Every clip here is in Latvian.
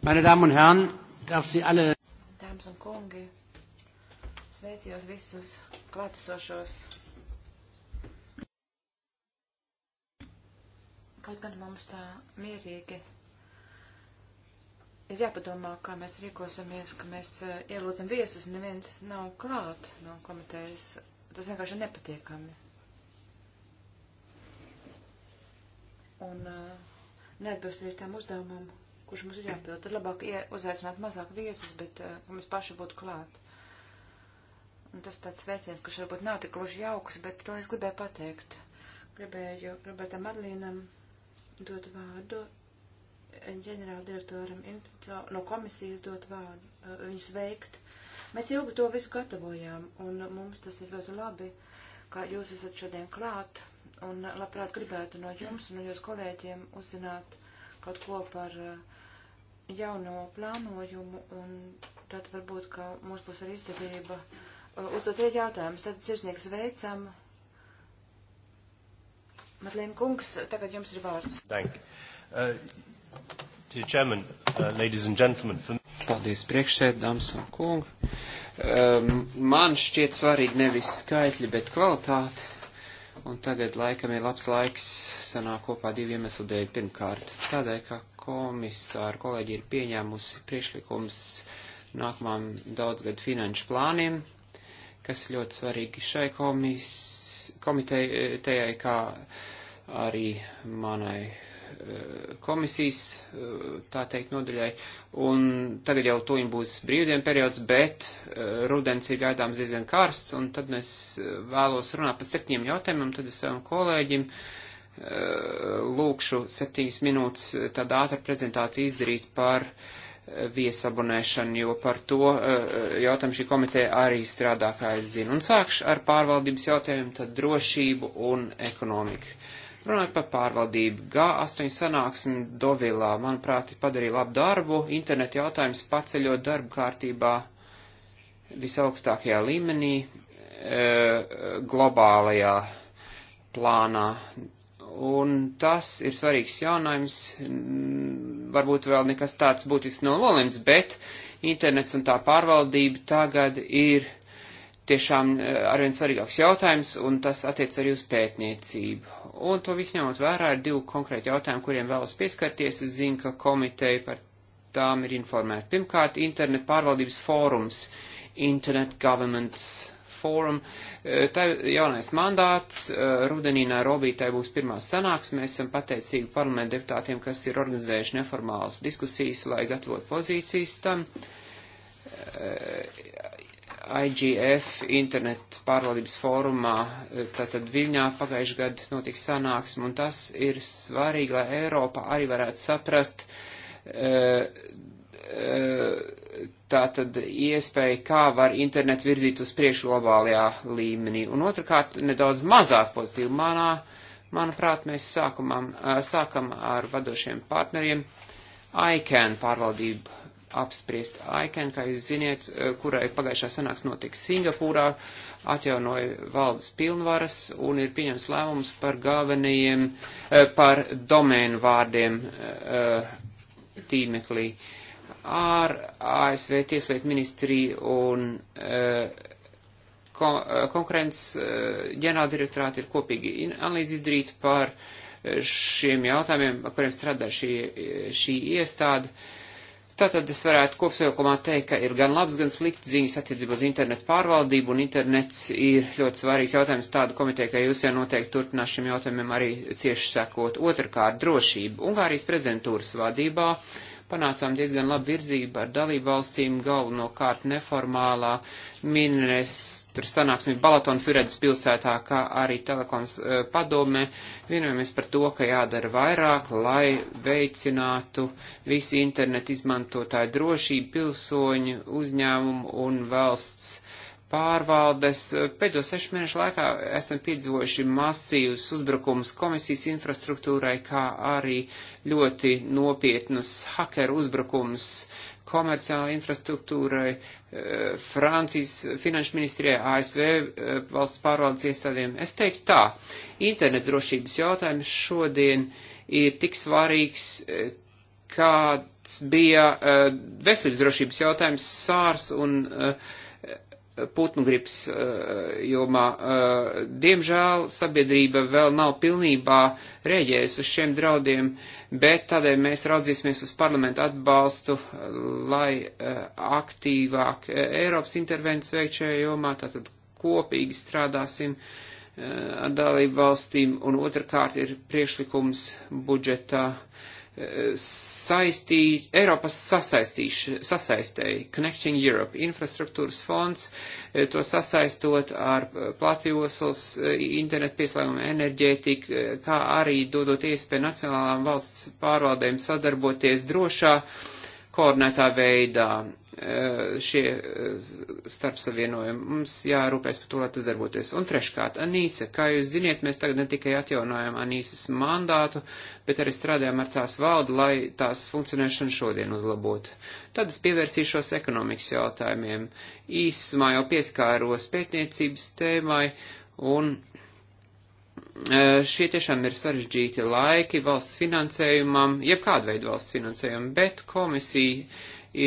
Meine Damen un Herren, darf Sie alle. Dāmas un kungi, sveicu jūs visus klātesošos. Kaut gan mums tā mierīgi ir jāpadomā, kā mēs rīkosimies, ka mēs eh, ielūdzam viesus, neviens nav klāt no komitejas. Tas vienkārši ir nepatiekami. Un uh, eh, neatbilst arī tam uzdevumam, kurš mums ir jāpild. Tad labāk uzaicināt mazāk viesus, bet uh, mēs paši būtu klāt. Un tas tāds sveiciens, kurš varbūt nav tik gluži jauks, bet to es gribēju pateikt. Gribēju Robertam Madlīnam dot vārdu, eh, ģenerāldirektoram no komisijas dot vārdu, uh, eh, viņus veikt. Mēs ilgi to visu gatavojām, un mums tas ir ļoti labi, ka jūs esat šodien klāt, un labprāt gribētu no jums un no jūsu kolēģiem uzzināt kaut ko par uh, jauno plānojumu, un tad varbūt, ka mums būs arī izdevība uh, uzdot arī jautājumus. Tad sirsnīgi sveicam. Madlēna Kungs, tagad jums ir vārds. Dank. Uh, dear Chairman, uh, ladies and gentlemen. For... Paldies priekšsēd, dāmas un kungi. Um, man šķiet svarīgi nevis skaitļi, bet kvalitāte. Un tagad laikam ir labs laiks sanāk kopā divu iemeslu dēļ. Pirmkārt, tādēļ, ka komisāra kolēģi ir pieņēmusi priešlikums nākamām daudzgadu finanšu plāniem, kas ļoti svarīgi šai komis, komitejai, kā arī manai eh, komisijas, eh, tā teikt, nodaļai, un tagad jau tuņi būs brīvdienu periods, bet eh, rudens ir gaidāms diezgan karsts, un tad es vēlos runāt par septiņiem jautājumiem, tad es savam kolēģim uh, lūkšu septiņas minūtes tādu ātru prezentāciju izdarīt par eh, viesabunēšanu, jo par to eh, jautājumu šī komiteja arī strādā, kā es zinu. Un sākšu ar pārvaldības jautājumu, tad drošību un ekonomiku. Runājot par pārvaldību, G8 sanāksmi Dovilā, manuprāt, padarīja labu darbu, internetu jautājums paceļot darbu kārtībā visaugstākajā līmenī, eh, globālajā plānā Un tas ir svarīgs jaunājums, varbūt vēl nekas tāds būtisks nav no nolemts, bet internets un tā pārvaldība tagad ir tiešām e, arvien svarīgāks jautājums, un tas attiec arī uz pētniecību. Un to visu ņemot vērā ir divi konkrēti jautājumi, kuriem vēlas pieskarties. Es zinu, ka komiteja par tām ir informēta. Pirmkārt, internet pārvaldības fórums, Internet Governments Forum. Eh, tā jaunais mandāts, eh, rudenī Nairobi tai būs pirmā sanāksme, mēs esam pateicīgi parlamentu deputātiem, kas ir organizējuši neformālas diskusijas, lai gatavot pozīcijas tam. Eh, IGF internet pārvaldības fórumā, tātad Viļņā pagājušajā gadā notika sanāksme, un tas ir svarīgi, lai Eiropa arī varētu saprast, tā tad iespēja, kā var internetu virzīt uz priekšu globālajā līmenī. Un otrkārt, nedaudz mazāk pozitīvi manā, manuprāt, mēs sākumam, sākam ar vadošiem partneriem ICAN pārvaldību apspriest ICAN, kā jūs ziniet, kurai pagājušā sanāks notika Singapūrā, atjaunoja valdes pilnvaras un ir pieņems lēmums par galvenajiem, par domēnu vārdiem tīmeklī. Uh, ar ASV Tieslietu ministriju un eh, kon eh, konkurences eh, ģenerāldirektorāti ir kopīgi analīzi izdarīt par šiem jautājumiem, par kuriem strādā šī, šī iestāde. Tātad es varētu kopsavilkumā teikt, ka ir gan labs, gan slikts ziņas attiecībā uz internetu pārvaldību, un internets ir ļoti svarīgs jautājums tāda komiteja, ka jūs jau noteikti turpinās šiem jautājumiem arī cieši sekot. Otrakārt, drošība. Ungārijas prezidentūras vadībā uh, panācām diezgan labu virzību ar dalību valstīm, galvenokārt neformālā ministra sanāksmī Balatona Firedes pilsētā, kā arī telekoms eh, padomē. Vienojamies par to, ka jādara vairāk, lai veicinātu visu internetu izmantotāju drošību, pilsoņu, uzņēmumu un valsts pārvaldes. Pēdējo sešu mēnešu laikā esam piedzīvojuši masīvus uzbrukumus komisijas infrastruktūrai, kā arī ļoti nopietnus hakeru uzbrukumus komerciālai infrastruktūrai, eh, Francijas finanšu ministrijai, ASV eh, valsts pārvaldes iestādēm. Es teiktu tā, internet drošības jautājums šodien ir tik svarīgs, eh, kāds bija veselības drošības jautājums SARS un uh, putnu grips eh, jomā. Eh, diemžēl sabiedrība vēl nav pilnībā rēģējusi uz šiem draudiem, bet tādēļ mēs raudzīsimies uz parlamentu atbalstu, lai eh, aktīvāk Eiropas intervences veikt šajā jomā, tātad kopīgi strādāsim ar dalību valstīm, un otrkārt ir priekšlikums budžetā. Uh, saistī, Eiropas sasaistēji, Connecting Europe, infrastruktūras fonds, e, to sasaistot ar e, platjoslas e, internetu pieslēgumu enerģētiku, kā arī dodot iespēju nacionālām valsts pārvaldēm sadarboties drošā, koordinētā veidā Eh, šie eh, starpsavienojumi. Mums jārūpēs par to, lai tas darboties. Un treškārt, Anīsa, kā jūs ziniet, mēs tagad ne tikai atjaunojam Anīsas mandātu, bet arī strādājam ar tās valdu, lai tās funkcionēšanu šodien uzlabotu. Tad es pievērsīšos ekonomikas jautājumiem. Īsumā jau pieskāros pētniecības tēmai un eh, šie tiešām ir sarežģīti laiki valsts finansējumam, jebkāda veida valsts finansējumam, bet komisija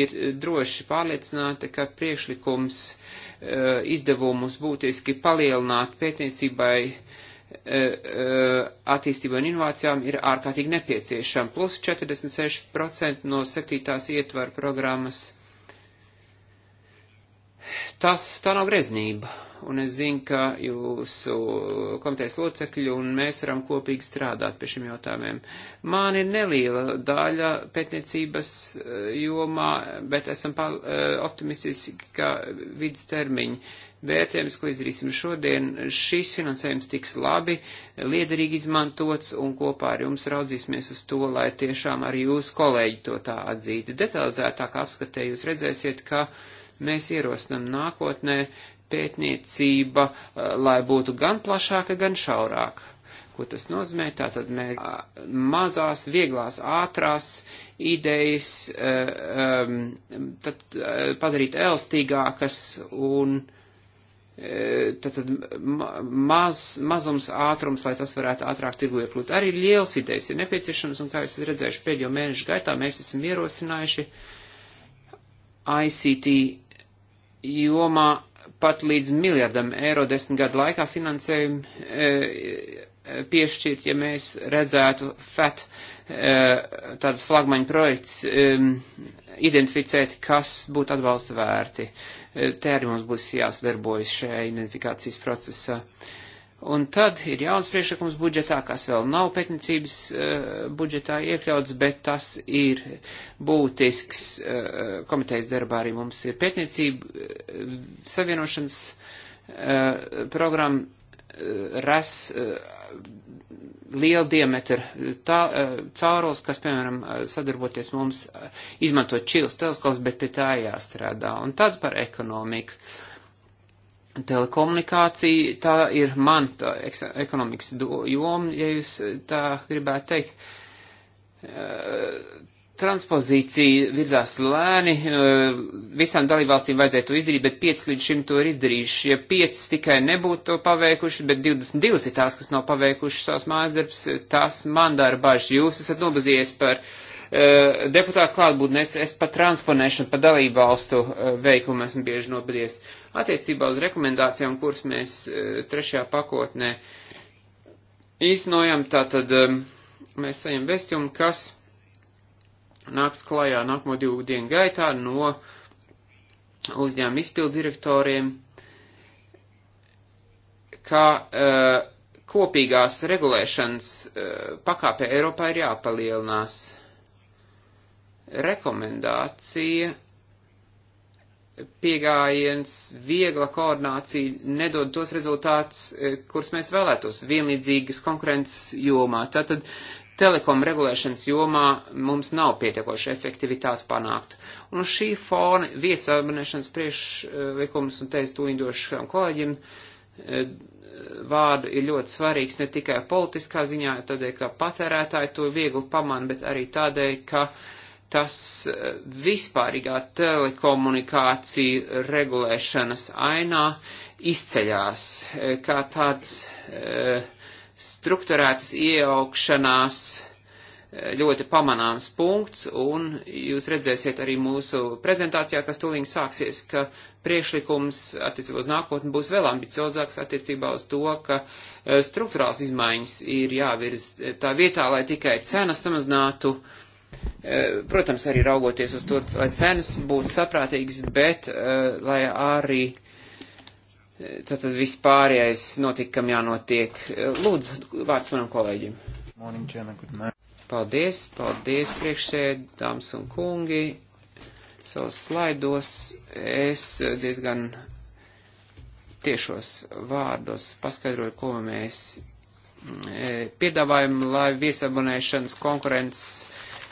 ir droši pārliecināta, ka priekšlikums uh, izdevumus būtiski palielināt pētniecībai, uh, uh, attīstībai un inovācijām ir ārkārtīgi nepieciešama. Plus 46% no septītās ietvaru programmas Tas tā nav greznība, un es zinu, ka jūsu komitejas locekļi un mēs varam kopīgi strādāt pie šiem jautājumiem. Man ir neliela daļa pētniecības eh, jomā, bet esam eh, optimistiski, ka vidus termiņi vērtējums, ko izdarīsim šodien, šīs finansējums tiks labi, liederīgi izmantots un kopā ar jums raudzīsimies uz to, lai tiešām arī jūs kolēģi to tā atzītu. Detalizētāk apskatē jūs redzēsiet, ka uh, Mēs ierosinam nākotnē pētniecība, eh, lai būtu gan plašāka, gan šaurāka. Ko tas nozīmē? Tātad mēs mazās, vieglās, ātrās idejas eh, tad, eh, padarīt elastīgākas un tātad maz, mazums ātrums, lai tas varētu ātrāk tirgu iekļūt. Arī liels idejas ir nepieciešams, un kā esat redzējuši pēdējo mēnešu gaitā, mēs esam ierosinājuši ICT jomā pat līdz miljardam eiro desmit gadu laikā finansējumu e, e piešķirt, ja mēs redzētu FET e, tādas flagmaņu projekts e, identificēt, kas būtu atbalsta vērti. E, te arī mums būs jāsadarbojas šajā identifikācijas procesā. E, Un tad ir jauns priekšlikums budžetā, kas vēl nav pētniecības uh, budžetā iekļauts, bet tas ir būtisks uh, komitejas darbā arī mums ir pētniecība uh, savienošanas uh, programma uh, res uh, liela diametra tā, uh, caurules, kas, piemēram, uh, sadarboties mums, uh, izmantot čils teleskops, bet pie tā jāstrādā. Un tad par ekonomiku. Uh, telekomunikācija, tā ir man tā ekonomikas joma, ja jūs tā gribētu teikt. Eh, transpozīcija virzās lēni, eh, visām dalībvalstīm vajadzēja to izdarīt, bet 5 līdz šim to ir izdarījuši. Ja 5 tikai nebūtu to paveikuši, bet 22 ir tās, kas nav paveikuši savus mājasdarbs, tas man dara bažas. Jūs esat nobazījies par uh, deputātu klātbūtnes, es, es par transponēšanu, par dalībvalstu uh, veikumu esmu bieži nobazījies. Uh, Attiecībā uz rekomendācijām, kuras mēs e, trešajā pakotnē īstenojam, tātad e, mēs saņem vēstījumu, kas nāks klajā nākamo divu dienu gaitā no uzņēmuma izpildu direktoriem, kā uh, kopīgās regulēšanas uh, pakāpe Eiropā ir jāpalielinās. Rekomendācija pieejams, viegla koordinācija nedod tos rezultātus, e, kurus mēs vēlētos vienlīdzīgas konkurences jomā. Tātad telekom regulēšanas jomā mums nav pietiekoši efektivitāti panākt. Un šī fona viesabunēšanas priekšlikums, un te es tūņdošu šiem kolēģiem, e, vārdu ir ļoti svarīgs ne tikai politiskā ziņā, tādēļ, ka patērētāji to viegli pamana, bet arī tādēļ, ka uh, tas eh, vispārīgā telekomunikāciju regulēšanas ainā izceļās eh, kā tāds eh, strukturētas iejaukšanās ļoti pamanāms punkts, un jūs redzēsiet arī mūsu prezentācijā, kas tūlīt sāksies, ka priekšlikums attiecībā uz nākotni būs vēl ambiciozāks attiecībā uz to, ka struktūrāls izmaiņas ir jāvirz tā vietā, lai tikai cenas samazinātu uh, Eh, protams, arī raugoties uz to, lai cenas būtu saprātīgas, bet eh, lai arī eh, tātad vispārējais notikam jānotiek. Lūdzu, vārds manam kolēģim. Morning, Chairman, good morning. Paldies, paldies priekšsēd, dāmas un kungi. Savos slaidos es diezgan tiešos vārdos paskaidroju, ko mēs mm, piedāvājam, lai viesabonēšanas konkurences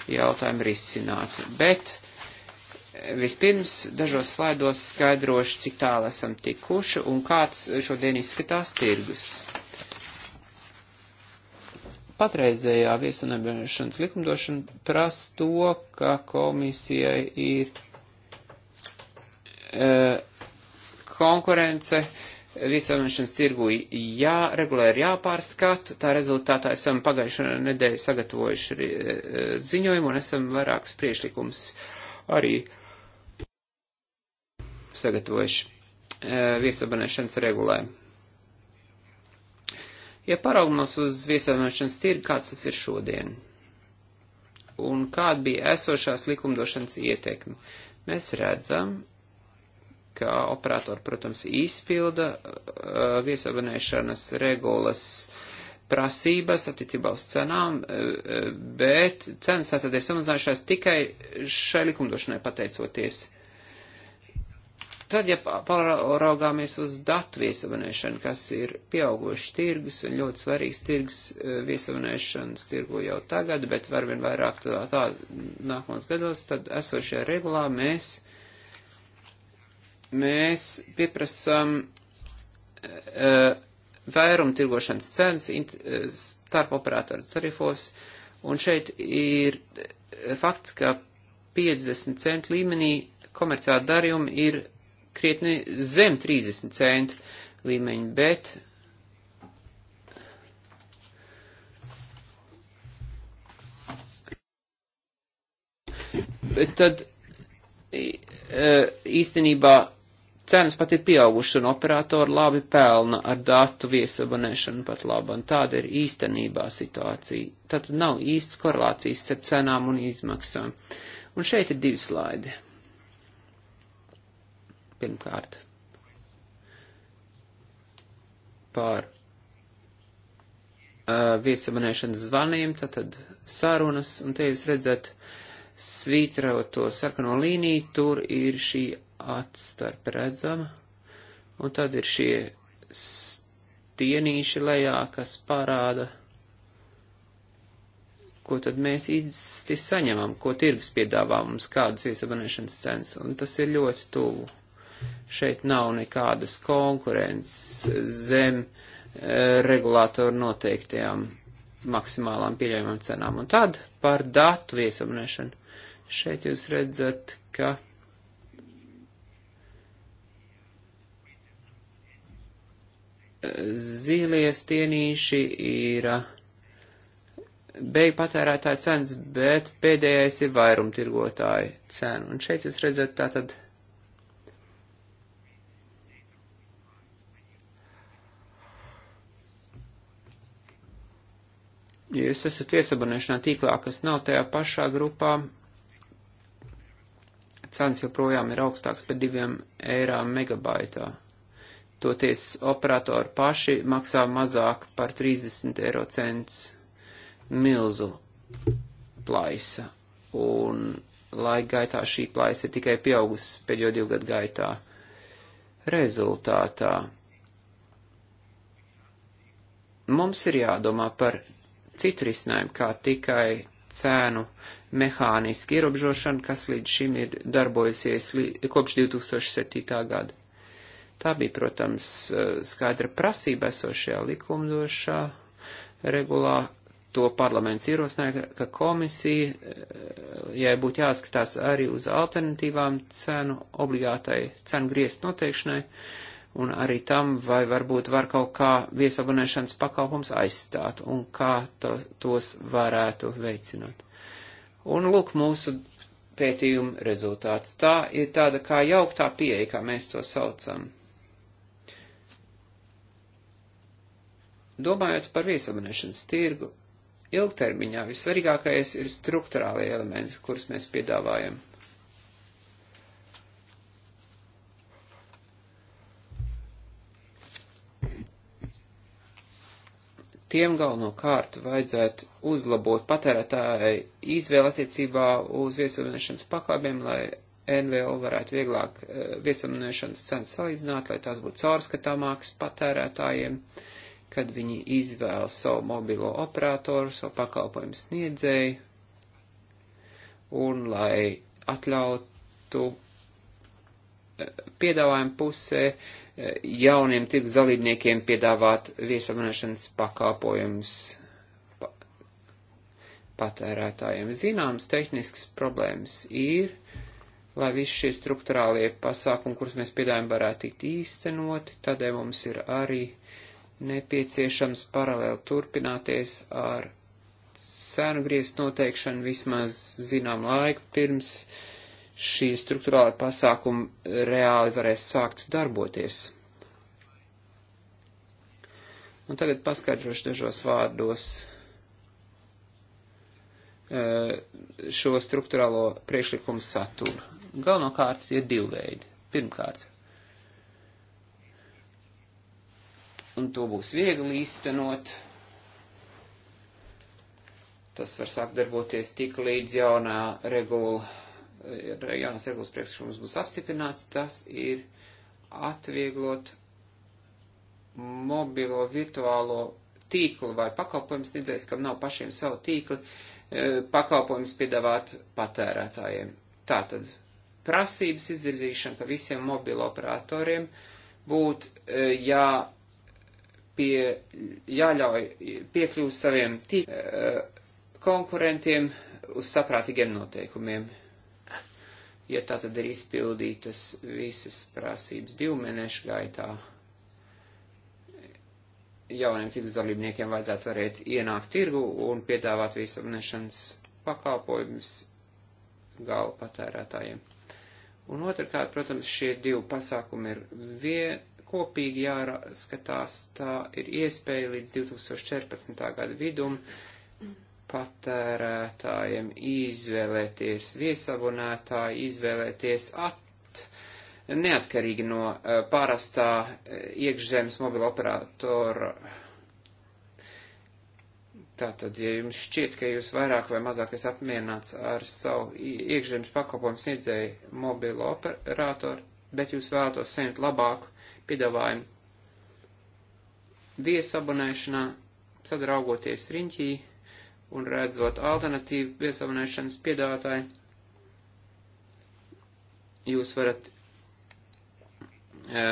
jautājumu risināt. Bet eh, vispirms dažos slaidos skaidrošu, cik tālu esam tikuši un kāds šodien izskatās tirgus. Patreizējā viesanabinošanas likumdošana prasa to, ka komisijai ir e, konkurence. E, viesaviešanas tirgu jāregulē ir jāpārskata. Tā rezultātā esam pagājušajā nedēļā sagatavojuši arī eh, eh, ziņojumu un esam vairākus priešlikumus arī sagatavojuši eh, viesabonēšanas regulē. Ja paraugamies uz viesabonēšanas tirgu, kāds tas ir šodien? Un kāda bija esošās likumdošanas ietekme? Mēs redzam, ka operatori, protams, izpilda eh, viesabonēšanas regulas prasības attiecībā uz cenām, eh, bet cenas tātad ir samazinājušās tikai šai likumdošanai pateicoties. Tad, ja paraugāmies uz datu viesabonēšanu, kas ir pieauguši tirgus un ļoti svarīgs tirgus eh, viesabonēšanas tirgu jau tagad, bet varvien vairāk tā, tā nākamos gados, tad esošajā regulā mēs mēs pieprasām uh, vairumu tirgošanas cenas eh, starp operatoru tarifos, un šeit ir fakts, ka 50 centu līmenī komerciāla darījuma ir krietni zem 30 centu līmeņa, bet bet tad e, īstenībā cenas pat ir pieaugušas un operatori labi pelna ar datu viesabonēšanu pat labu, un tāda ir īstenībā situācija. Tad nav īsts korelācijas starp cenām un izmaksām. Un šeit ir divi slaidi. Pirmkārt, par uh, viesabonēšanas zvaniem, tad, tad sarunas, un te jūs redzat svītroto sarkano līniju, tur ir šī atstarp redzama, un tad ir šie stienīši lejā, kas parāda, ko tad mēs īsti saņemam, ko tirgus piedāvā mums, kādas viesabanēšanas cenas, un tas ir ļoti tuvu. Šeit nav nekādas konkurences zem eh, regulātoru noteiktajām maksimālām pieļaujamām cenām. Un tad par datu viesabanēšanu. Šeit jūs redzat, ka Zīlie stienīši ir uh, beig patērētāja cenas, bet pēdējais ir vairumtirgotāja cena. Un šeit jūs redzat tātad. Ja jūs esat iesabonēšanā tīklā, kas nav tajā pašā grupā, cenas joprojām ir augstāks par diviem eirām megabaitā toties operatori paši maksā mazāk par 30 eiro cents milzu plaisa. Un laika gaitā šī plaisa ir tikai pieaugusi pēdējo divu gadu gaitā. Rezultātā mums ir jādomā par citu risinājumu, kā tikai cēnu mehāniski ierobežošana, kas līdz šim ir darbojusies kopš 2007. gada. Tā bija, protams, skaidra prasība esošajā likumdošā regulā. To parlaments ierosināja, ka komisija, eh, ja būtu jāskatās arī uz alternatīvām cenu obligātai cenu griezt noteikšanai, un arī tam, vai varbūt var kaut kā viesabonēšanas pakalpums aizstāt, un kā to, tos varētu veicināt. Un lūk mūsu pētījuma rezultāts. Tā ir tāda kā jauktā pieeja, kā mēs to saucam Domājot par viesabonēšanas tirgu, ilgtermiņā vissvarīgākais ir struktūrālie elementi, kurus mēs piedāvājam. Tiem galvenokārt vajadzētu uzlabot patērētāju izvēli attiecībā uz viesamniešanas pakāpiem, lai NVO varētu vieglāk eh, viesamniešanas cenas salīdzināt, lai tās būtu caurskatāmākas patērētājiem. Uh, kad viņi izvēlas savu mobilo operatoru, savu pakalpojumu sniedzēju, un lai atļautu eh, piedāvājumu pusē eh, jauniem tirgus dalībniekiem piedāvāt viesamanēšanas pakalpojumus patērētājiem. Zināms, tehniskas problēmas ir, lai visi šie struktūrālie pasākumi, kurus mēs piedāvājam, varētu tikt īstenoti, tādēļ mums ir arī nepieciešams paralēli turpināties ar cenu griezt noteikšanu vismaz zinām laiku pirms šī struktūrāla pasākuma reāli varēs sākt darboties. Un tagad paskaidrošu dažos vārdos e, šo struktūrālo priekšlikumu saturu. Galvenokārt ir divi veidi. Pirmkārt, un to būs viegli īstenot. Tas var sākt darboties tik līdz jaunā regula, eh, jaunas regulas priekšlikums būs apstiprināts, tas ir atvieglot mobilo virtuālo tīklu vai pakalpojumu sniedzējs, kam nav pašiem savu tīklu, eh, pakalpojumus piedāvāt patērētājiem. Tātad prasības izvirzīšana pa visiem mobilo operatoriem būtu eh, jā pie, jāļauj piekļūt saviem tī, e, konkurentiem uz saprātīgiem noteikumiem. Ja tā tad ir izpildītas visas prasības divu mēnešu gaitā, jauniem tirgus dalībniekiem vajadzētu varēt ienākt tirgu un piedāvāt visu apnešanas pakalpojumus galu patērētājiem. Un otrkārt, protams, šie divi pasākumi ir vien, kopīgi jāskatās, tā ir iespēja līdz 2014. gada vidum patērētājiem izvēlēties viesabonētāju, izvēlēties at, neatkarīgi no uh, parastā e, iekšzemes mobila operatora. Tātad, ja jums šķiet, ka jūs vairāk vai mazāk esat apmierināts ar savu iekšzemes pakalpojumu sniedzēju mobilo operatoru, bet jūs vēlatos saņemt labāku piedāvājumu. Viesabonēšanā, tad raugoties riņķī un redzot alternatīvu viesabonēšanas piedāvātāju, jūs varat e,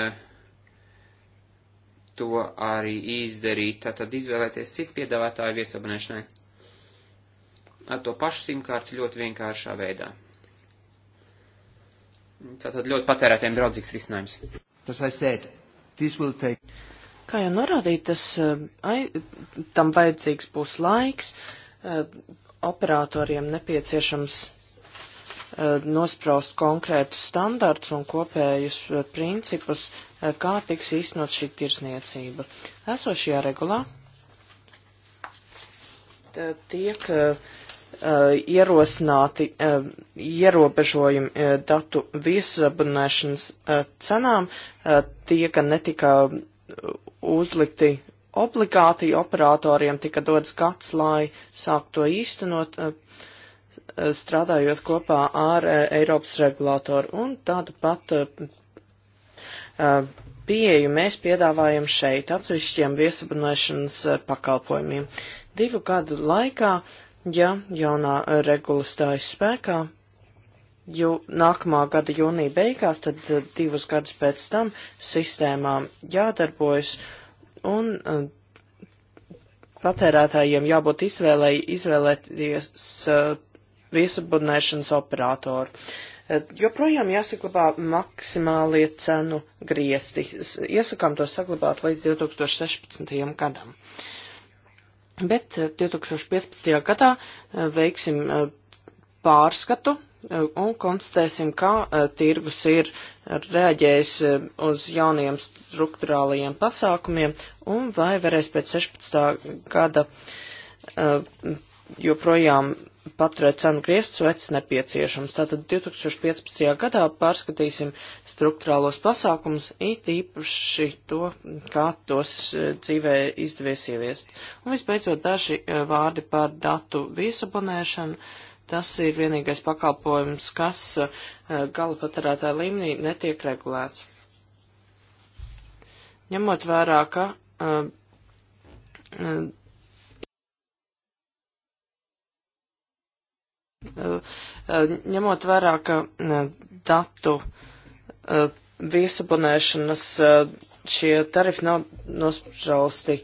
to arī izdarīt, tātad izvēlēties citu piedāvātāju viesabonēšanai ar to pašu simkārti ļoti vienkāršā veidā. Tātad ļoti patērētiem draudzīgs risinājums as I said, this will take. Kā jau norādīju, tas, eh, ai, tam vajadzīgs būs laiks, eh, operatoriem nepieciešams eh, nospraust konkrētus standartus un kopējus principus, kā tiks īstenot šī tirsniecība. Esošajā regulā tiek uh, Uh, ierosināti uh, ierobežojumi uh, datu viesabunēšanas cenām tie, ka netika uzlikti obligāti operatoriem, tika dots gads, lai sāktu to īstenot, strādājot kopā ar Eiropas regulātoru. Un tādu pat pieeju mēs piedāvājam šeit atsevišķiem viesabunēšanas pakalpojumiem. Divu gadu laikā uh, ja jaunā regula stājas spēkā, jo nākamā gada jūnija beigās, tad eh, divus gadus pēc tam sistēmām jādarbojas un eh, patērētājiem jābūt izvēlēji izvēlēties eh, viesabunēšanas operatoru. Joprojām jāsaglabā maksimālie cenu griesti. Iesakām to saglabāt līdz 2016. gadam. Uh, Bet 2015. Eh, gadā eh, veiksim eh, pārskatu un konstatēsim, kā tirgus ir reaģējis uz jaunajiem struktūrālajiem pasākumiem un vai varēs pēc 16. gada joprojām paturēt cenu griestus vecs nepieciešams. Tātad 2015. gadā pārskatīsim struktūrālos pasākumus, it īpaši to, kā tos e, dzīvē izdevies ieviest. Un visbeidzot daži e, vārdi par datu viesabonēšanu. Tas ir vienīgais pakalpojums, kas e, gala patērētāja līmenī netiek regulēts. Ņemot vērā, ka Eh, eh, ņemot vērā, ka eh, datu viesabonēšanas šie tarifi nav nosprausti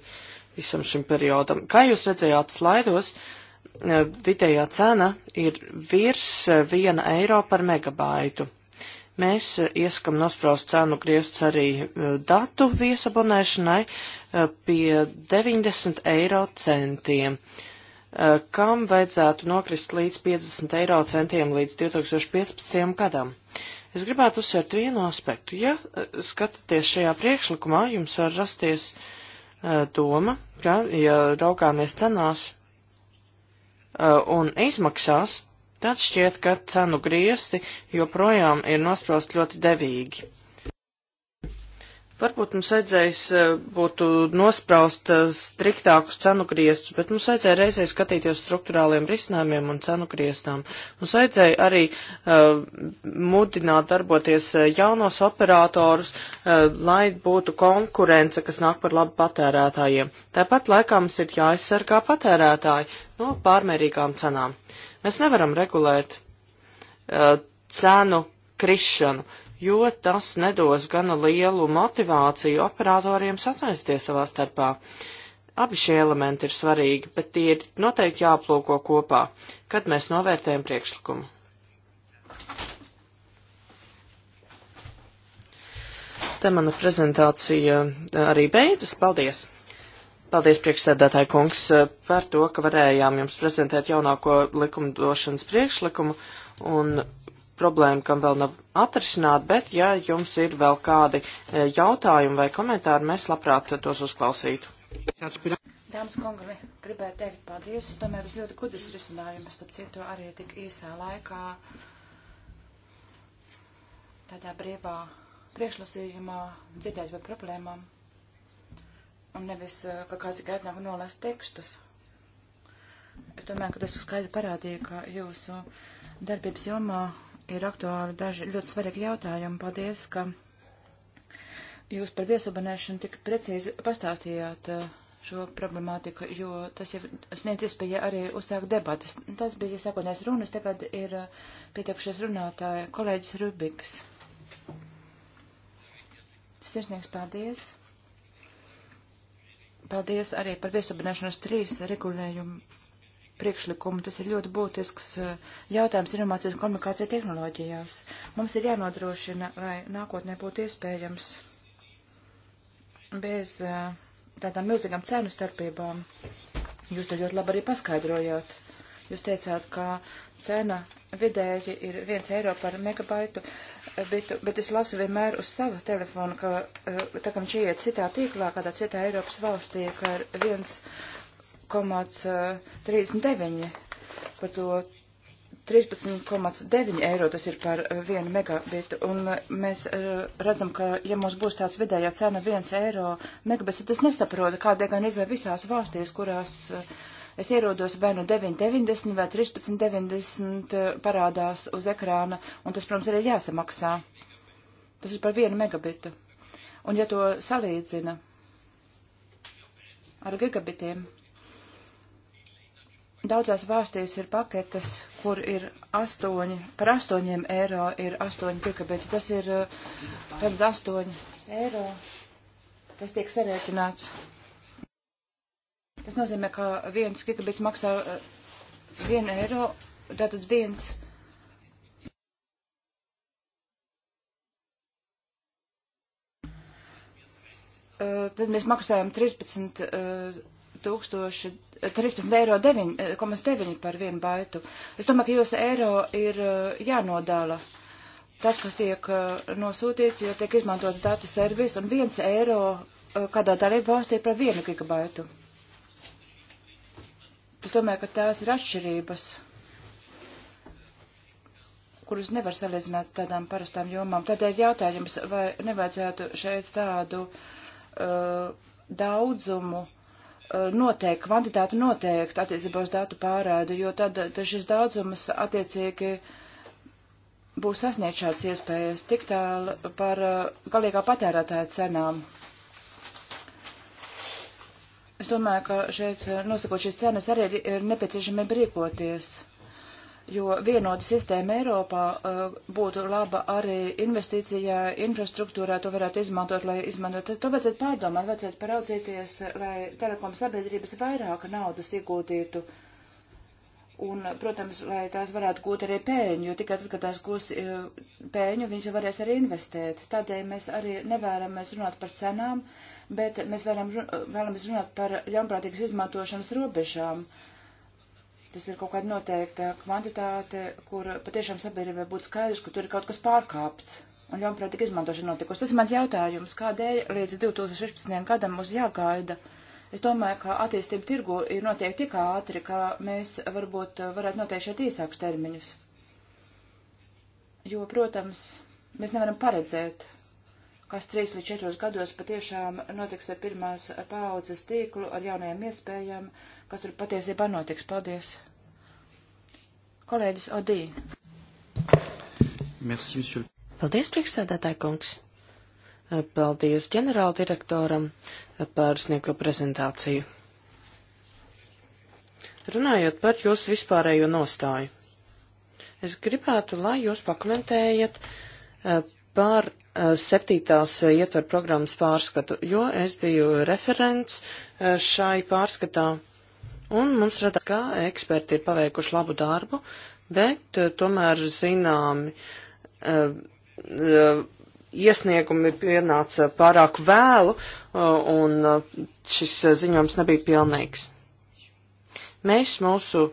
visam šim periodam. Kā jūs redzējāt slaidos, vidējā cena ir virs 1 eiro par megabaitu. Mēs ieskam nospraust cenu griezt arī datu viesabonēšanai pie 90 eiro centiem. Uh, Eh, kam vajadzētu nokrist līdz 50 eiro centiem līdz 2015. gadam. Es gribētu uzsvērt vienu aspektu. Ja eh, skatāties šajā priekšlikumā, jums var rasties uh, doma, ka, ja raugāmies cenās uh, un izmaksās, tad šķiet, ka cenu griesti joprojām ir nosprost ļoti devīgi. Varbūt mums vajadzējis eh, būtu nospraust eh, striktākus cenu griestus, bet mums vajadzēja reizē skatīties struktūrāliem risinājumiem un cenu griestām. Mums vajadzēja arī uh, mudināt darboties jaunos operatorus, uh, lai būtu konkurence, kas nāk par labu patērētājiem. Tāpat laikā mums ir jāaizsargā patērētāji no pārmērīgām cenām. Mēs nevaram regulēt uh, cenu krišanu. Uh, jo tas nedos gana lielu motivāciju operatoriem sataisties savā starpā. Abi šie elementi ir svarīgi, bet tie ir noteikti jāplūko kopā, kad mēs novērtējam priekšlikumu. Te mana prezentācija arī beidzas. Paldies! Paldies, priekšsēdētāji kungs, par to, ka varējām jums prezentēt jaunāko likumdošanas priekšlikumu un problēma, kam vēl nav atrisināta, bet ja jums ir vēl kādi e, jautājumi vai komentāri, mēs labprāt tos uzklausītu. Dāmas kungi, gribētu teikt paldies. Es domāju, tas ļoti gudrs risinājums, starp citu, arī tik īsā laikā tādā brīvā priekšlasījumā dzirdēt par problēmām. Un nevis, e, ka kāds gaidnāk nolēst tekstus. Es domāju, ka tas skaidri parādīja, ka jūsu darbības jomā ir aktuāli daži ļoti svarīgi jautājumi. Paldies, ka jūs par viesubanēšanu tik precīzi pastāstījāt eh, šo problemātiku, jo tas jau sniedz iespēju arī uzsākt debatas. Tas bija sākotnēs runas, tagad ir eh, pieteikušies runātāji kolēģis Rubiks. Sirsnieks, paldies! Paldies arī par viesubanēšanas trīs regulējumu priekšlikumu. Tas ir ļoti būtisks eh, jautājums informācijas un komunikācija tehnoloģijās. Mums ir jānodrošina, lai nākotnē būtu iespējams bez eh, tādām milzīgām cenu starpībām. Jūs to ļoti labi arī paskaidrojāt. Jūs teicāt, ka cena vidēji ir 1 eiro par megabaitu, eh, bet, bet es lasu vienmēr uz sava telefona, ka tā, ka viņš iet citā tīklā, kādā citā Eiropas valstī, ka ir 1 1,39 eh, par to 13,9 eiro tas ir par eh, vienu megabitu, un eh, mēs redzam, ka, ja mums būs tāds vidējā cena 1 eiro megabits, tad es nesaprotu, kādēļ gan izvēl visās valstīs, kurās es ierodos vai nu 9,90 vai 13,90 parādās uz ekrāna, un tas, protams, arī jāsamaksā. Tas ir par vienu megabitu. Un ja to salīdzina ar gigabitiem, Daudzās valstīs ir paketes, kur ir astoņi, par astoņiem eiro ir astoņi pikabeti. Tas ir eh, tad astoņi eiro. Tas tiek sarēķināts. Tas nozīmē, ka viens gigabits maksā eh, vienu eiro, tātad viens. Eh, tad mēs maksājam 13 tūkstoši 13,9 eiro 9, eh, par vienu baitu. Es domāju, ka jūsu eiro ir eh, jānodala tas, kas tiek eh, nosūtīts, jo tiek izmantots datu servis, un viens eiro kādā dalību valstī par vienu gigabaitu. Es domāju, ka tās ir atšķirības, kuras nevar salīdzināt tādām parastām jomām. Tādēļ jautājums, vai nevajadzētu šeit tādu uh, daudzumu Eh, noteikti, kvantitāti noteikti attiecībā uz datu pārēdu, jo tad, tad šis daudzums attiecīgi būs sasniegt šādas iespējas tik tālu par eh, galīgā patērētāja cenām. Es domāju, ka šeit eh, nosakot šīs cenas arī ir nepieciešami brīkoties jo vienota sistēma Eiropā uh, būtu laba arī investīcijā, infrastruktūrā, to varētu izmantot, lai izmantot. To vajadzētu pārdomāt, vajadzētu paraudzīties, lai telekom sabiedrības vairāk naudas iegūtītu. Un, protams, lai tās varētu gūt arī pēļņu, jo tikai tad, kad tās gūs eh, pēļņu, viņas jau varēs arī investēt. Tādēļ mēs arī nevēlamies runāt par cenām, bet mēs vēlam, vēlamies runāt par ļaunprātīgas izmantošanas robežām. Uh, Tas ir kaut kāda noteikta kvantitāte, kur patiešām sabiedrībai būtu skaidrs, ka tur ir kaut kas pārkāpts un ļaunprātīga izmantošana notikusi. Tas ir mans jautājums, kādēļ līdz 2016. gadam mums jāgaida. Es domāju, ka attīstība tirgu ir noteikti tik ātri, ka mēs varbūt varētu noteikt šeit īsākus termiņus. Jo, protams, mēs nevaram paredzēt, kas 3 līdz 4 gados patiešām notiks ar pirmās paaudzes tīklu, ar jaunajām iespējām, kas tur patiesībā notiks. Paldies! Kolēģis Odī. Merci, monsieur. Paldies, priekšsēdētāji kungs. Paldies ģenerāldirektoram par sniegto prezentāciju. Runājot par jūsu vispārējo nostāju, es gribētu, lai jūs pakomentējat eh, par Eh, septītās eh, ietver programmas pārskatu, jo es biju referents eh, šai pārskatā. Un mums radās, ka eksperti ir paveikuši labu darbu, bet tomēr zināmi iesniegumi pienāca pārāk vēlu, un šis ziņojums nebija pilnīgs. Mēs mūsu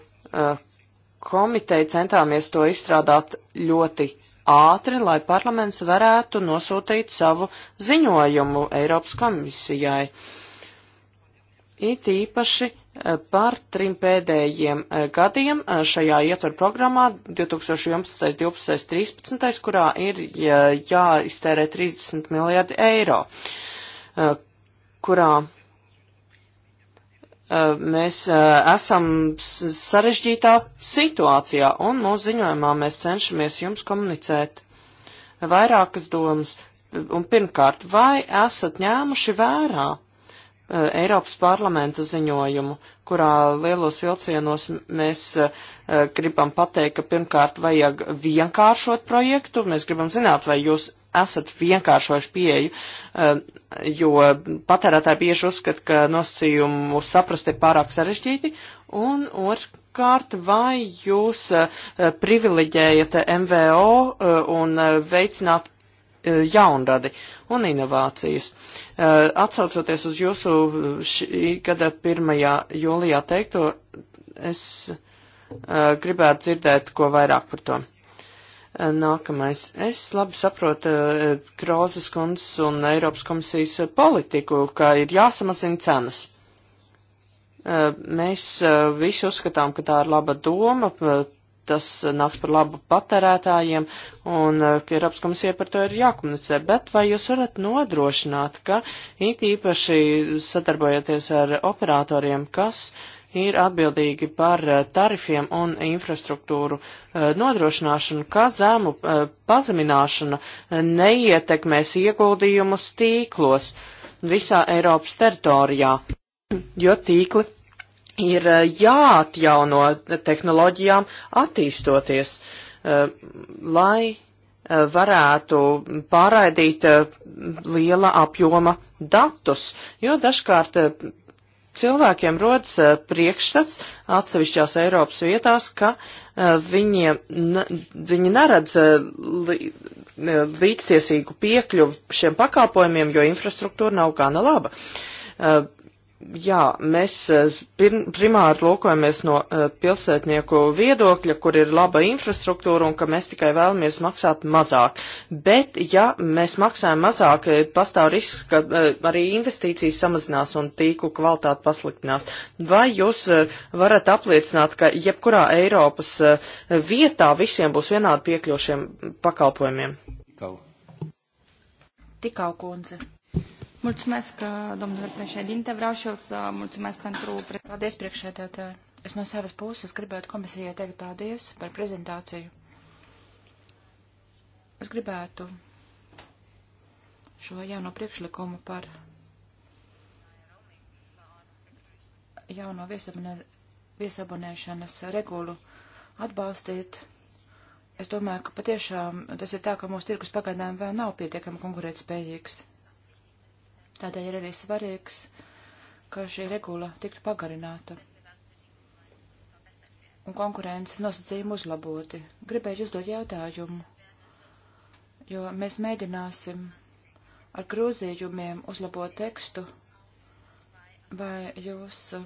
komiteja centāmies to izstrādāt ļoti ātri, lai parlaments varētu nosūtīt savu ziņojumu Eiropas komisijai. It īpaši eh, par trim pēdējiem eh, gadiem eh, šajā ietveru programmā 2011, 12, 13, kurā ir jā, jāiztērē 30 miljardi eiro, kurā Eh, mēs eh, esam sarežģītā situācijā, un mūsu ziņojumā mēs cenšamies jums komunicēt vairākas domas. Un pirmkārt, vai esat ņēmuši vērā eh, Eiropas parlamenta ziņojumu, kurā lielos vilcienos mēs gribam pateikt, ka pirmkārt vajag vienkāršot projektu, mēs gribam zināt, vai jūs esat vienkāršojuši pieeju, eh, jo patērētāji bieži uzskata, ka nosacījumu saprast ir pārāk sarežģīti, un otrkārt, vai jūs eh, privileģējat MVO eh, un veicināt jaunradi un inovācijas. Atsaucoties uz jūsu šī gada 1. jūlijā teikto, es gribētu dzirdēt, ko vairāk par to. Nākamais. Es labi saprotu Krozes eh, kundzes un Eiropas komisijas eh, politiku, ka ir jāsamazina cenas. Eh, mēs visi uzskatām, ka tā ir laba doma, tas nāks par labu patērētājiem, un Eiropas komisija par to ir jākomunicē. Bet vai jūs varat nodrošināt, ka it īpaši sadarbojoties ar operatoriem, kas uh, ir atbildīgi par eh, tarifiem un infrastruktūru eh, nodrošināšanu, kā zēmu eh, pazemināšana neietekmēs ieguldījumus tīklos visā Eiropas teritorijā, jo tīkli ir jāatjauno tehnoloģijām attīstoties, lai varētu pārraidīt liela apjoma datus, jo dažkārt cilvēkiem rodas eh, priekšstats atsevišķās Eiropas vietās, ka eh, viņiem, viņi neredz eh, līdztiesīgu piekļuvu šiem pakalpojumiem, jo infrastruktūra nav gana laba. Jā, mēs e, primāri lūkojamies no e, pilsētnieku viedokļa, kur ir laba infrastruktūra un ka mēs tikai vēlamies maksāt mazāk. Bet, ja mēs maksājam mazāk, e, pastāv risks, ka arī investīcijas samazinās un tīklu kvalitāte pasliktinās. Vai jūs varat apliecināt, ka jebkurā Eiropas vietā visiem būs vienādi piekļošiem pakalpojumiem? Tikau. Tikau, kundze. Mulțumesc, uh, domnule președinte. Vreau și eu să mulțumesc pentru... Paldies, priekšsēdētāji. Es no savas puses gribētu komisijai teikt paldies par prezentāciju. Es gribētu šo jauno priekšlikumu par jauno viesabonēšanas regulu atbalstīt. Es domāju, ka patiešām tas ir tā, ka mūsu tirkus pagaidām vēl nav pietiekami konkurētspējīgs. spējīgs Tādēļ ir arī svarīgs, ka šī regula tiktu pagarināta un konkurences nosacījumi uzlaboti. Gribēju uzdot jautājumu, jo mēs mēģināsim ar grozījumiem uzlabot tekstu, vai jūs uh,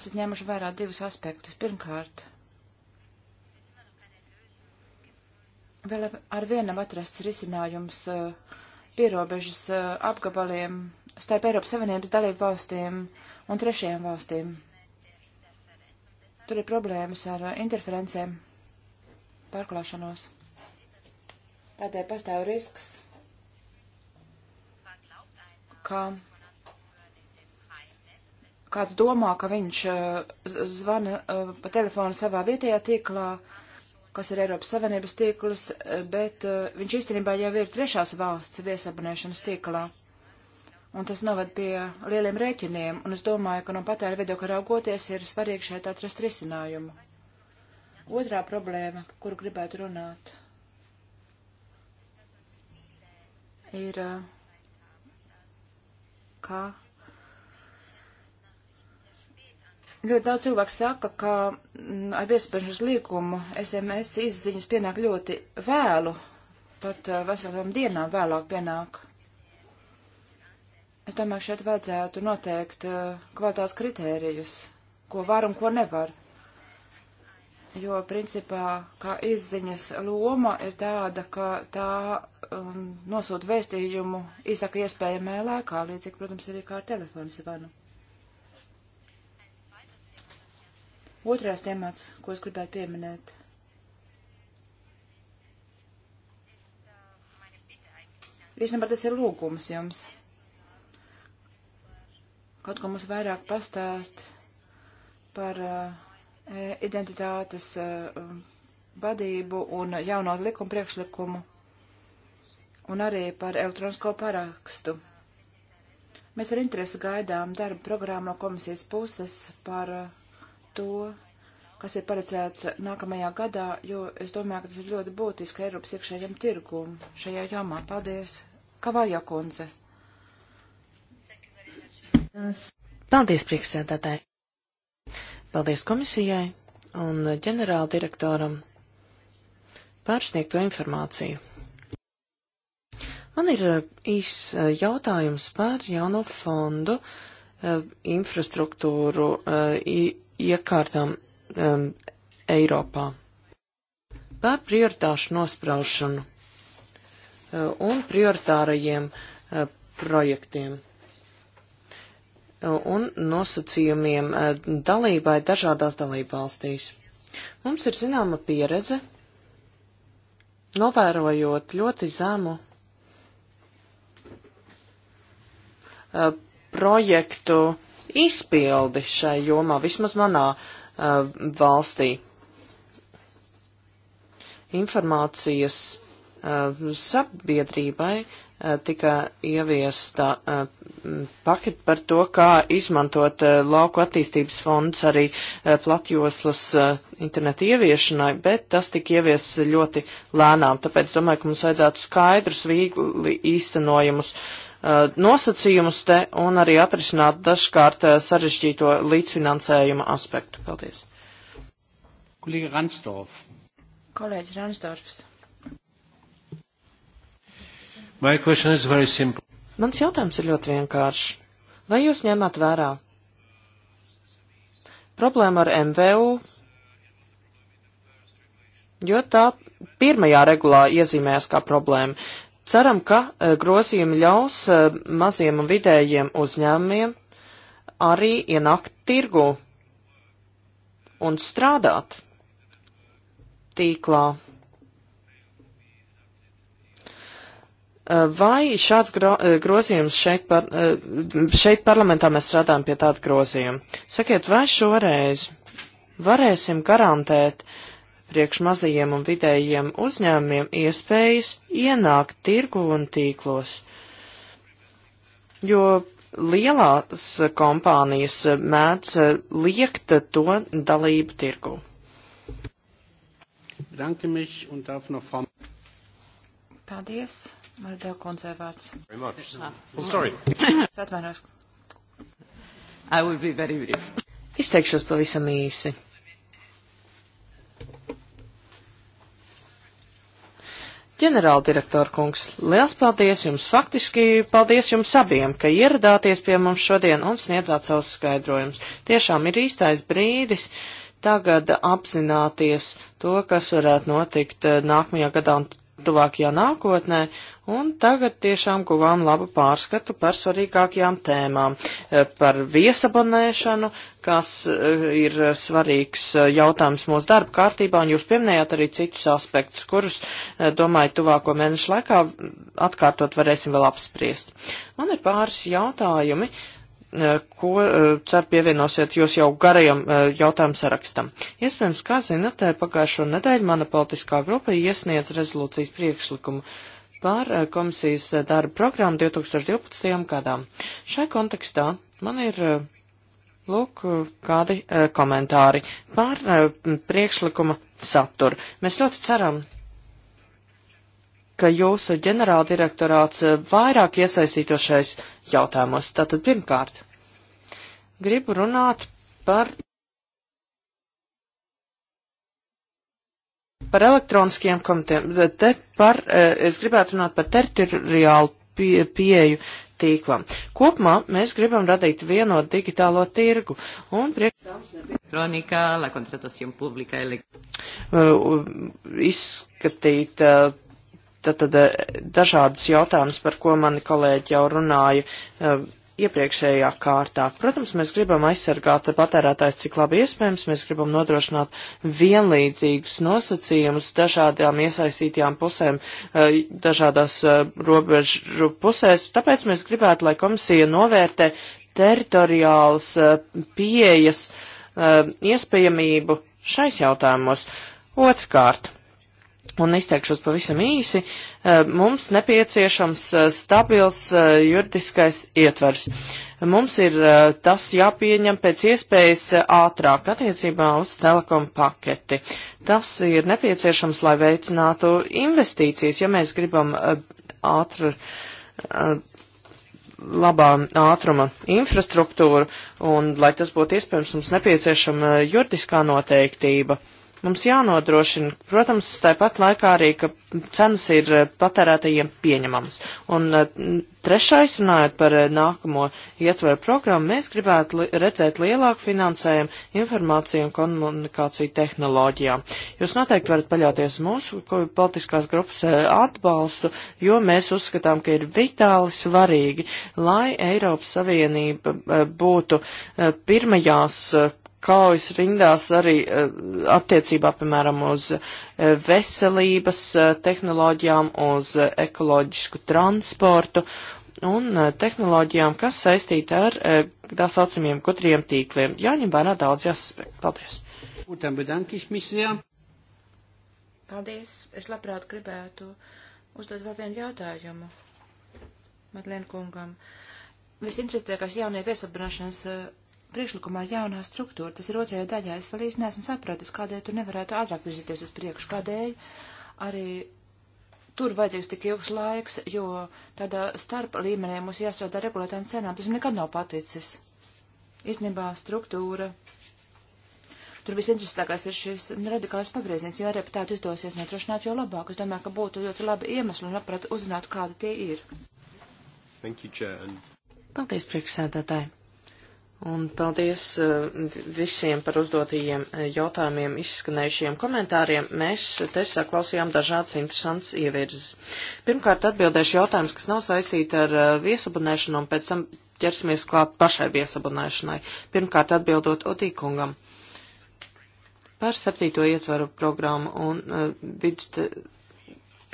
esat ņēmuši vērā divus aspektus. Pirmkārt, vēl ar vienam atrasts risinājums uh, pierobežas eh, apgabaliem starp Eiropas Savienības dalību valstīm un trešajām valstīm. Tur ir problēmas ar eh, interferencēm, pārklāšanos. Tādēļ pastāv risks, ka kāds domā, ka viņš eh, zvana pa telefonu savā vietējā tīklā, uh, kas ir Eiropas Savienības tīkls, bet uh, viņš īstenībā jau ir trešās valsts viesabunēšanas tīklā. Un tas noved pie lieliem rēķiniem, un es domāju, ka no patēra viedokļa raugoties ir svarīgi šeit atrast risinājumu. Otrā problēma, par kuru gribētu runāt, ir, uh, eh, kā Ļoti daudz cilvēku saka, ka mm, m, ar viespēšanas līkumu SMS izziņas pienāk ļoti vēlu, pat uh, veselām dienām vēlāk pienāk. Es domāju, šeit vajadzētu noteikt uh, kvalitātes kritērijus, ko var un ko nevar. Jo, principā, kā izziņas loma ir tāda, ka tā um, nosūta vēstījumu īsākā iespējamajā laikā, līdzīgi, protams, arī kā ar telefonu zvanu. Otrās temats, ko es gribētu pieminēt. Īstenībā tas ir lūgums jums. Kaut ko mums vairāk pastāst par uh, e, identitātes uh, um, vadību un jauno likuma priekšlikumu un arī par elektronisko parakstu. Mēs ar interesi gaidām darba programmu no komisijas puses par uh, to, kas ir paredzēts nākamajā gadā, jo es domāju, ka tas ir ļoti būtiski Eiropas iekšējiem tirgum šajā jomā. Paldies, Kavāja kundze. Paldies, priekšsēdētāji. Paldies komisijai un ģenerāldirektoram pārsniegto informāciju. Man ir uh, īs uh, jautājums par jauno fondu uh, infrastruktūru iekārtām um, Eiropā. Par prioritāšu nospraušanu uh, un prioritārajiem uh, projektiem eh, un nosacījumiem dalībai dažādās dalībvalstīs. Mums ir zināma pieredze, novērojot ļoti zemu projektu izpildi šai jomā, vismaz manā uh, valstī. Informācijas uh, sabiedrībai uh, tika ieviesta uh, paketi par to, kā izmantot uh, lauku attīstības fondus arī uh, platjoslas uh, internetu ieviešanai, bet tas tika ieviests ļoti lēnām. Tāpēc domāju, ka mums vajadzētu skaidrus, viegli īstenojumus uh, Uh, nosacījumus te un arī atrisināt dažkārt uh, sarežģīto līdzfinansējuma aspektu. Paldies. Kolēģi Ransdorf. Kolēģis Ransdorfs. Mans jautājums ir ļoti vienkāršs. Vai jūs ņemat vērā problēmu ar MVU, jo tā pirmajā regulā iezīmējas kā problēma. Ceram, ka e, grozījumi ļaus e, maziem un vidējiem uzņēmumiem arī ienākt tirgu un strādāt tīklā. E, vai šāds gro, grozījums šeit, par, šeit parlamentā mēs strādājam pie tāda grozījuma? Sakiet, vai šoreiz varēsim garantēt uh, priekš mazajiem un vidējiem uzņēmiem iespējas ienākt tirgu un tīklos. Jo lielās kompānijas mēdz liekt to dalību tirgu. Paldies, Mardēl koncē vārds. Ah. Oh, es atvainojos. Izteikšos pavisam īsi. ģenerāldirektora kungs, liels paldies jums, faktiski paldies jums abiem, ka ieradāties pie mums šodien un sniedzāt savus skaidrojumus. Tiešām ir īstais brīdis tagad apzināties to, kas varētu notikt eh, nākamajā gadā un tuvākajā nākotnē, un tagad tiešām guvām labu pārskatu par svarīgākajām tēmām. Eh, par viesabonēšanu, kas eh, ir svarīgs eh, jautājums mūsu darba kārtībā, un jūs pieminējāt arī citus aspektus, kurus, domāju, tuvāko mēnešu laikā mm, atkārtot varēsim vēl apspriest. Man ir pāris jautājumi. Uh, Eh, ko eh, cer pievienosiet jūs jau garajam eh, jautājumu sarakstam. Iespējams, kā zinat, pagājušo nedēļu mana politiskā grupa iesniedz rezolūcijas priekšlikumu par komisijas darba programmu 2012. gadām. Šai kontekstā man ir, lūk, kādi komentāri par priekšlikuma saturu. Mēs ļoti ceram, ka jūsu ģenerāldirektorāts eh, vairāk iesaistītos šais jautājumos. Tātad pirmkārt, gribu runāt par, par elektroniskiem komitiem. Te par, eh, es gribētu runāt par teritoriālu pie, pieeju tīklam. Kopumā mēs gribam radīt vienotu digitālo tirgu un priekšā eh, uh, izskatīt uh, Tātad eh, dažādas jautājumas, par ko mani kolēģi jau runāja eh, iepriekšējā kārtā. Protams, mēs gribam aizsargāt patērētājs cik labi iespējams, mēs gribam nodrošināt vienlīdzīgus nosacījumus dažādām iesaistītajām pusēm, eh, dažādās robežu pusēs, tāpēc mēs gribētu, lai komisija novērtē teritoriālas pieejas iespējamību šais jautājumos. Otrkārt, un izteikšos pavisam īsi, eh, mums nepieciešams eh, stabils eh, juridiskais ietvers. Mums ir tas jāpieņem pēc iespējas ātrāk attiecībā uz telekom paketi. Tas ir nepieciešams, lai veicinātu investīcijas, ja mēs gribam ātru labā ātruma infrastruktūru, un, lai tas būtu iespējams, mums nepieciešama juridiskā noteiktība. Uh, Mums jānodrošina, protams, tāpat laikā arī, ka cenas ir eh, patērētajiem pieņemamas. Un eh, trešais, runājot par eh, nākamo ietveru programmu, mēs gribētu li redzēt lielāku finansējumu informāciju un komunikāciju tehnoloģijām. Jūs noteikti varat paļauties mūsu politiskās grupas atbalstu, jo mēs uzskatām, ka ir vitāli svarīgi, lai Eiropas Savienība būtu pirmajās kaujas rindās arī eh, attiecībā, piemēram, uz eh, veselības eh, tehnoloģijām, uz ekoloģisku transportu un tehnoloģijām, kas saistīta ar tā saucamiem kutriem tīkliem. Jāņem vērā daudz jāsaka. Paldies! Paldies! Es labprāt gribētu uzdot vēl vienu jautājumu Madlēn kungam. Visinteresētākās jaunie viesapbrāšanas priekšlikumā ir jaunā struktūra, tas ir otrajā daļā. Es vēl īsti neesmu sapratis, kādēļ tur nevarētu ātrāk virzīties uz priekšu, kādēļ arī tur vajadzīgs tik ilgs laiks, jo tādā starp līmenī mums jāstrādā regulētām cenām. Tas nekad nav paticis. Īstenībā struktūra. Tur visinteresantākais ir šis radikālais pagrieziens, jo arī tādu izdosies notrošināt, jo labāk. Es domāju, ka būtu ļoti labi iemesli un labprāt uzzinātu, kādi tie ir. Thank you, Chair. Paldies, priekšsēdētāji. Un paldies eh, visiem par uzdotajiem eh, jautājumiem, izskanējušiem komentāriem. Mēs te saklausījām dažādas interesantas ievirzes. Pirmkārt, atbildēšu jautājumus, kas nav saistīti ar eh, viesabunēšanu, un pēc tam ķersimies klāt pašai viesabunēšanai. Pirmkārt, atbildot Otīkungam par septīto ietvaru programmu un uh, vidus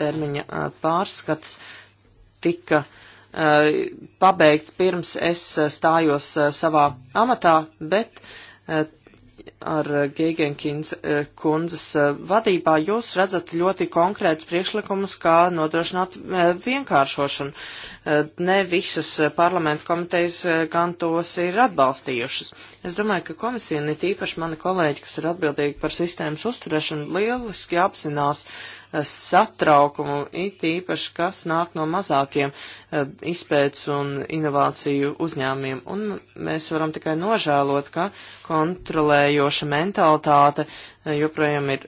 termiņa uh, pārskats tika uh, Uh, pabeigts pirms es uh, stājos uh, savā amatā, bet ar eh, Gēgenkins eh, kundzes eh, vadībā jūs redzat ļoti konkrētus priekšlikumus, kā nodrošināt vienkāršošanu. Ne visas parlamentu komitejas gan tos ir atbalstījušas. Es domāju, ka komisija, ne tīpaši mani kolēģi, kas ir atbildīgi par sistēmas uzturēšanu, lieliski apzinās satraukumu, it īpaši, kas nāk no mazākiem izpētes un inovāciju uzņēmiem. Un mēs varam tikai nožēlot, ka kontrolējot iekļaujoša mentalitāte eh, joprojām ir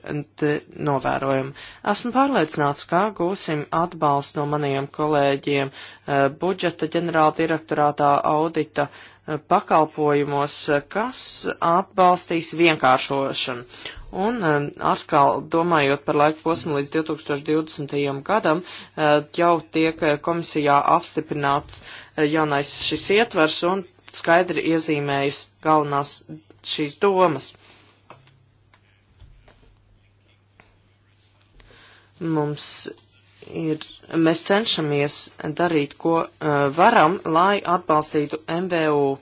novērojama. Esmu pārliecināts, ka gūsim atbalstu no maniem kolēģiem eh, budžeta ģenerāla direktorātā audita eh, pakalpojumos, kas atbalstīs vienkāršošanu. Un atkal, domājot par laiku posmu līdz 2020. gadam, jau tiek komisijā apstiprināts jaunais šis ietvers un skaidri iezīmējas galvenās šīs domas. Mums ir, mēs cenšamies darīt, ko uh, varam, lai atbalstītu MVU.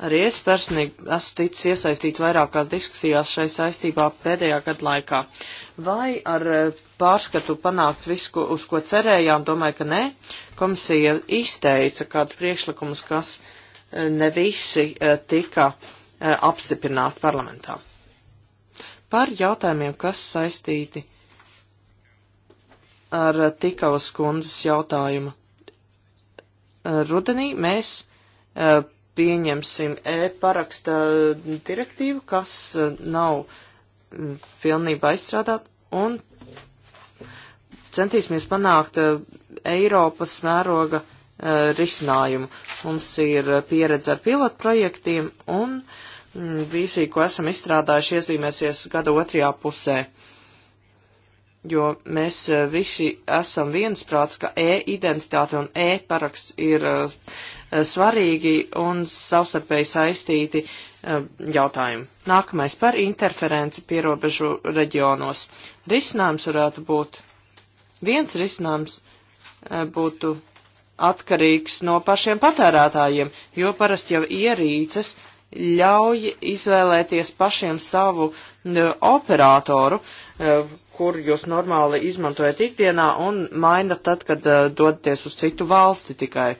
Arī es personīgi esmu ticis iesaistīts vairākās diskusijās šai saistībā pēdējā gada laikā. Vai ar uh, pārskatu panāks viss, ko, uz ko cerējām? Domāju, ka nē. Komisija izteica kādus priekšlikumus, kas uh, ne visi eh, tika eh, apstiprināti parlamentā. Par jautājumiem, kas saistīti ar eh, Tikavas kundzes jautājumu. Rudenī mēs pieņemsim e-paraksta direktīvu, kas nav mm, pilnībā izstrādāt, un centīsimies panākt Eiropas mēroga Eh, risinājumu. Mums ir pieredze ar pilotprojektiem un mm, visi, ko esam izstrādājuši, iezīmēsies gada otrajā pusē. Jo mēs eh, visi esam viensprāts, ka e-identitāte un e-paraksts ir eh, svarīgi un savstarpēji saistīti jautājumi. Nākamais par interferenci pierobežu reģionos. Risinājums varētu būt, viens risinājums būtu atkarīgs no pašiem patērētājiem, jo parasti jau ierīces ļauj izvēlēties pašiem savu ne, operatoru, e, kur jūs normāli izmantojat ikdienā un maina tad, kad e, dodaties uz citu valsti tikai.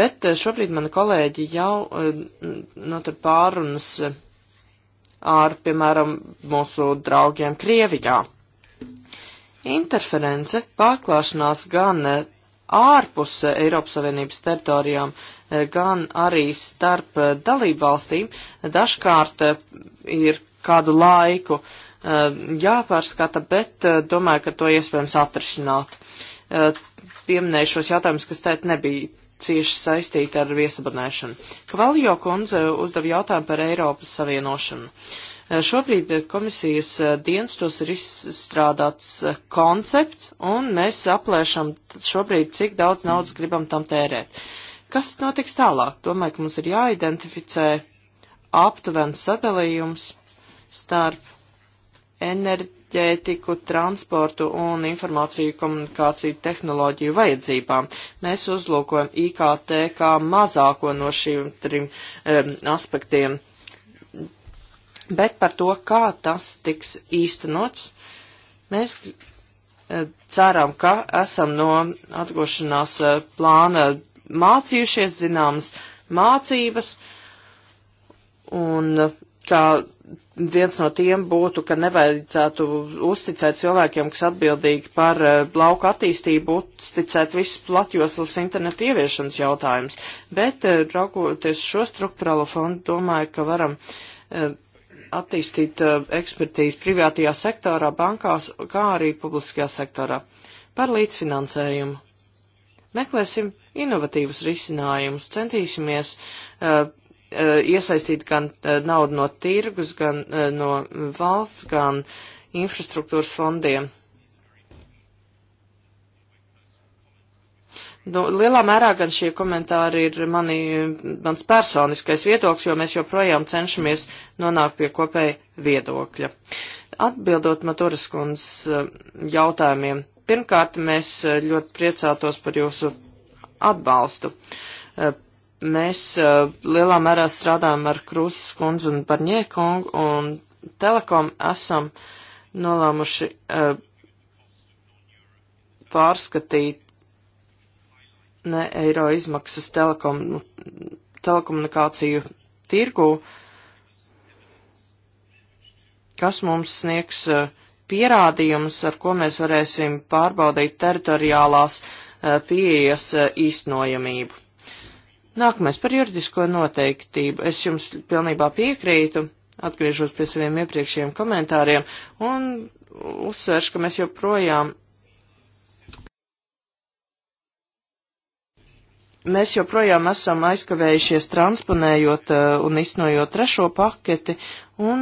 Bet e, šobrīd mani kolēģi jau e, no nu, tad pārunas ar, piemēram, mūsu draugiem Krievijā. Interference, pārklāšanās gan ārpus eh, Eiropas Savienības teritorijām, eh, gan arī starp eh, dalību valstīm dažkārt ir kādu laiku jāpārskata, bet domāju, ka to iespējams atrisināt. Pieminēju šos jautājumus, kas tēt nebija cieši saistīti ar viesabonēšanu. Kavaljo kundze uzdeva jautājumu par Eiropas savienošanu. Uh, Eh, šobrīd eh, komisijas eh, dienestos ir izstrādāts koncepts, un mēs aplēšam šobrīd, cik daudz naudas gribam tam tērēt. Kas notiks tālāk? Domāju, ka mums ir jāidentificē aptuvens sadalījums starp enerģētiku, transportu un informāciju komunikāciju tehnoloģiju vajadzībām. Mēs uzlūkojam IKT kā mazāko no šiem trim um, aspektiem Bet par to, kā tas tiks īstenots, mēs eh, ceram, ka esam no atgošanās eh, plāna mācījušies zināmas mācības, un eh, kā viens no tiem būtu, ka nevajadzētu uzticēt cilvēkiem, kas atbildīgi par lauku attīstību, uzticēt visus platjoslas internetu ieviešanas jautājumus. Bet, raugoties šo struktūrālo fondu, domāju, ka varam attīstīt uh, ekspertīzi privātajā sektorā, bankās, kā arī publiskajā sektorā. Par līdzfinansējumu. Meklēsim inovatīvus risinājumus, centīsimies uh, uh iesaistīt gan uh, naudu no tirgus, gan no valsts, gan infrastruktūras fondiem. Nu, lielā mērā gan šie komentāri ir mani, mans personiskais viedoklis, jo mēs joprojām cenšamies nonākt pie kopēja viedokļa. Atbildot Maturas kundzes eh, jautājumiem, pirmkārt, mēs eh, ļoti priecātos par jūsu atbalstu. Eh, mēs lielā mērā strādājam ar Krūzes kundzi un Barņiekungu un Telekom esam nolēmuši pārskatīt ne eiro izmaksas telekom, nu, telekomunikāciju tirgu, kas mums sniegs eh, pierādījumus, ar ko mēs varēsim pārbaudīt teritoriālās eh, pieejas eh, īstenojamību. Nākamais par juridisko noteiktību. Es jums pilnībā piekrītu, atgriežos pie saviem iepriekšējiem komentāriem un uzsveršu, ka mēs joprojām Mēs joprojām esam aizkavējušies transponējot eh, un iznojot trešo paketi, un,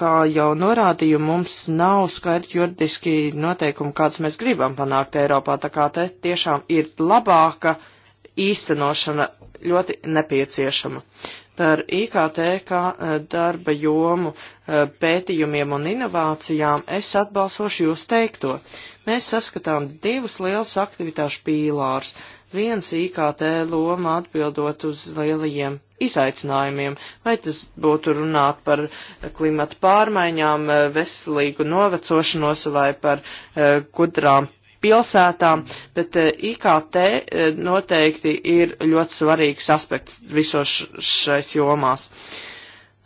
kā jau norādīju, mums nav skaidri juridiski noteikumi, kādus mēs gribam panākt Eiropā, tā kā te tiešām ir labāka īstenošana ļoti nepieciešama. Par IKT kā eh, darba jomu eh, pētījumiem un inovācijām es atbalsošu jūs teikto. Uh, Mēs saskatām divus lielus aktivitāšu pīlārus. Viens IKT loma atbildot uz lielajiem izaicinājumiem, vai tas būtu runāt par eh, klimatu pārmaiņām, eh, veselīgu novecošanos vai par eh, gudrām pilsētām, bet IKT noteikti ir ļoti svarīgs aspekts visos šais jomās. Uh,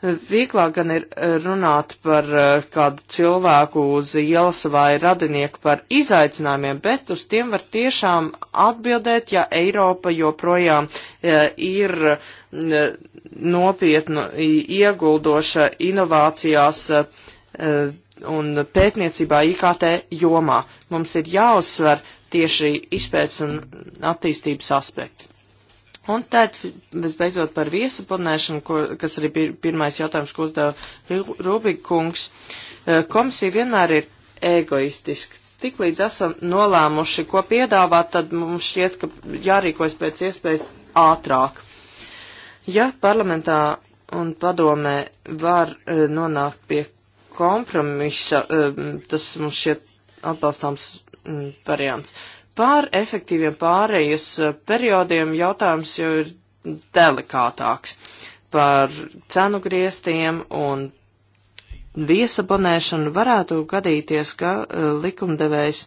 Vieglāk gan ir eh, runāt par eh, kādu cilvēku uz ielas vai radinieku par izaicinājumiem, bet uz tiem var tiešām atbildēt, ja Eiropa joprojām eh, ir nopietnu ieguldoša inovācijās un pētniecībā IKT jomā. Mums ir jāuzsver tieši izpētes un attīstības aspekti. Un tad, visbeidzot, par viesu planēšanu, ko, kas arī bija pirmais jautājums, ko uzdeva Rubikungs, e, komisija vienmēr ir egoistiska. Tik līdz esam nolēmuši, ko piedāvāt, tad mums šķiet, ka jārīkojas pēc iespējas ātrāk. Ja parlamentā un padomē var e, nonākt pie kompromisa, e, tas mums šķiet atbalstāms variants. Pār efektīviem pārējas eh, periodiem jautājums jau ir delikātāks par cenu griestiem un viesabonēšanu varētu gadīties, ka uh, likumdevējs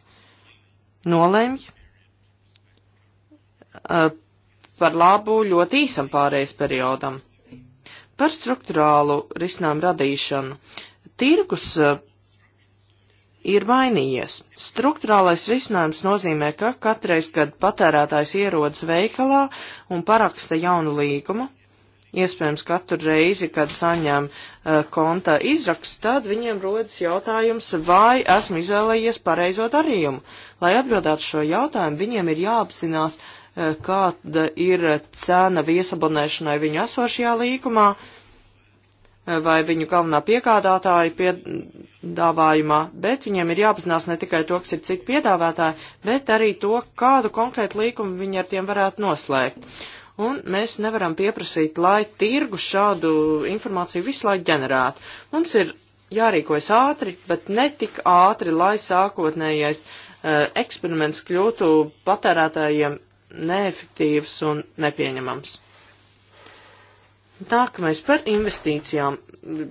nolemj uh, par labu ļoti īsam pārējais periodam. Par struktūrālu risinājumu radīšanu. Tirgus uh, ir mainījies. Struktūrālais risinājums nozīmē, ka katreiz, kad patērētājs ierodas veikalā un paraksta jaunu līgumu, iespējams katru reizi, kad saņem uh, konta izrakstu, tad viņiem rodas jautājums, vai esmu izvēlējies pareizo darījumu. Lai atbildētu šo jautājumu, viņiem ir jāapzinās, uh, kāda ir cena viesabonēšanai viņu esošajā līgumā, uh, vai viņu galvenā piegādātāja piedāvājumā, bet viņiem ir jāapzinās ne tikai to, kas ir citi piedāvātāji, bet arī to, kādu konkrētu līkumu viņi ar tiem varētu noslēgt. Un mēs nevaram pieprasīt, lai tirgu šādu informāciju visu laiku ģenerētu. Mums ir jārīkojas ātri, bet ne tik ātri, lai sākotnējais uh, eksperiments kļūtu patērētājiem neefektīvs un nepieņemams. Nākamais par investīcijām.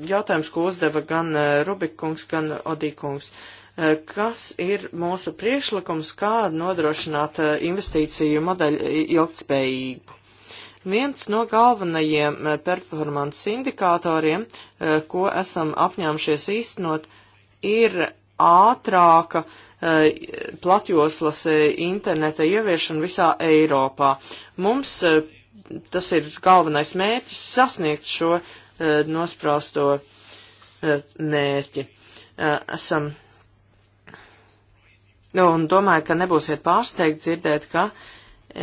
Jautājums, ko uzdeva gan eh, Rubikungs, gan Odīkungs. Eh, kas ir mūsu priekšlikums, kā nodrošināt eh, investīciju modeļu ilgtspējību? Viens no galvenajiem performances indikatoriem, ko esam apņēmušies īstenot, ir ātrāka platjoslas interneta ieviešana visā Eiropā. Mums tas ir galvenais mērķis - sasniegt šo uh, nosprausto uh, mērķi. Uh, esam, nu, un domāju, ka nebūsiet pārsteigti dzirdēt, ka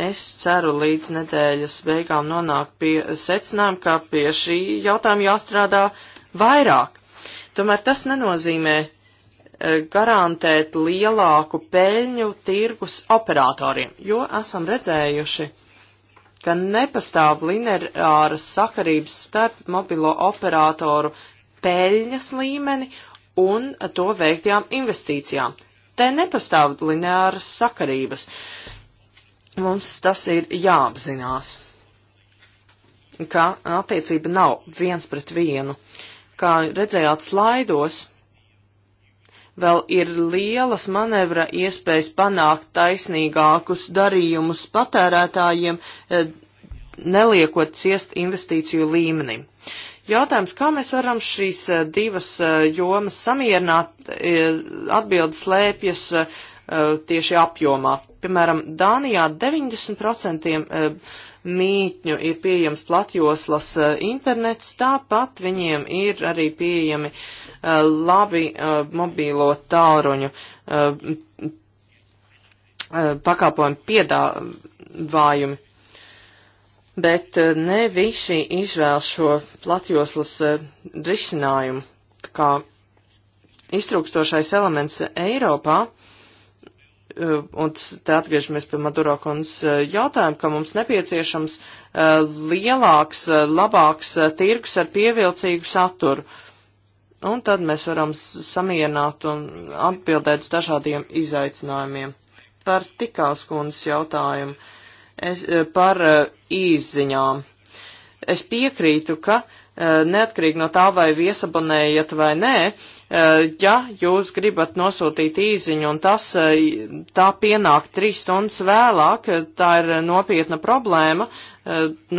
es ceru līdz nedēļas beigām nonākt pie secinājuma, ka pie šī jautājuma jāstrādā vairāk. Tomēr tas nenozīmē garantēt lielāku peļņu tirgus operatoriem, jo esam redzējuši, uh, ka nepastāv lineāras sakarības starp mobilo operatoru peļņas līmeni un to veiktajām investīcijām. Te nepastāv lineāras sakarības. Mums tas ir jāapzinās, ka attiecība nav viens pret vienu. Kā redzējāt slaidos, vēl ir lielas manevra iespējas panākt taisnīgākus darījumus patērētājiem, eh, neliekot ciest investīciju līmenim. Jautājums, kā mēs varam šīs eh, divas eh, jomas samierināt, atbildes lēpjas tieši apjomā. Piemēram, Dānijā 90% mītņu ir pieejams platjoslas internets, tāpat viņiem ir arī pieejami uh, Eh, labi eh, mobīlo tālruņu eh, pakalpojumu piedāvājumi. Bet ne visi izvēl šo platjoslas risinājumu. Tā kā iztrūkstošais elements Eiropā, un te atgriežamies pie Madurokonas jautājumu, ka mums nepieciešams lielāks, labāks tirgus ar pievilcīgu saturu. Uh, Un tad mēs varam samierināt un atbildēt uz dažādiem izaicinājumiem. Par tikās kundas jautājumu, es, eh, par eh, īziņām. Es piekrītu, ka eh, neatkarīgi no tā, vai viesabonējat vai nē, ja jūs gribat nosūtīt īziņu un tas, tā pienāk trīs stundas vēlāk, tā ir nopietna problēma,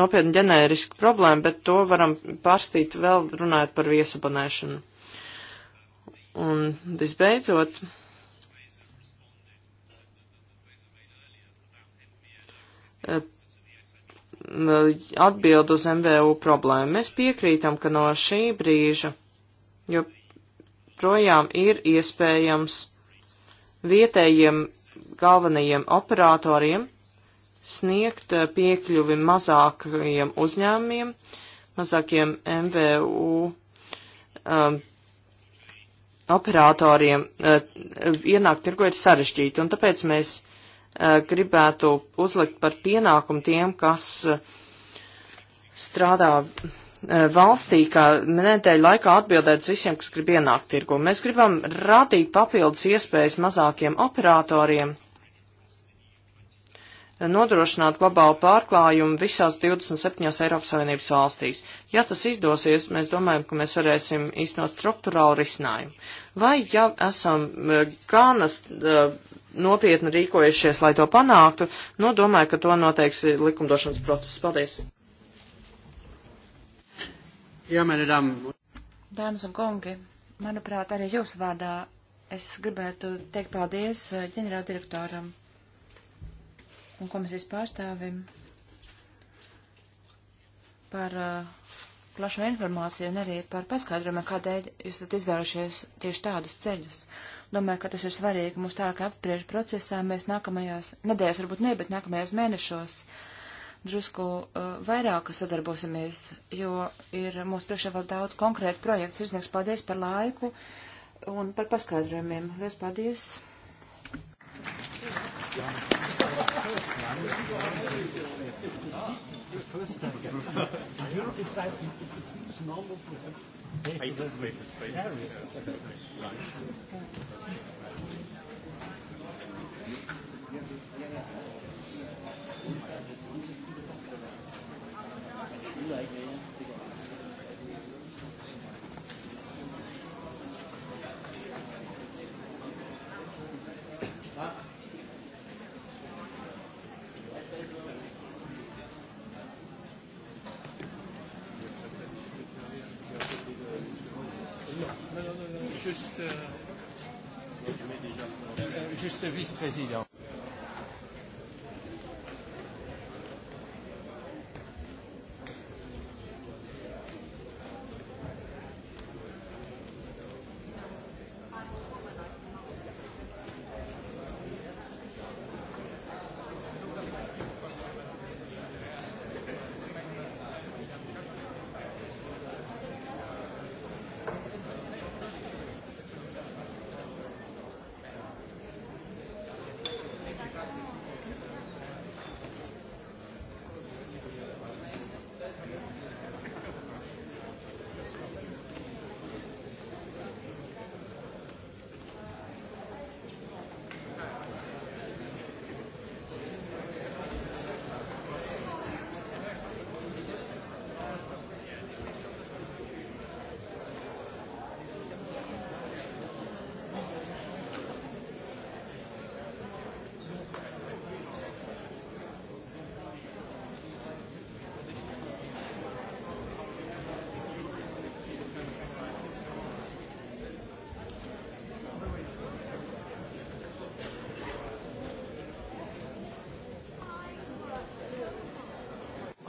nopietna ģenēriska problēma, bet to varam pārstīt vēl runājot par viesabonēšanu. Un visbeidzot, eh, atbild uz MVU problēmu. Mēs piekrītam, ka no šī brīža joprojām ir iespējams vietējiem galvenajiem operatoriem sniegt eh, piekļuvi mazākajiem uzņēmumiem, mazākiem MVU um, eh, operatoriem eh, ienākt tirgu ir sarežģīti, un tāpēc mēs eh, gribētu uzlikt par pienākumu tiem, kas eh, strādā valstī, kā nedēļa laikā atbildēt visiem, kas grib ienākt tirgu. Mēs gribam radīt papildus iespējas mazākiem operatoriem nodrošināt globālu pārklājumu visās 27 Eiropas Savienības valstīs. Ja tas izdosies, mēs domājam, ka mēs varēsim īstenot struktūrālu risinājumu. Vai ja esam e, ganas e, nopietni rīkojušies, lai to panāktu, nu domāju, ka to noteiks likumdošanas process. Paldies! Jā, mani dāmas. Dāmas un kungi, manuprāt, arī jūsu vārdā es gribētu teikt paldies e, ģenerāldirektoram un komisijas pārstāvim par uh, plašo informāciju un arī par paskaidrojumu, kādēļ jūs esat izvēlušies tieši tādus ceļus. Domāju, ka tas ir svarīgi mums tā, ka apspriež procesā mēs nākamajās nedēļās, varbūt ne, bet nākamajās mēnešos drusku uh, vairāk sadarbosimies, jo ir mūsu priekšā vēl daudz konkrētu projektu. Sirsnieks, paldies par laiku un par paskaidrojumiem. Liels paldies! Jā first one. The first time. In Europe, it's, it, it seems normal to have papers. Papers, papers, papers. Yeah. Right. Président.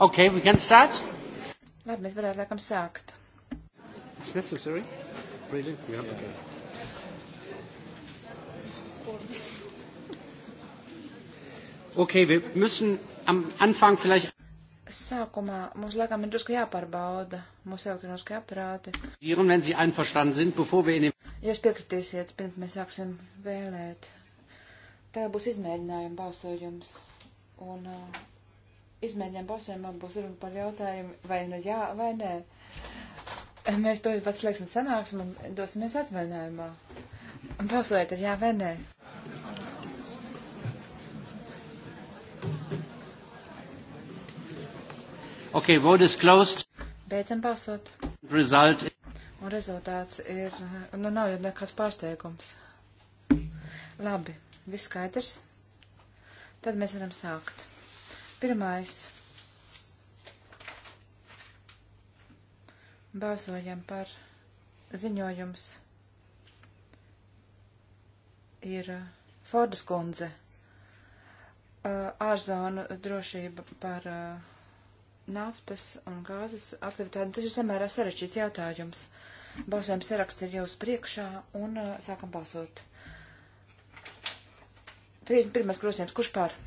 Okay, we can start. Labi, mēs varētu laikam sākt. It's necessary? Really? Yeah. yeah. Okay. Okay, wir müssen am Anfang vielleicht. Sākumā mums laikam ir drusku jāpārbauda mūsu elektroniskie aparāti. Wenn Sie einverstanden sind, bevor wir in dem... Jūs piekritīsiet, pirms mēs sāksim vēlēt. Tā būs izmēģinājuma balsojums. Un uh, izmēģinām balsojumā būs runa par jautājumu, vai nu jā, vai nē. Mēs to pat slēgsim sanāksim un dosimies atvaļinājumā. Balsojiet ar jā vai nē. Ok, vote is closed. Beidzam balsot. Result. Un rezultāts ir, nu nav jau nekāds pārsteigums. Labi, viss skaidrs. Tad mēs varam sākt. Pirmais. Bāzojam par ziņojums. Ir uh, Fordas kundze. Uh, ārzonu drošība par uh, naftas un gāzes aktivitāti. Tas ir samērā sarežģīts jautājums. Balsojums saraksts ir jūs priekšā un uh, sākam balsot. 31. grozījums, kurš pār?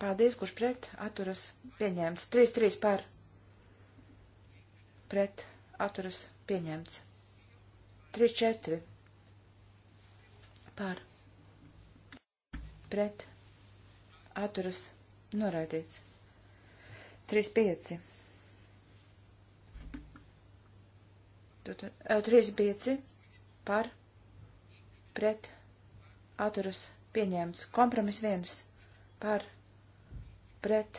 Paldies, kurš pret atturas pieņemts. 3-3 par. Pret atturas pieņemts. 3-4 par. Pret atturas noraidīts. 3-5. 3-5 eh, par. Pret atturas pieņemts. Kompromis 1 par pret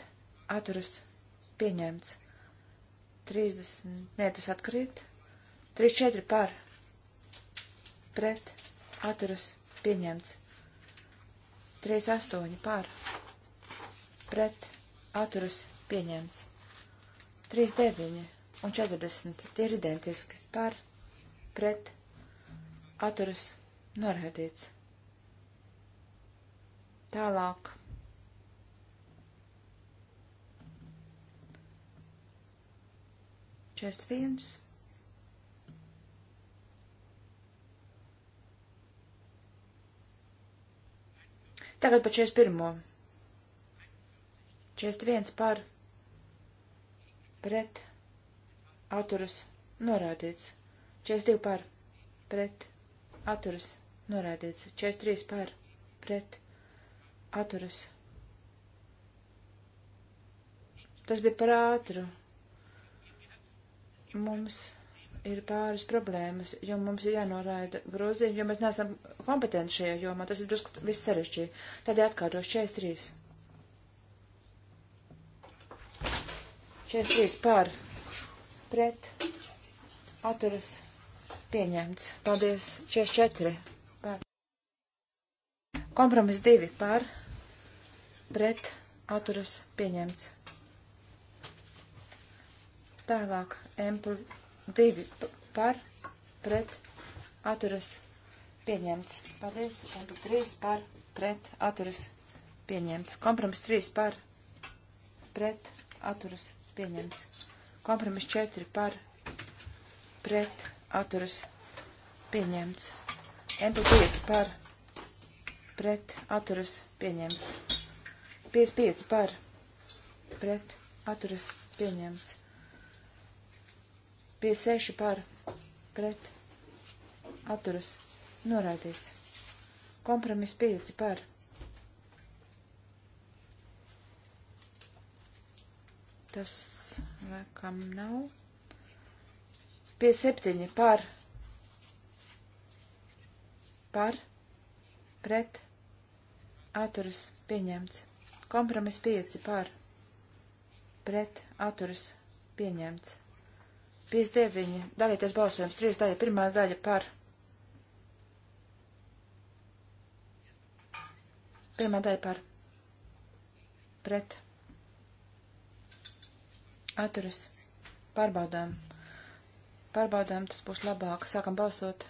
atturas pieņemts. 30, nē, tas atkrīt. 34 par pret atturas pieņemts. 38 par pret atturas pieņemts. 39 un 40 tie ir identiski par pret atturas norādīts. Tālāk. 41. Tagad par 41. 41 par pret atturas norādīts. 42 par pret atturas norādīts. 43 par pret atturas. Tas bija par ātru mums ir pāris problēmas, jo mums ir jānoraida grozījumi, jo mēs neesam kompetenti šajā jomā. Tas ir drusku viss sarežģīti. Tādēļ atkārtos 43. 43 pār pret atturas pieņemts. Paldies. 44 pār. Kompromis 2 pār pret atturas pieņemts. Tālāk Empul 2 par pret atturas pieņemts. Paldies. Empul 3 par pret atturas pieņemts. Kompromis 3 par pret atturas pieņemts. Kompromis 4 par pret atturas pieņemts. Empul 5 par pret atturas pieņemts. 55 par pret atturas pieņemts. Pie seši par pret atturas noraidīts. Kompromis pieci par. Tas laikam nav. Pie septiņi par. Par. Pret. Atturas pieņemts. Kompromis pieci par. Pret. Atturas pieņemts. 59. Dalīties balsojums. 3 daļa. Pirmā daļa par. Pirmā daļa par. Pret. Atturis. Pārbaudām. Pārbaudām, tas būs labāk. Sākam balsot.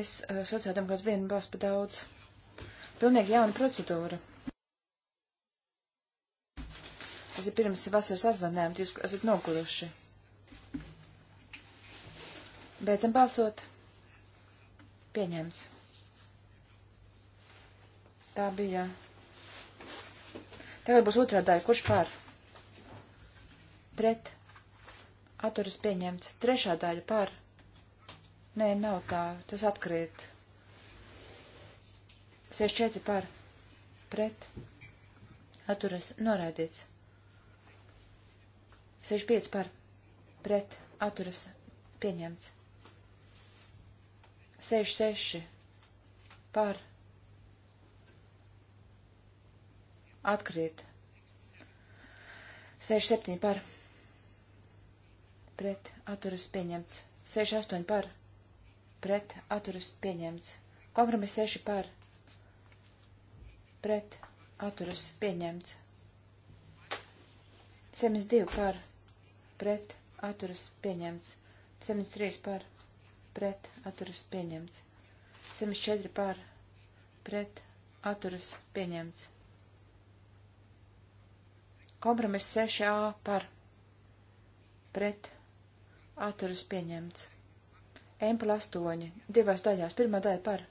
Es eh, sociāldemokrātu vienu balsu pa daudz. Pilnīgi jauna procedūra. Tas ir pirms vasaras atvaļinājuma, jūs esat noguruši. Beidzam balsot. Pieņemts. Tā bija. Tagad būs otrā daļa. Kurš pār? Pret. Atturis pieņemts. Trešā daļa pār. Nē, nav tā. Tas atkrīt. 64 pār. Pret. Atturis noraidīts. 65 par pret atturas pieņemts. 66 par atkrīt. 67 par pret atturas pieņemts. 68 par pret atturas pieņemts. Kompromiss 6 par pret atturas pieņemts. 72 par pret pret atturas pieņemts. 73 par pret atturas pieņemts. 74 par pret atturas pieņemts. Kompromiss 6a par pret atturas pieņemts. M plus 8 divās daļās. Pirmā daļa par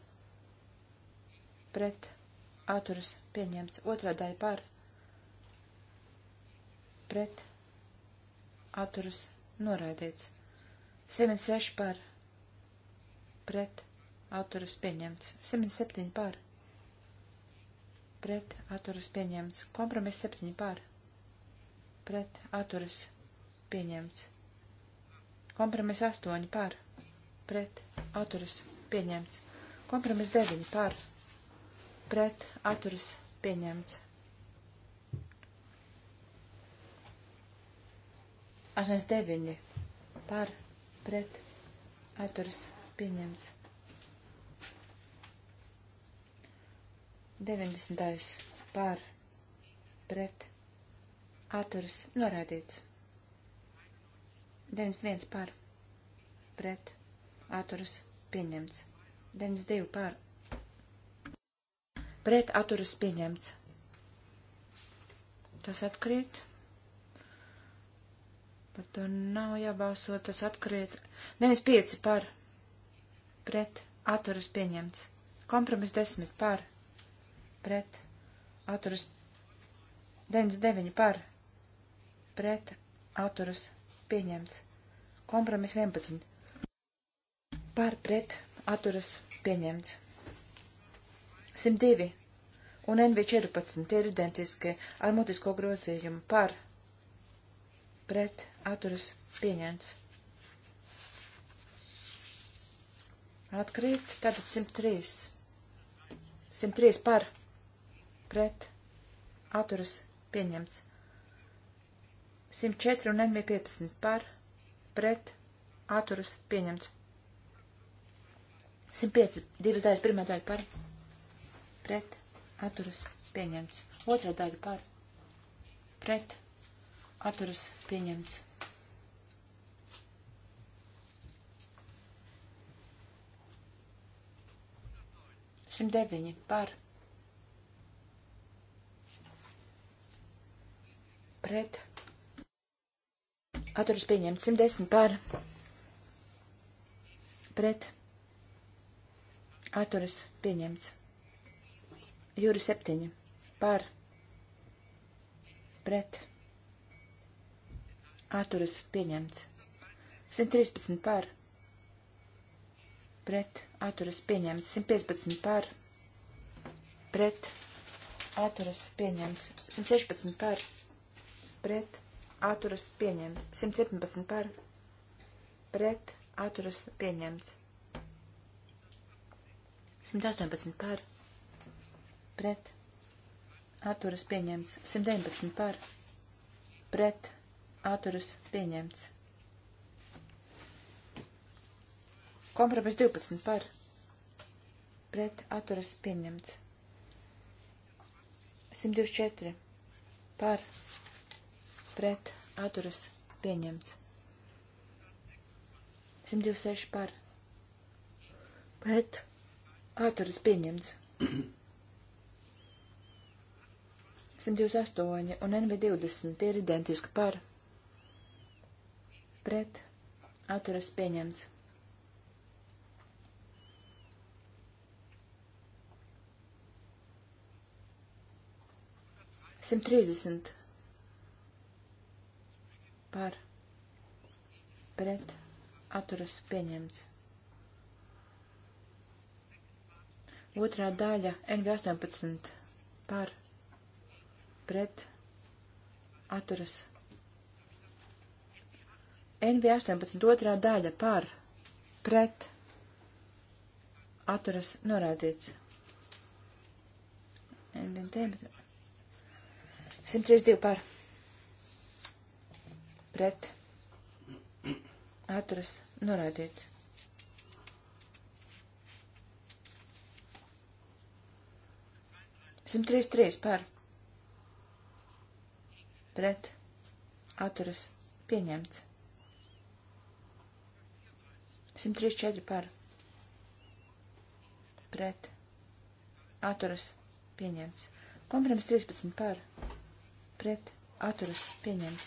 pret atturas pieņemts. Otrā daļa par pret atturas noraidīts. 76 par pret atturas pieņemts. 77 par pret atturas pieņemts. Kompromiss 7 par pret atturas pieņemts. Kompromiss 8 par pret atturas pieņemts. Kompromiss 9 par pret atturas pieņemts. 89 par pret atturas pieņemts. 90. par pret atturas norādīts. 91 par pret atturas pieņemts. 92 par pret atturas pieņemts. Tas atkrīt. Par to nav jābalso, tas atkriet. 95 par. Pret. Atturas pieņemts. Kompromis 10 par. Pret. Atturas. 99 par. Pret. Atturas pieņemts. Kompromis 11. Par. Pret. Atturas pieņemts. 102 un NV14 tie ir identiski ar mutisko grozījumu par pret atturas pieņemts. Atkrīt, tātad 103. 103 par, pret, atturas pieņemts. 104 un NV15 par, pret, atturas pieņemts. 105, divas daļas, pirmā daļa par, pret, atturas pieņemts. Otra daļa par, pret, atturas pieņemts. 109 par pret atturas pieņemts 110 par pret atturas pieņemts jūri 7 par pret atturas pieņemts 113 par pret pret atturas pieņemts 115 par pret atturas pieņemts 116 par pret atturas pieņemts 117 par pret atturas pieņemts 118 par pret atturas pieņemts 119 par pret atturas pieņemts Kompromis 12 par pret atturas pieņemts. 124 par pret atturas pieņemts. 126 par pret atturas pieņemts. 128 un NV20 tie ir identiski par pret atturas pieņemts. 130 par pret atturas pieņemts. Otrā daļa NV18 par pret atturas. NV18 otrā daļa par pret atturas norādīts. NV19 132 par pret atturas norādīts. Simt trīs trīs par pret atturas pieņemts. Simt trīs četri par pret atturas pieņemts. Kompromis 13 par pret pret atturas pieņemts.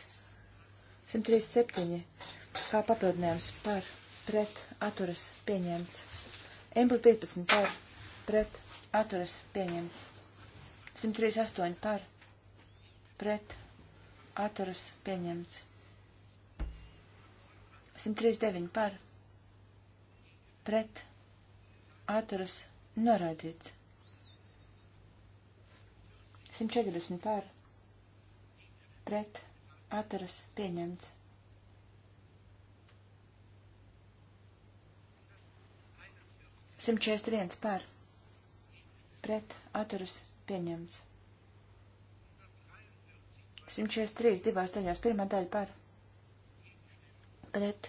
137 kā papildinājums par pret atturas pieņemts. Embl 15 par pret atturas pieņemts. 138 par pret atturas pieņemts. 139 par pret atturas noraidīts. 140 par pret pret atturas pieņemts. Simt četrdesmit viens par pret atturas pieņemts. 143 divās daļās. Pirmā daļa par pret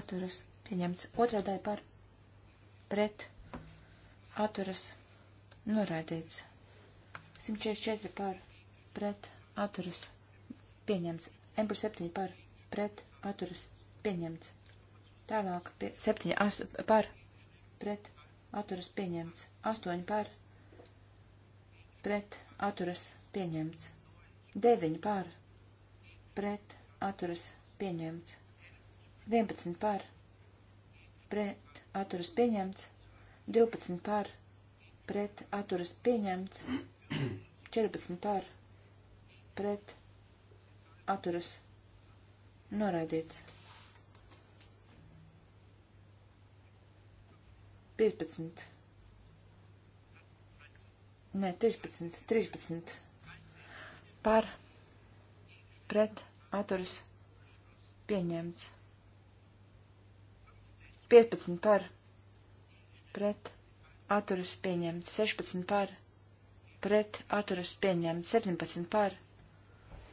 atturas pieņemts. Otrā daļa par pret atturas noraidīts. 144 par pret atturas pieņemts. Empur 7 par pret atturas pieņemts. Tālāk pie 7 as, par pret atturas pieņemts. 8 par pret atturas pieņemts. 9 par pret atturas pieņemts. 11 par pret atturas pieņemts. 12 par pret atturas pieņemts. 14 par pret atturas noraidīts. 15. Nē, 13. 13. Par pret atturas pieņemts. 15 par pret atturas pieņemts. 16 par pret atturas pieņemts. 17 par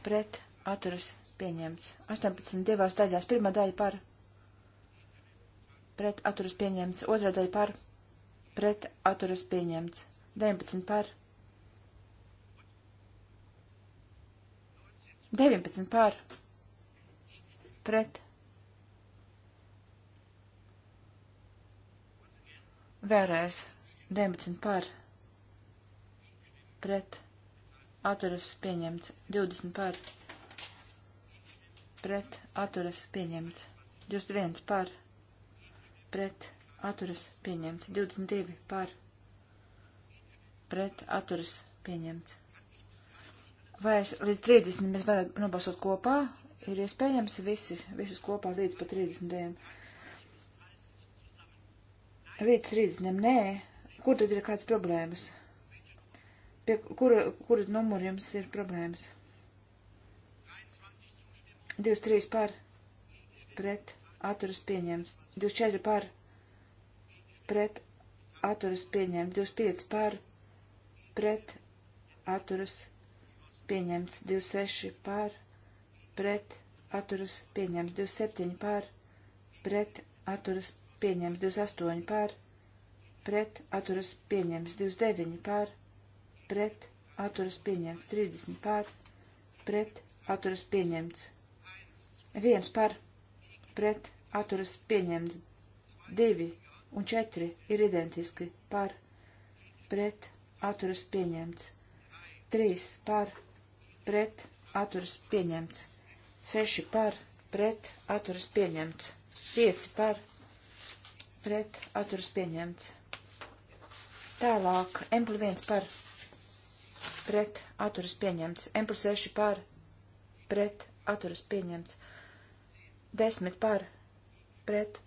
pret atturas pieņemts. 18 divās daļās. Pirmā daļa par pret atturas pieņemts. Otrā daļa par pret atturas pieņemts. 19 par 19 par pret vēlreiz 19 par pret atturas pieņemts. 20 par pret atturas pieņemts. 21 par pret atturas pieņemts. 22 par pret atturas pieņemts. Vai es līdz 30 mēs varam nobalsot kopā? Ir iespējams visi, visus kopā līdz pa 30 dēļ. Līdz 30 dēļ, nē. Kur tad ir kādas problēmas? Pie kura, kura numura jums ir problēmas? 23 par, pret, atturas pieņemts. 24 par, pret, atturas pieņemts. 25 par, pret, atturas pieņemts. 26 par, pret, atturas pieņemts. 27 par, pret, atturas pieņemts. 28 par, pret, atturas pieņemts. 29 par, pret, pret atturas pieņemts. 30 pār pret atturas pieņemts. 1 par pret atturas pieņemts. 2 un 4 ir identiski par pret atturas pieņemts. 3 par pret atturas pieņemts. 6 par pret atturas pieņemts. 5 par pret atturas pieņemts. Tālāk, empli 1 par pret pret atturas pieņemts. M plus 6 par pret atturas pieņemts. 10 par pret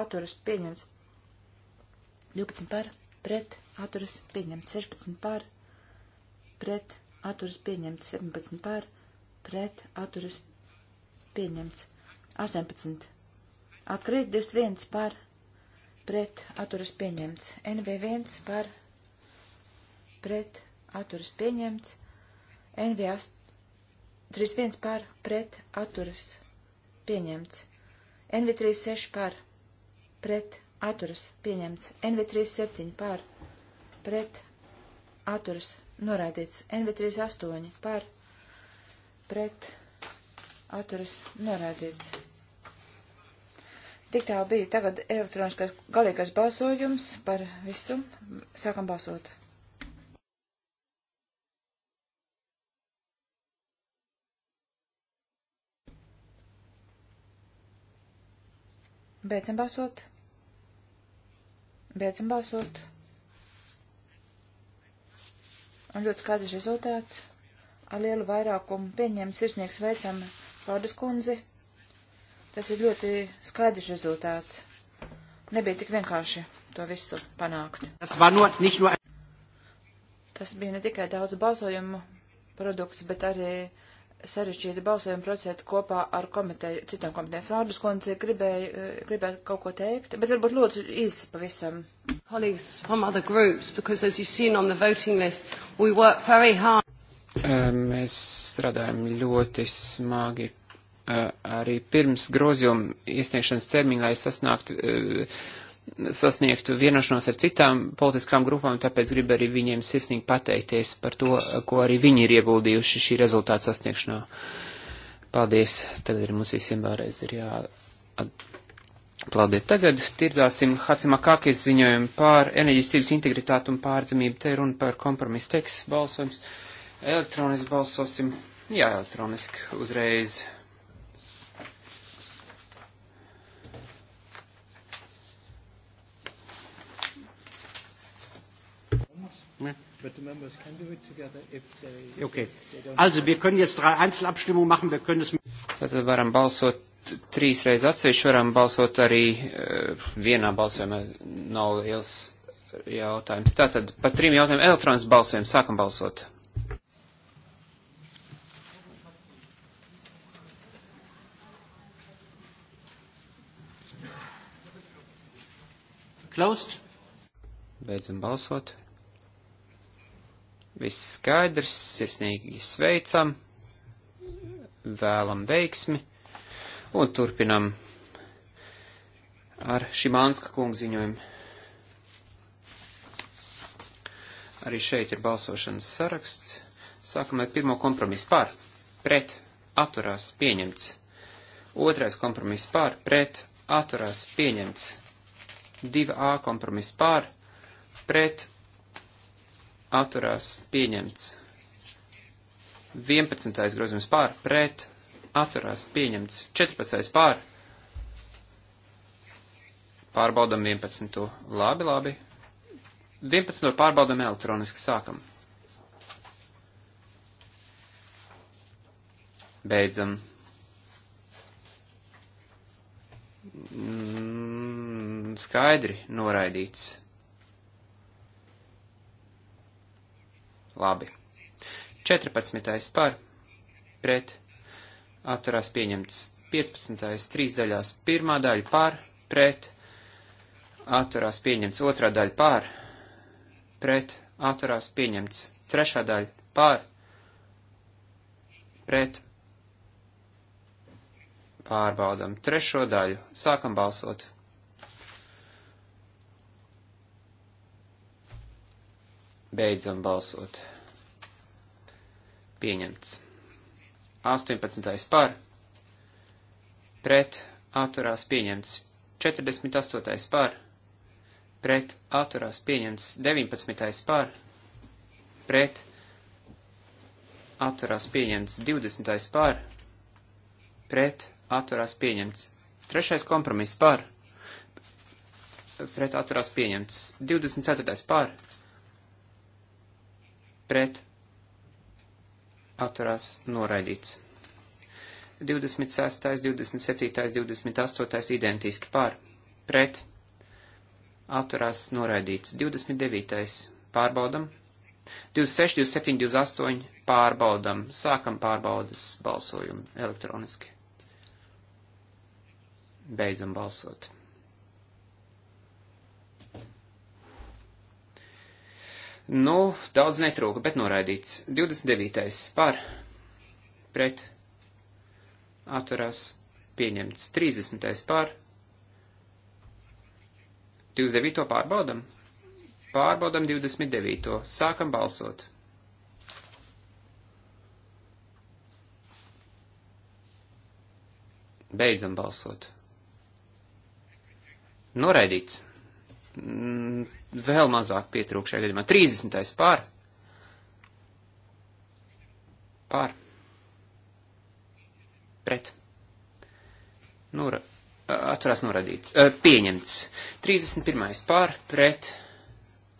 atturas pieņemts. 12 par pret atturas pieņemts. 16 par pret atturas pieņemts. 17 par pret atturas pieņemts. 18. Atkrīt 21 par pret atturas pieņemts. NV1 par pret atturas pieņemts, NV 31 par pret atturas pieņemts, NV 36 par pret atturas pieņemts, NV 37 par pret atturas noraidīts, NV 38 par pret atturas noraidīts. Tik tālu bija tagad elektroniskais galīgais balsojums par visu. Sākam balsot. Beidzam balsot. Beidzam balsot. Un ļoti skaidrs rezultāts. Ar lielu vairākumu pieņēma sirsnieks veicam Faudas kundzi. Tas ir ļoti skaidrs rezultāts. Nebija tik vienkārši to visu panākt. Tas, vanot, no... Tas bija ne tikai daudz balsojumu produkts, bet arī uh, sarežģīti balsojumu procentu kopā ar komiteju, citām komitejām. Frādas kundze gribēja, eh, gribēja kaut ko teikt, bet varbūt lūdzu īsi pavisam. Colleagues from other groups, because as you've seen on the voting list, we work very hard. Eh, mēs strādājam ļoti smagi eh, arī pirms grozījuma iesniegšanas termiņa, lai sasniegtu sasniegtu vienošanos ar citām politiskām grupām, tāpēc gribu arī viņiem sirsnīgi pateikties par to, ko arī viņi ir ieguldījuši šī rezultāta sasniegšanā. Paldies, tad ir mums visiem vēlreiz ir jā. Paldies. Tagad tirdzāsim Hacimakakis ziņojumu pār enerģijas tirgus integritātu un pārdzimību. Te runa par kompromisu teksts balsojums. Elektroniski balsosim. Jā, elektroniski uzreiz. But the members can do it together if they, okay. If they also, wir können jetzt drei Einzelabstimmungen machen, wir können es... Tātad varam balsot trīs reizes atsevišķi, varam balsot arī uh, vienā balsojumā, nav liels jautājums. Tātad par trim jautājumiem elektronisks balsojums, sākam balsot. Closed. Beidzam balsot. Viss skaidrs, sirsnīgi sveicam, vēlam veiksmi un turpinam ar Šimānska kungu ziņojumu. Arī šeit ir balsošanas saraksts. Sākam ar pirmo kompromisu par, pret, atturās, pieņemts. Otrais kompromiss pār, pret, atturās, pieņemts. 2A kompromiss pār, pret, atturās pieņemts. 11. grozījums pār, pret, atturās pieņemts. 14. pār, pārbaudam 11. Labi, labi. 11. pārbaudam elektroniski sākam. Beidzam. Mm, skaidri noraidīts. Labi. 14. par, pret, atturās pieņemts. 15. trīs daļās, pirmā daļa par, pret, atturās pieņemts. Otrā daļa par, pret, atturās pieņemts. Trešā daļa par, pret, pārbaudam. Trešo daļu sākam balsot. Beidzam balsot. Pieņemts. 18. par. Pret atturās pieņemts. 48. par. Pret atturās pieņemts. 19. par. Pret atturās pieņemts. 20. par. Pret atturās pieņemts. Trešais kompromiss par. Pret atturās pieņemts. 24. par pret atturās noraidīts. 26., 27., 28. identiski pār, pret atturās noraidīts. 29. pārbaudam. 26, 27, 28 pārbaudam. Sākam pārbaudas balsojumu elektroniski. Beidzam balsot. Nu, daudz netrūka, bet noraidīts. 29. par pret atturās pieņemts. 30. par 29. pārbaudam. Pārbaudam 29. Sākam balsot. Beidzam balsot. Noraidīts. Mm, vēl mazāk pietrūk šajā gadījumā. 30. pār. Pār. Pret. Nora, atturās norādīts. Pieņemts. 31. pār. Pret.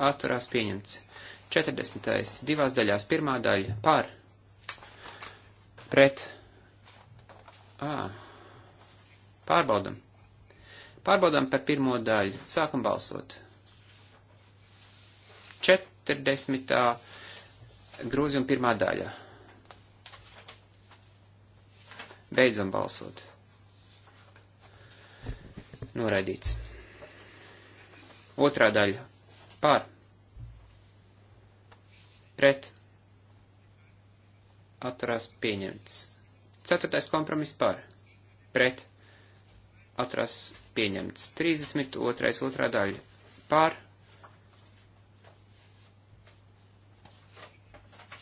Atturās pieņemts. 40. divās daļās. Pirmā daļa. Pār. Pret. À. Pārbaudam. Pārbaudām par pirmo daļu. Sākam balsot. 40. grozījuma pirmā daļa. Beidzam balsot. Noraidīts. Otrā daļa. Par. Pret. Atturās pieņemts. Ceturtais kompromiss par. Pret. Atturās pieņemts. 32. otrā daļa. Par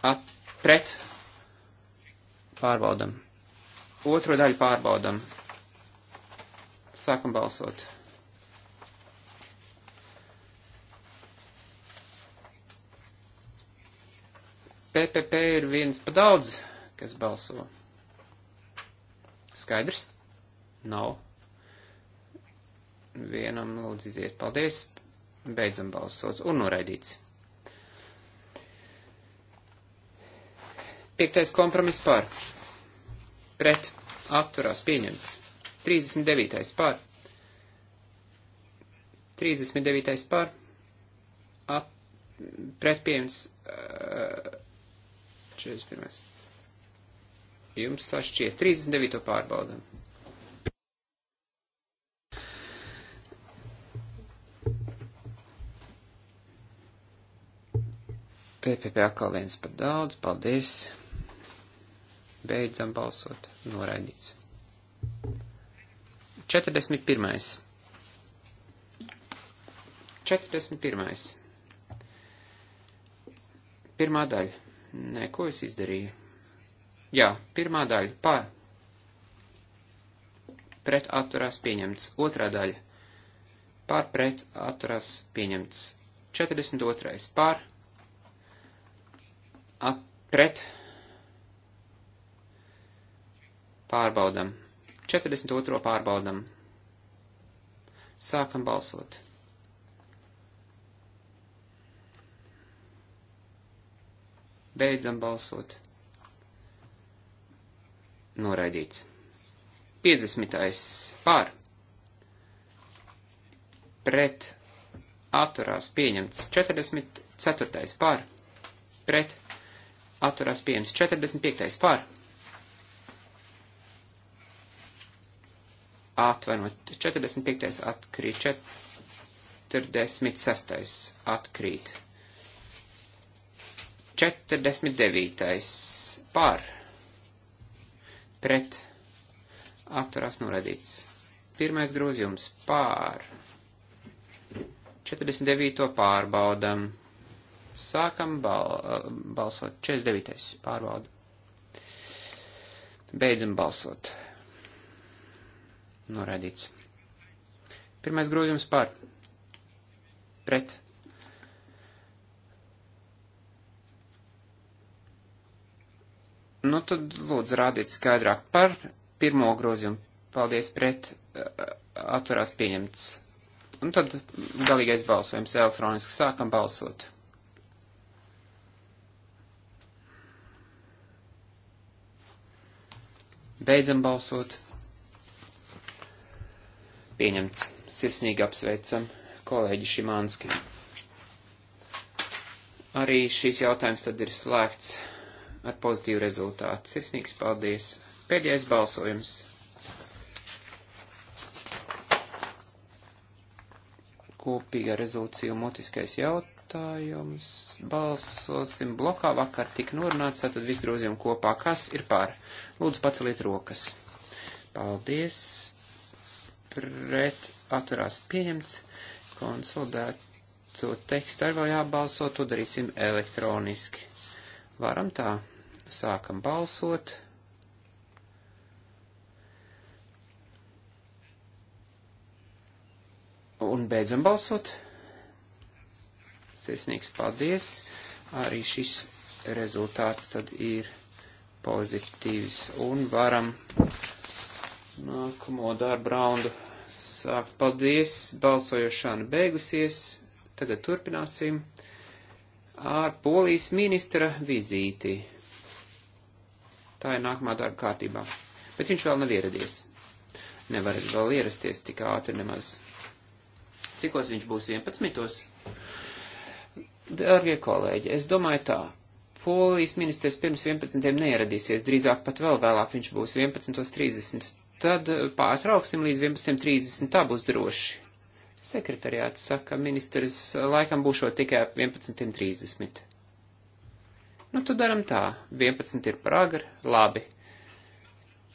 At, pret. Pārbaudam. Otro daļu pārbaudam. Sākam balsot. PPP ir viens pa daudz, kas balso. Skaidrs? Nav. Vienam lūdzu iziet. Paldies. Beidzam balsot. Un noraidīts. Piektais kompromiss par. Pret. Atturās pieņemts. 39. par. 39. par. At, pret pieņemts. Uh, 41. Jums tā šķiet. 39. pārbaudam. PPP atkal viens par daudz. Paldies. Beidzam balsot. Noraidīts. 41. 41. Pirmā daļa. Nē, ko es izdarīju? Jā, pirmā daļa. Pār. Pret atturās pieņemts. Otrā daļa. Pār pret atturās pieņemts. 42. Pār. At, pret Pārbaudam. 42. pārbaudam. Sākam balsot. Beidzam balsot. Noraidīts. 50. pār. Pret. Atturās pieņemts. 44. pār. Pret. Atturās pieņemts. 45. pār atvainot, 45. atkrīt, 46. atkrīt, 49. par, pret, atturās noradīts, pirmais grozījums pār, 49. pārbaudam, sākam bal, balsot, 49. pārbaudu, beidzam balsot. Noraidīts. Pirmais grozījums par. Pret. Nu, tad lūdzu rādīt skaidrāk par pirmo grozījumu. Paldies pret atturās pieņemts. Un tad galīgais balsojums elektroniski sākam balsot. Beidzam balsot. Pieņemts. Sirsnīgi apsveicam kolēģi Šimānski. Arī šīs jautājums tad ir slēgts ar pozitīvu rezultātu. Sirsnīgs paldies. Pēdējais balsojums. Kopīga rezolūcija un mutiskais jautājums. Balsosim blokā vakar tik norunāts, tad viss grozījumi kopā. Kas ir pār? Lūdzu, paceliet rokas. Paldies pret atturās pieņemts. Konsolidēto tekstu arī vēl jābalso, to darīsim elektroniski. Varam tā. Sākam balsot. Un beidzam balsot. Sirsnīgs paldies. Arī šis rezultāts tad ir pozitīvs. Un varam nākamo darbu raundu sākt. Paldies, balsojošana beigusies. Tagad turpināsim ar polijas ministra vizīti. Tā ir nākamā darba kārtībā. Bet viņš vēl nav ieradies. Nevar vēl ierasties tik ātri nemaz. Cikos viņš būs 11? Dārgie kolēģi, es domāju tā. Polijas ministrs pirms 11. neieradīsies, drīzāk pat vēl vēlāk viņš būs 11.30 tad eh, pārtrauksim līdz 11.30, tā būs droši. Sekretariāts saka, ministrs, eh, laikam būšot tikai ap 11.30. Nu, tad daram tā, 11 ir par agri, labi.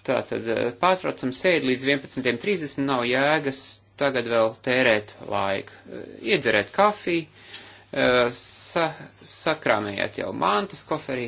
Tātad eh, pārtraucam sēdi līdz 11.30, nav jēgas tagad vēl tērēt laiku. Iedzerēt kafiju, sa sakrāmējāt jau mantas koferī,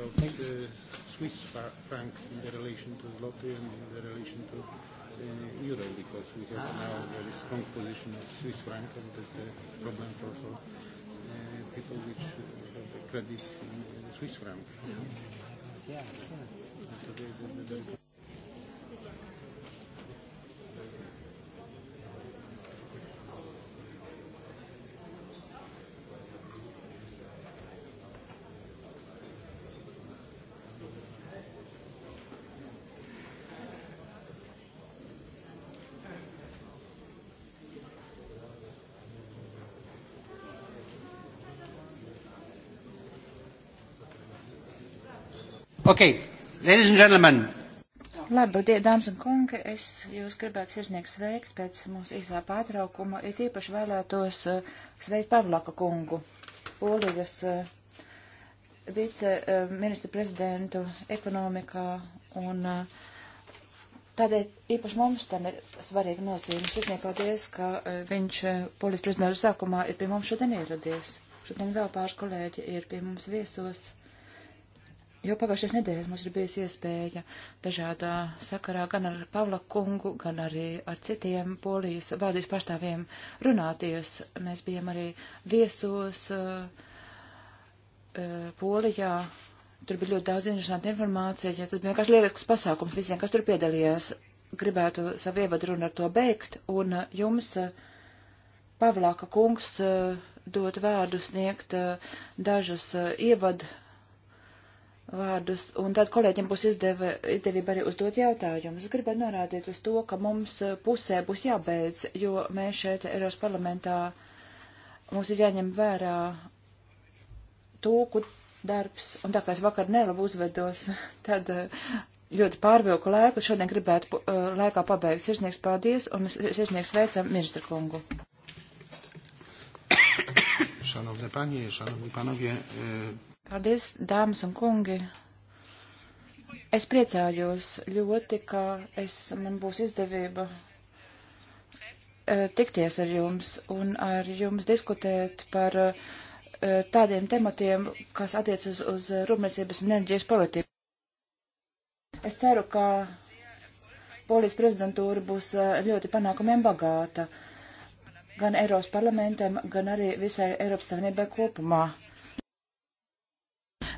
I'll take the Swiss franc in the relation to zloty and in the relation to uh, euro, because we have now a very strong position of Swiss franc, and that's a problem for, for uh, people which have credit in Swiss franc. Yeah. Yeah. yeah. So they, they, they, they Okay. Ladies and gentlemen. Labdien, dāmas un kungi, es jūs gribētu sirsnieks sveikt pēc mūsu īsā pārtraukuma, it īpaši vēlētos uh, sveikt Pavlaka kungu, Polijas uh, vice uh, ministru prezidentu ekonomikā un uh, Tādēļ īpaši mums tam ir svarīga nozīme. Sirsnīgi paldies, ka viņš polijas prezidentu sākumā ir pie mums šodien ieradies. Šodien vēl pāris kolēģi ir pie mums viesos. Jau pagājušajās nedēļas mums ir bijusi iespēja dažādā sakarā gan ar Pavla kungu, gan arī ar citiem polijas valdības pārstāvjiem runāties. Mēs bijām arī viesos uh, uh, Polijā. Tur bija ļoti daudz interesanta informācija. Ja tas bija vienkārši lielisks pasākums visiem, kas tur piedalījās. Gribētu savu ievadu runu ar to beigt. Un uh, jums, Pavlāka kungs, dot vārdu sniegt dažus ievadu vārdus, un tad kolēģiem būs izdeva, izdevība arī uzdot jautājumus. Es gribētu norādīt uz to, ka mums uh, pusē būs jābeidz, jo mēs šeit Eiropas parlamentā mums ir jāņem vērā tūku darbs, un tā kā es vakar nelabu uzvedos, tad uh, ļoti pārvilku laiku, šodien gribētu uh, laikā pabeigt. Sirsnieks paldies, un sirsnieks veicam ministru kungu. Szanowne panie, szanowni panowie, y e, Paldies, dāmas un kungi! Es priecājos ļoti, ka es, man būs izdevība e, tikties ar jums un ar jums diskutēt par e, tādiem tematiem, kas attiec uz, uz rūpniecības un enerģijas politiku. Es ceru, ka Polijas prezidentūra būs e, ļoti panākumiem bagāta gan Eiropas parlamentam, gan arī visai Eiropas Savienībai kopumā.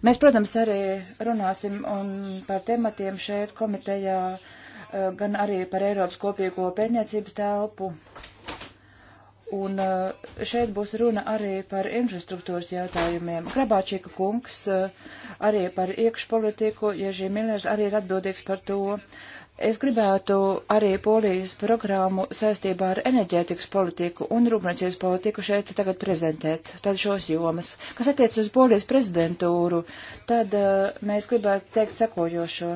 Mēs, protams, arī runāsim par tematiem šeit komitejā, eh, gan arī par Eiropas kopīgo pētniecības telpu. Un eh, šeit būs runa arī par infrastruktūras jautājumiem. Grabāčika kungs eh, arī par iekšpolitiku, ja šī miljonārs arī ir atbildīgs par to. Uh, Es gribētu arī polijas programmu saistībā ar enerģētikas politiku un rūpniecības politiku šeit tagad prezentēt, tad šos jomas. Kas attiec uz polijas prezidentūru, tad uh, mēs gribētu teikt sekojošo,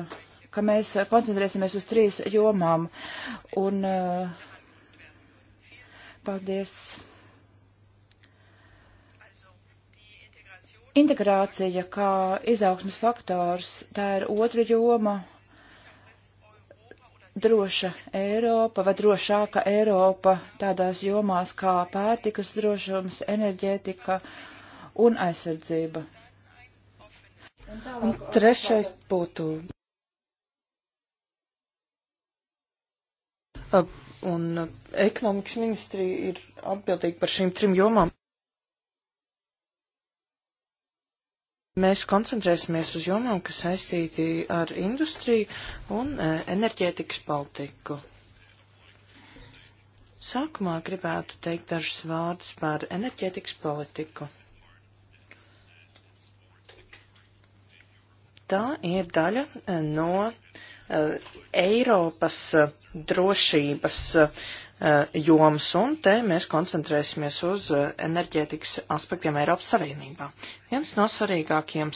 ka mēs koncentrēsimies uz trīs jomām. Un uh, paldies. Integrācija kā izaugsmas faktors, tā ir otra joma droša Eiropa vai drošāka Eiropa tādās jomās kā pārtikas drošums, enerģētika un aizsardzība. Un trešais būtu. Un ekonomikas ministrija ir atbildīga par šīm trim jomām. Mēs koncentrēsimies uz jomām, kas saistīti ar industriju un e, enerģētikas politiku. Sākumā gribētu teikt dažus vārdus par enerģētikas politiku. Tā ir daļa e, no uh, Eiropas drošības uh, Eh, joms, un te mēs koncentrēsimies uz eh, enerģētikas aspektiem Eiropas Savienībā. Viens no svarīgākiem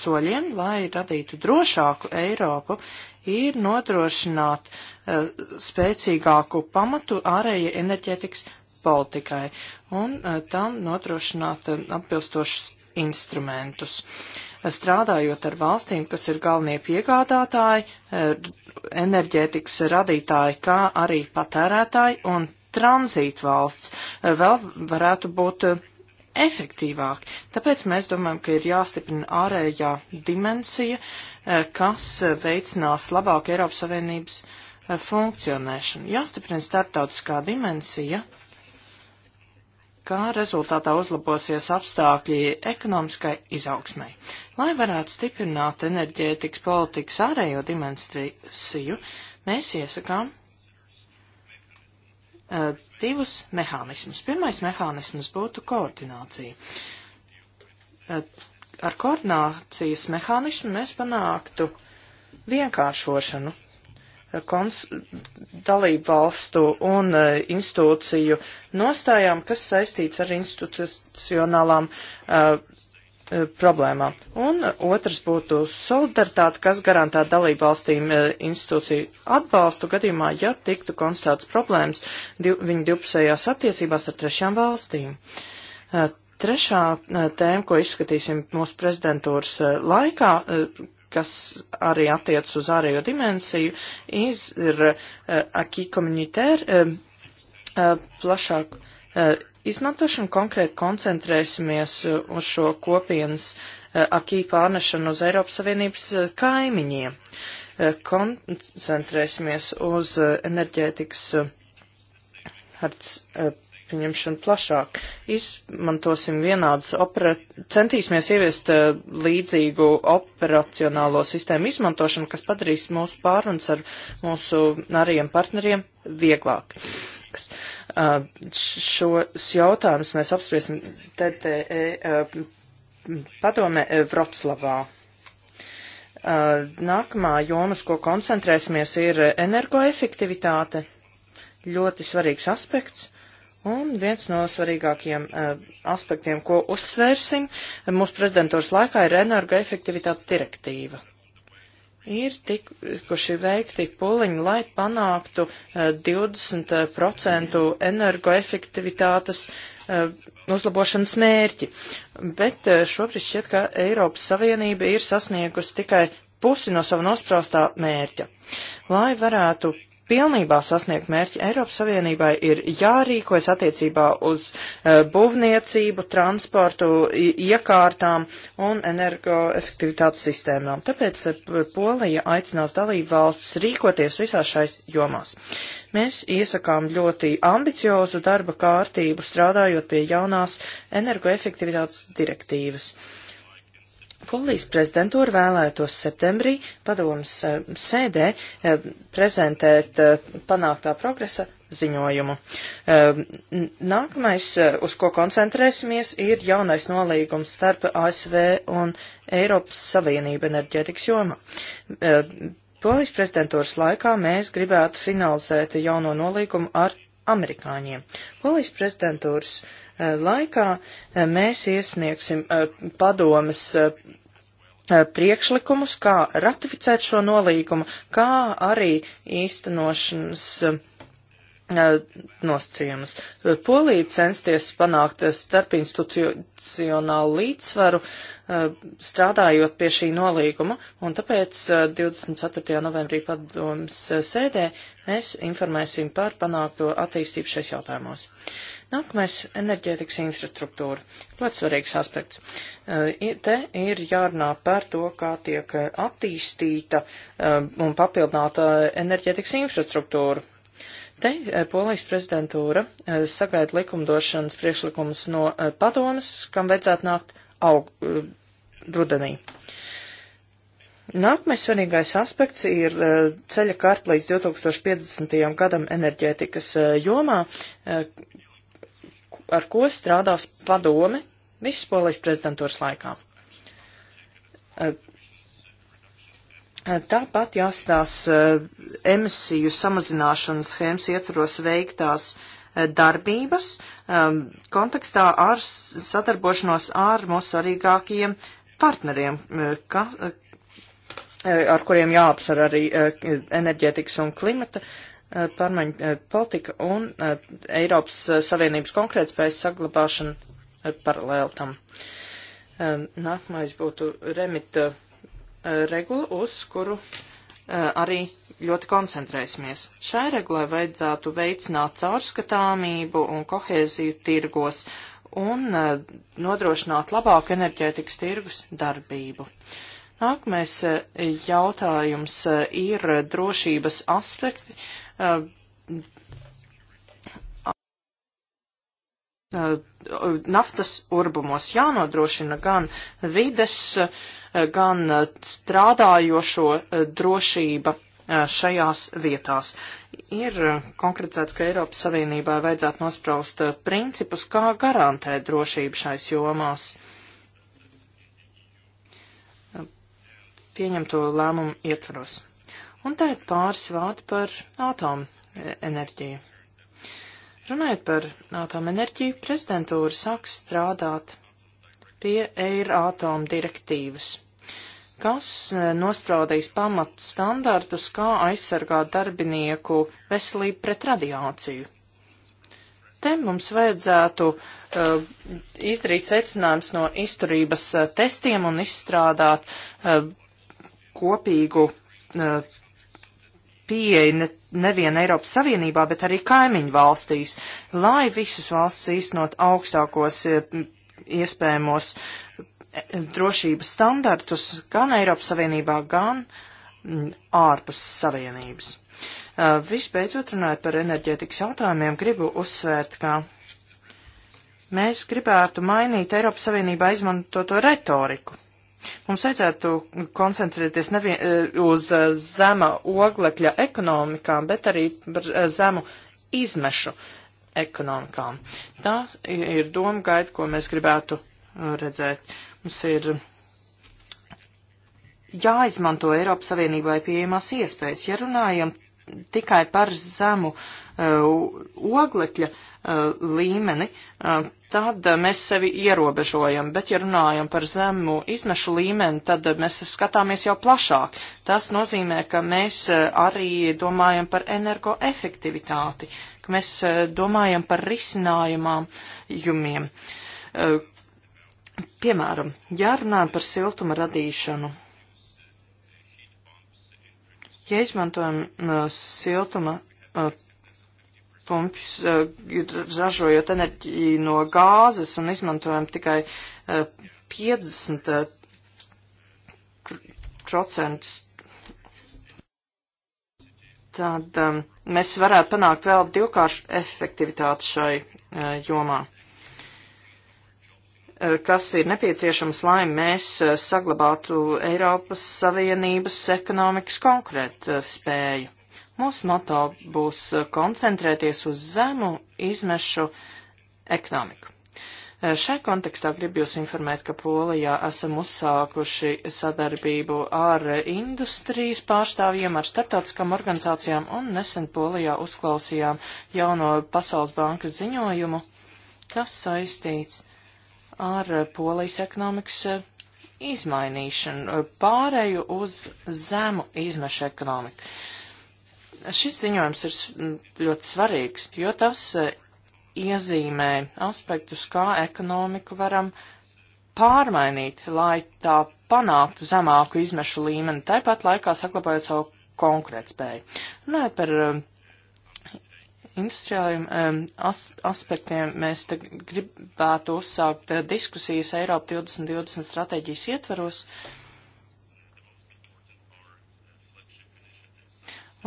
soļiem, lai radītu drošāku Eiropu, ir nodrošināt uh, spēcīgāku pamatu ārējai enerģētikas politikai un uh, tam nodrošināt uh, atbilstošus instrumentus. Strādājot ar valstīm, kas ir galvenie piegādātāji, eh, enerģētikas radītāji, kā arī patērētāji un tranzītvalsts, eh, vēl varētu būt eh, efektīvāk. Tāpēc mēs domājam, ka ir jāstiprina ārējā dimensija, kas veicinās labāku Eiropas Savienības funkcionēšanu. Jāstiprina starptautiskā dimensija, kā rezultātā uzlabosies apstākļi ekonomiskai izaugsmai. Lai varētu stiprināt enerģētikas politikas ārējo dimensiju, mēs iesakām uh, divus mehānismus. Pirmais mehānisms būtu koordinācija. Uh, ar koordinācijas mehānismu mēs panāktu vienkāršošanu kons, dalību valstu un uh, institūciju nostājām, kas saistīts ar institucionālām uh, problēmām. Un otrs būtu solidaritāte, kas garantē dalību valstīm uh, institūciju atbalstu gadījumā, ja tiktu konstatēts problēmas div, viņu divpusējās attiecībās ar trešām valstīm. Trešā tēma, ko izskatīsim mūsu prezidentūras laikā, kas arī attiec uz ārējo dimensiju, ir uh, eh, aki komunitēra uh, eh, uh, eh, plašāk uh, izmantošana. Konkrēti koncentrēsimies uh, uz šo kopienas uh, aki pārnešanu uz Eiropas Savienības uh, kaimiņiem. Uh, koncentrēsimies uz uh, enerģētikas. Uh, Hartz, uh, pieņemšanu plašāk. Izmantosim vienādas, opera... centīsimies ieviest uh, līdzīgu operacionālo sistēmu izmantošanu, kas padarīs mūsu pārunas ar mūsu ariem partneriem vieglāk. Kas, uh, eh, šos jautājumus mēs apspriesim TTE uh, eh, padome Vroclavā. Nākamā jomas, ko koncentrēsimies, ir energoefektivitāte. Ļoti svarīgs aspekts Un viens no svarīgākajiem uh, aspektiem, ko uzsvērsim mūsu prezidentūras laikā, ir energoefektivitātes direktīva. Ir tikuši veikti puliņi, lai panāktu uh, eh, 20% energoefektivitātes uh, uzlabošanas mērķi, bet uh, šobrīd šķiet, ka Eiropas Savienība ir sasniegusi tikai pusi no sava nostraustā mērķa. Lai varētu pilnībā sasniegt mērķi, Eiropas Savienībai ir jārīkojas attiecībā uz uh, būvniecību, transportu, iekārtām un energoefektivitātes sistēmām. Tāpēc eh, Polija aicinās dalību valstis rīkoties visās šais jomās. Mēs iesakām ļoti ambiciozu darba kārtību strādājot pie jaunās energoefektivitātes direktīvas. Uh, Polijas prezidentūra vēlētos septembrī padomas eh, sēdē eh, prezentēt eh, panāktā progresa ziņojumu. Nākamais, uz ko koncentrēsimies, ir jaunais nolīgums starp ASV un Eiropas Savienību enerģētikas jomā. Polijas prezidentūras laikā mēs gribētu finalizēt jauno nolīgumu ar amerikāņiem. Polijas prezidentūras uh, Eh, laikā eh, mēs iesniegsim eh, padomas priekšlikumus, kā ratificēt šo nolīgumu, kā arī īstenošanas nosacījumus. Polija censties panākt starpinstitucionālu līdzsvaru, strādājot pie šī nolīguma, un tāpēc 24. novembrī padomas sēdē mēs informēsim par panākto attīstību šais jautājumos. Nākamais - enerģētikas infrastruktūra. Ļoti svarīgs aspekts. Uh, te ir jārunā par to, kā tiek uh, attīstīta uh, un papildināta enerģētikas infrastruktūra. Te Polijas prezidentūra sagaida likumdošanas priekšlikumus no padomas, kam vajadzētu nākt aug, rudenī. Nākamais svarīgais aspekts ir ceļa karta līdz 2050. gadam enerģētikas jomā, ar ko strādās padome visas polijas prezidentūras laikā. Tāpat jāstās emisiju samazināšanas schēmas ietvaros veiktās darbības kontekstā ar sadarbošanos ar mūsu svarīgākajiem partneriem, ka, ar kuriem jāapsver arī enerģētikas un klimata Eh, pārmaiņu eh, politika un eh, Eiropas Savienības konkrētspējas saglabāšana paralēli tam. Nākamais būtu remita regula, uz kuru arī ļoti koncentrēsimies. Šai regulai vajadzētu veicināt caurskatāmību un kohēziju tirgos un nodrošināt labāku enerģētikas tirgus darbību. Nākamais jautājums ir drošības aspekti Uh, uh, naftas urbumos jānodrošina gan vides, uh, gan strādājošo drošība šajās vietās. Ir konkretizēts, ka Eiropas Savienībā vajadzētu nospraust principus, kā garantēt drošību šais jomās. Pieņemto lēmumu ietvaros. Un tagad pāris vārdi par atomenerģiju. Runājot par atomenerģiju, prezidentūra sāks strādāt pie Eirātoma direktīvas, kas e, nospraudīs pamat standartus, kā aizsargāt darbinieku veselību pret radiāciju. Te mums vajadzētu uh, izdarīt secinājums no izturības uh, testiem un izstrādāt uh, kopīgu uh, pieeja ne, nevien Eiropas Savienībā, bet arī kaimiņu valstīs, lai visas valsts īstenot augstākos eh, iespējamos eh, drošības standartus gan Eiropas Savienībā, gan ārpus Savienības. Eh, visbeidzot, runājot par enerģētikas jautājumiem, gribu uzsvērt, ka mēs gribētu mainīt Eiropas Savienībā izmantoto retoriku Mums vajadzētu koncentrēties nevien eh, uz eh, zema oglekļa ekonomikām, bet arī par eh, zemu izmešu ekonomikām. Tā ir doma gaida, ko mēs gribētu redzēt. Mums ir jāizmanto Eiropas Savienībai pieejamās iespējas. Ja runājam tikai par zemu uh, oglekļa uh, Uh, līmeni, uh, tad uh, mēs sevi ierobežojam, bet ja runājam par zemu izmešu līmeni, tad mēs skatāmies jau plašāk. Tas nozīmē, ka mēs arī domājam par energoefektivitāti, ka mēs domājam par risinājumiem. Piemēram, ja runājam par siltuma radīšanu, ja izmantojam siltuma pumpjus, eh, ražojot enerģiju no gāzes un izmantojam tikai 50%. Eh, eh, Tad um, mēs varētu panākt vēl divkāršu efektivitāti šai uh, jomā, uh, kas ir nepieciešams, lai mēs uh, saglabātu Eiropas Savienības ekonomikas konkrētu uh, spēju. Mūsu moto būs e, koncentrēties uz zemu izmešu ekonomiku. E, šai kontekstā gribu jūs informēt, ka Polijā esam uzsākuši sadarbību ar industrijas pārstāvjiem, ar starptautiskām organizācijām un nesen Polijā uzklausījām jauno Pasaules bankas ziņojumu, kas saistīts ar Polijas ekonomikas e, izmainīšanu, pārēju uz zemu izmešu ekonomiku. Šis ziņojums ir ļoti svarīgs, jo tas e, iezīmē aspektus, kā ekonomiku varam pārmainīt, lai tā panāktu zemāku izmešu līmeni, tāpat laikā saglabājot savu konkurētspēju. Nē, par um, e, industriālajiem um, e, as aspektiem mēs te gribētu uzsākt uh, diskusijas Eiropa 2020 stratēģijas ietvaros. Uh,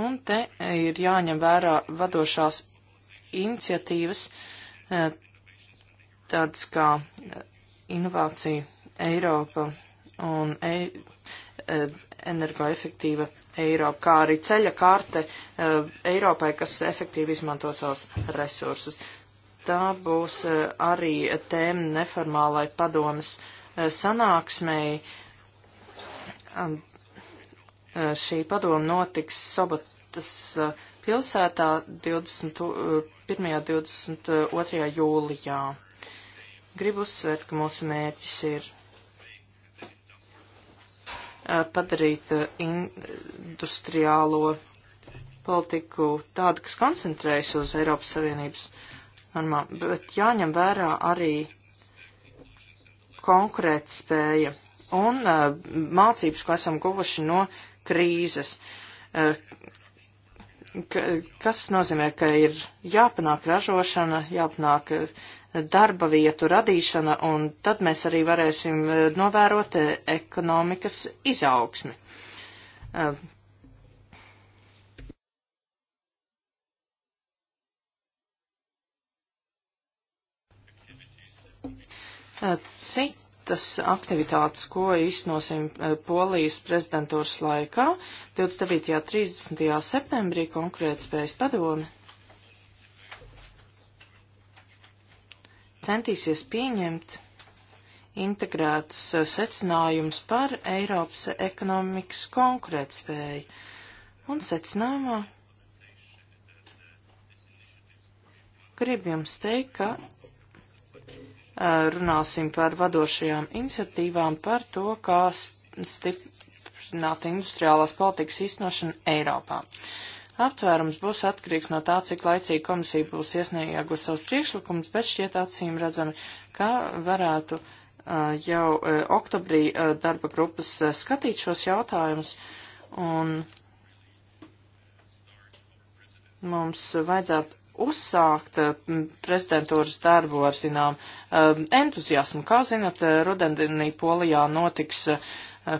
Un te ir jāņem vērā vadošās iniciatīvas, e, tādas kā e, inovācija Eiropa un e, e energoefektīva Eiropa, kā arī ceļa karte Eiropai, kas efektīvi izmanto savus resursus. Tā būs arī tēma neformālai padomas sanāksmēji Eh, šī padoma notiks Sobotas eh, pilsētā 21. un 22. jūlijā. Gribu uzsvērt, ka mūsu mērķis ir eh, padarīt industriālo politiku tādu, kas koncentrējas uz Eiropas Savienības normām, bet jāņem vērā arī konkurēta spēja un mācības, ko esam guvuši no uh, krīzes. Eh, kas tas nozīmē, ka ir jāpanāk ražošana, jāpanāk eh, darba vietu radīšana, un tad mēs arī varēsim eh, novērot ekonomikas izaugsmi. Cit tas aktivitātes, ko īstenosim eh, Polijas prezidentūras laikā 29. un 30. septembrī konkurētspējas padome centīsies pieņemt integrētus eh, secinājumus par Eiropas ekonomikas konkurētspēju. Un secinājumā gribu jums teikt, ka runāsim par vadošajām iniciatīvām par to, kā stiprināt industriālās politikas īstenošanu Eiropā. Aptvērums būs atkarīgs no tā, cik laicīgi komisija būs iesniegusi savus priekšlikumus, bet šķiet acīm redzami, ka varētu uh, jau uh, oktobrī uh, darba grupas uh, skatīt šos jautājumus. Un mums vajadzētu uzsākt eh, prezidentūras darbu ar zinām eh, entuziasmu. Kā zinat, eh, rudenī Polijā notiks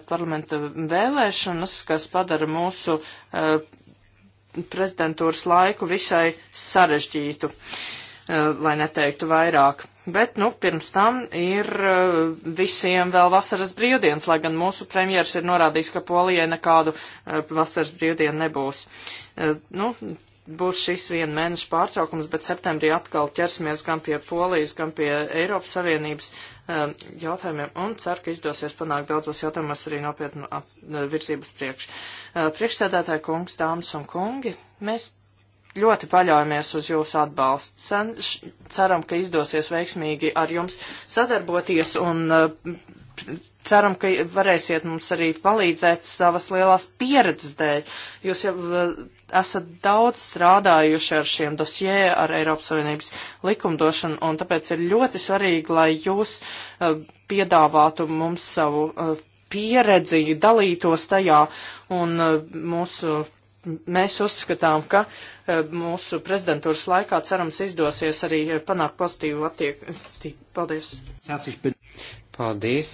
parlamenta vēlēšanas, kas padara mūsu prezidentūras laiku visai sarežģītu, lai neteiktu vairāk. Bet, nu, pirms tam ir visiem vēl vasaras brīvdienas, lai gan mūsu premjeras ir norādījis, ka Polijai nekādu vasaras brīvdienu nebūs. Nu, būs šis viena mēneša pārtraukums, bet septembrī atkal ķersimies gan pie Polijas, gan pie Eiropas Savienības um, jautājumiem un ceru, ka izdosies panākt daudzos jautājumos arī nopietnu ap, uh, virzības priekš. Uh, priekšsēdētāji kungs, dāmas un kungi, mēs ļoti paļaujamies uz jūsu atbalstu. Sen, š, ceram, ka izdosies veiksmīgi ar jums sadarboties un uh, ceram, ka varēsiet mums arī palīdzēt savas lielās pieredzes dēļ. Jūs jau uh, esat daudz strādājuši ar šiem dosjē, ar Eiropas Savienības likumdošanu, un tāpēc ir ļoti svarīgi, lai jūs uh, piedāvātu mums savu uh, pieredzi, dalītos tajā, un uh, mūsu, mēs uzskatām, ka mūsu prezidentūras laikā cerams izdosies arī panākt pozitīvu attieksmi. Paldies! Paldies!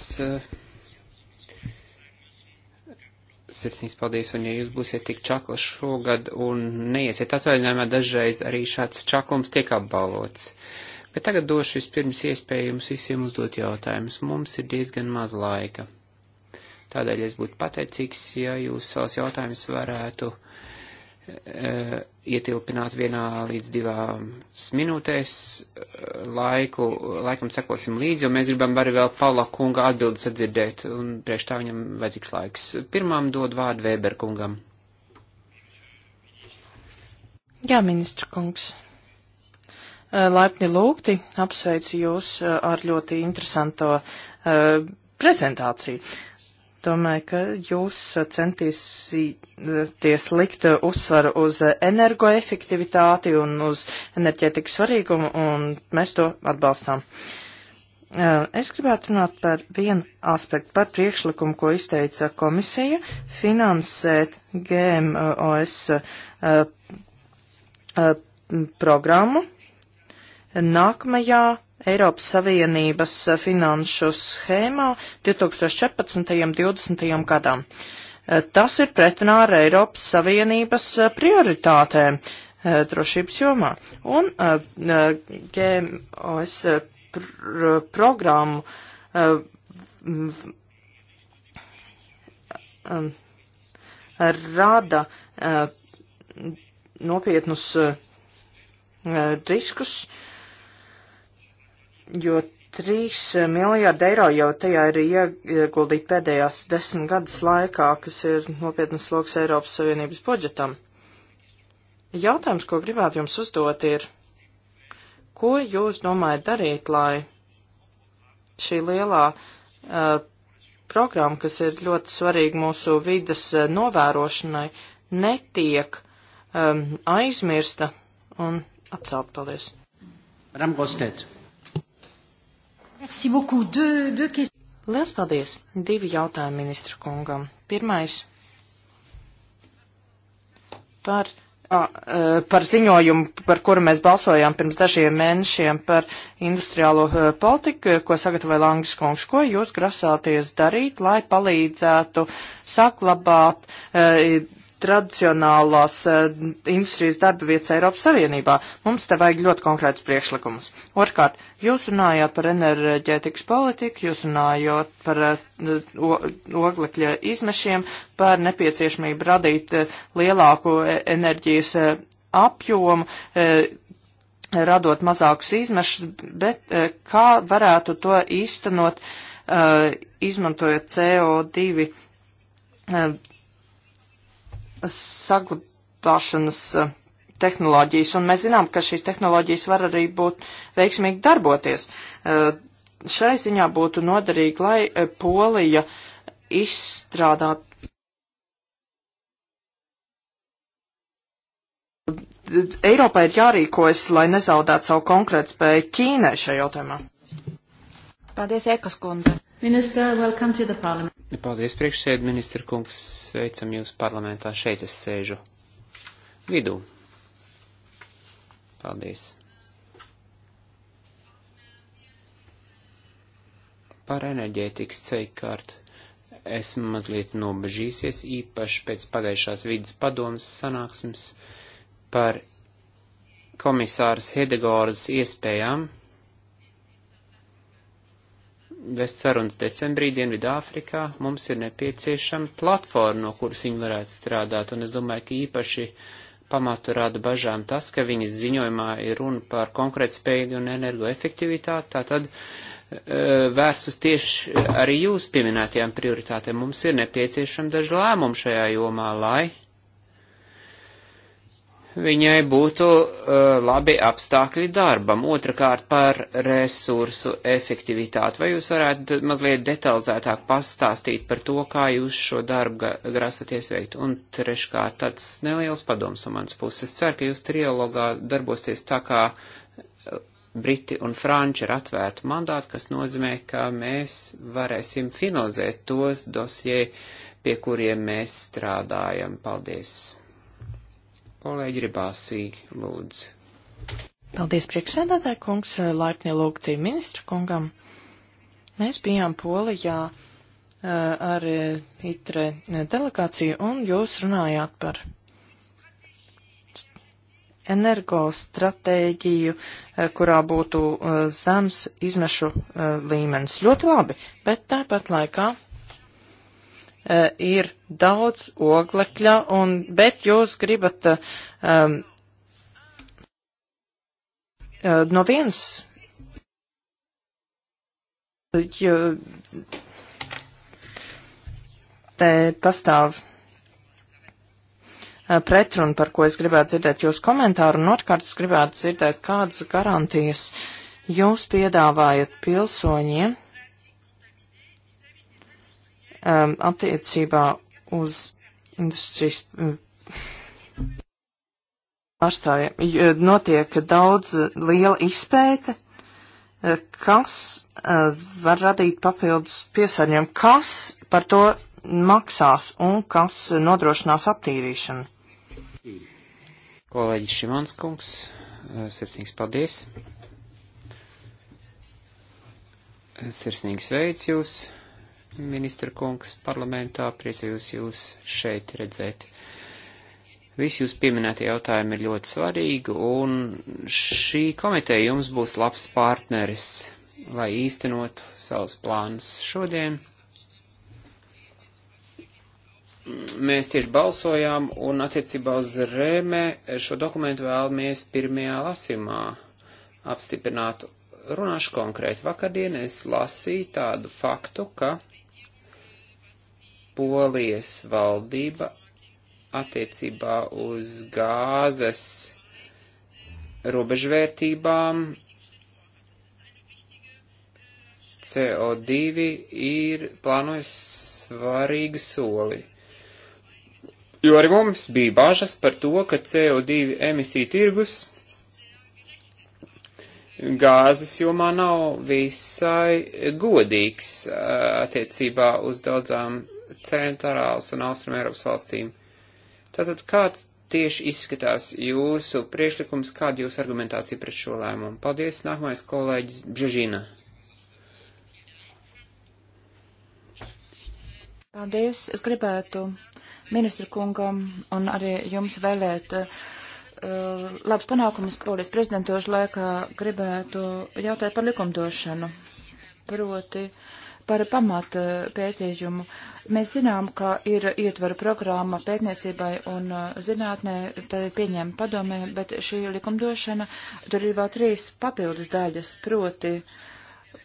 sirsnīgs paldies, un ja jūs būsiet tik čakli šogad un neiesiet atvaļinājumā, dažreiz arī šāds čaklums tiek apbalvots. Bet tagad došu vispirms iespēju jums visiem uzdot jautājumus. Mums ir diezgan maz laika. Tādēļ es būtu pateicīgs, ja jūs savus jautājumus varētu uh, Eh, ietilpināt vienā līdz divām minūtēs eh, laiku, laikam sekosim līdzi, jo mēs gribam arī vēl Paula kunga atbildes atdzirdēt, un priekš tā viņam vajadzīgs laiks. Pirmām dod vārdu Vēber kungam. Jā, ministra kungs. Eh, laipni lūgti, apsveicu jūs ar ļoti interesanto prezentāciju. Domāju, ka jūs centīsieties likt uzsvaru uz energoefektivitāti un uz enerģētikas svarīgumu, un mēs to atbalstām. Es gribētu runāt par vienu aspektu, par priekšlikumu, ko izteica komisija - finansēt GMOS programmu nākamajā Eiropas Savienības eh, finanšu schēmā 2014. un 2020. gadam. Eh, tas ir pretrunā ar Eiropas Savienības eh, prioritātēm drošības jomā. Un GMOS pr programmu rada nopietnus riskus, uh, jo 3 eh, miljārdi eiro jau tajā ir ieguldīti pēdējās desmit gadus laikā, kas ir nopietnas sloks Eiropas Savienības budžetam. Jautājums, ko gribētu jums uzdot, ir, ko jūs domājat darīt, lai šī lielā uh, programma, kas ir ļoti svarīga mūsu vidas uh, novērošanai, netiek um, aizmirsta un atcelt. Paldies! Ramgostēt. Lielas paldies! Divi jautājumi ministru kungam. Pirmais par, a, e, par ziņojumu, par kuru mēs balsojām pirms dažiem mēnešiem par industriālo e, politiku, e, ko sagatavoja Langas kungs. Ko jūs grasāties darīt, lai palīdzētu saglabāt? A, tradicionālās uh, industrijas darba vietas Eiropas Savienībā. Mums te vajag ļoti konkrētus priekšlikumus. Otrkārt, jūs runājāt par enerģētikas politiku, jūs runājāt par uh, oglekļa izmešiem, par nepieciešamību radīt uh, lielāku enerģijas apjomu, radot mazākus izmešus, bet kā varētu to īstenot, izmantojot CO2 saglabāšanas eh, tehnoloģijas, un mēs zinām, ka šīs tehnoloģijas var arī būt veiksmīgi darboties. Eh, šai ziņā būtu noderīgi, lai eh, Polija izstrādātu Eiropai ir jārīkojas, lai nezaudētu savu konkrētu spēju Ķīnai šajā jautājumā. Paldies, Ekas kundze. Minister, welcome to the parliament. Paldies, priekšsēd, ministra kungs, sveicam jūs parlamentā, šeit es sēžu vidū. Paldies. Par enerģētikas ceļkārtu esmu mazliet nobežīsies, īpaši pēc pagājušās vidas padomas sanāksmes par komisāras Hedegordas iespējām vest sarunas decembrī Dienvidāfrikā, mums ir nepieciešama platforma, no kuras viņi varētu strādāt, un es domāju, ka īpaši pamatu rada bažām tas, ka viņas ziņojumā ir runa par konkurētspēju un energoefektivitāti, tātad e, vērsus tieši arī jūs pieminētajām prioritātēm. Mums ir nepieciešama daži lēmumi šajā jomā, lai viņai būtu uh, labi apstākļi darbam. Otrakārt par resursu efektivitāti. Vai jūs varētu mazliet detalizētāk pastāstīt par to, kā jūs šo darbu grasaties veikt? Un treškārt tāds neliels padoms no manas puses. Es ceru, ka jūs trialogā darbosties tā kā eh, Briti un Franči ir atvērtu mandātu, kas nozīmē, ka mēs varēsim finalizēt tos dosie, pie kuriem mēs strādājam. Paldies! Kolēģi Ribāsīgi, lūdzu. Paldies priekšsēdētāji kungs, laipni lūgti ministru kungam. Mēs bijām Polijā eh, ar eh, itre eh, delegāciju un jūs runājāt par energostratēģiju, kurā būtu zems izmešu līmenis. Ļoti labi, bet tāpat laikā Eh, ir daudz oglekļa, un, bet jūs gribat um, no vienas. Jo, te pastāv eh, pretruna, par ko es gribētu dzirdēt jūsu komentāru, un otrkārt es gribētu dzirdēt, kādas garantijas jūs piedāvājat pilsoņiem um, attiecībā uz industrijas um, pārstāvjiem uh, notiek daudz uh, liela izpēte, uh, kas var radīt papildus piesārņojumu, kas par to maksās un kas nodrošinās attīrīšanu. Kolēģis Šimans kungs, sirsnīgs paldies. Sirsnīgs veids jūs ministra kungs, parlamentā. Priecājos jūs šeit redzēt. Visi jūs pieminētie jautājumi ir ļoti svarīgi, un šī komiteja jums būs labs partneris, lai īstenotu savus plānus šodien. Mēs tieši balsojām, un attiecībā uz Rēmē šo dokumentu vēlamies pirmajā lasimā apstiprināt. Runāšu konkrēti. Vakardien es lasīju tādu faktu, ka Polijas valdība attiecībā uz gāzes robežvērtībām CO2 ir plānojis svarīgu soli. Jo arī mums bija bažas par to, ka CO2 emisiju tirgus gāzes jomā nav visai godīgs attiecībā uz daudzām centrāls un austrum Eiropas valstīm. Tātad kāds tieši izskatās jūsu priešlikums, kāda jūsu argumentācija pret šo lēmumu? Paldies, nākamais kolēģis Bžežina. Paldies, es gribētu ministra kungam un arī jums vēlēt uh, labs panākums polijas prezidentūras laikā gribētu jautāt par likumdošanu. Proti, uh, par pamata pētījumu. Mēs zinām, ka ir ietvara programma pētniecībai un uh, zinātnē, tā ir pieņēma padomē, bet šī likumdošana, tur ir vēl trīs papildus daļas, proti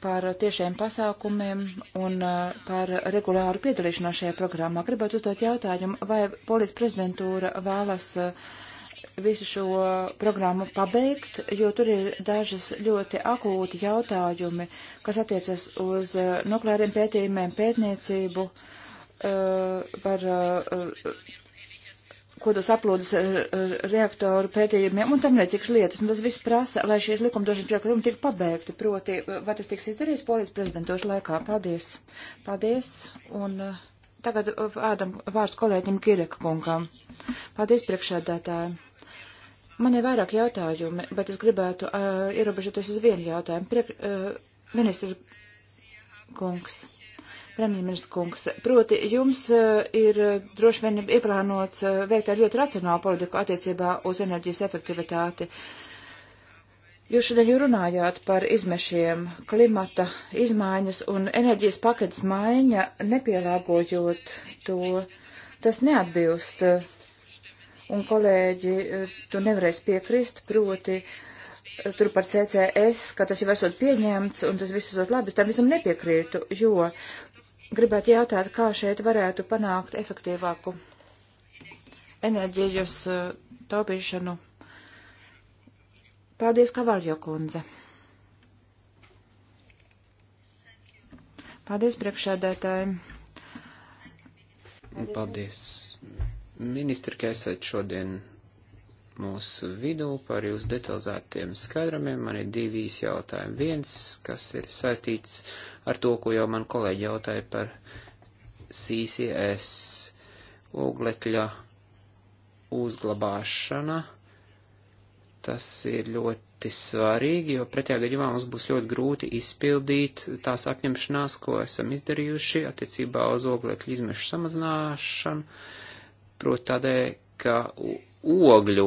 par tiešiem pasākumiem un uh, par regulāru piedalīšanos šajā programmā. Gribētu uzdot jautājumu, vai polijas prezidentūra vēlas uh, visu šo programmu pabeigt, jo tur ir dažas ļoti akūti jautājumi, kas attiecas uz uh, nukleāriem pētījumiem, pētniecību uh, par uh, kodos aplūdes reaktoru pētījumiem un tam līdzīgas lietas. Un tas viss prasa, lai šīs likumdošanas priekšlikumi tiktu pabeigti. Proti, vai tas tiks izdarīts polijas prezidentošu laikā? Paldies. Paldies. Un tagad vārdam, vārds kolēģim Kireka kungam. Paldies priekšēdētājiem. Man ir vairāk jautājumi, bet es gribētu uh, ierobežoties uz vienu jautājumu. Priek, uh, ministra kungs, premjerministra kungs, proti jums uh, ir droši vien ieplānots uh, veikt ar ļoti racionālu politiku attiecībā uz enerģijas efektivitāti. Jūs šodien jau runājāt par izmešiem, klimata izmaiņas un enerģijas paketes maiņa, nepielāgojot to. Tas neatbilst uh, un kolēģi, tu nevarēsi piekrist, proti tur par CCS, ka tas jau esot pieņemts un tas viss esot labi, es tam visam nepiekrītu, jo gribētu jautāt, kā šeit varētu panākt efektīvāku enerģijas eh, taupīšanu. Paldies, Kavaljo kundze. Paldies priekšēdētājiem. Paldies Ministri, ka esat šodien mūsu vidū par jūsu detalizētiem skaidrumiem. Man ir divīs jautājumi. Viens, kas ir saistīts ar to, ko jau man kolēģi jautāja par CCS oglekļa uzglabāšana. Tas ir ļoti svarīgi, jo pretējā gadījumā mums būs ļoti grūti izpildīt tās apņemšanās, ko esam izdarījuši attiecībā uz oglekļa izmešu samazināšanu proti tādēļ, ka ogļu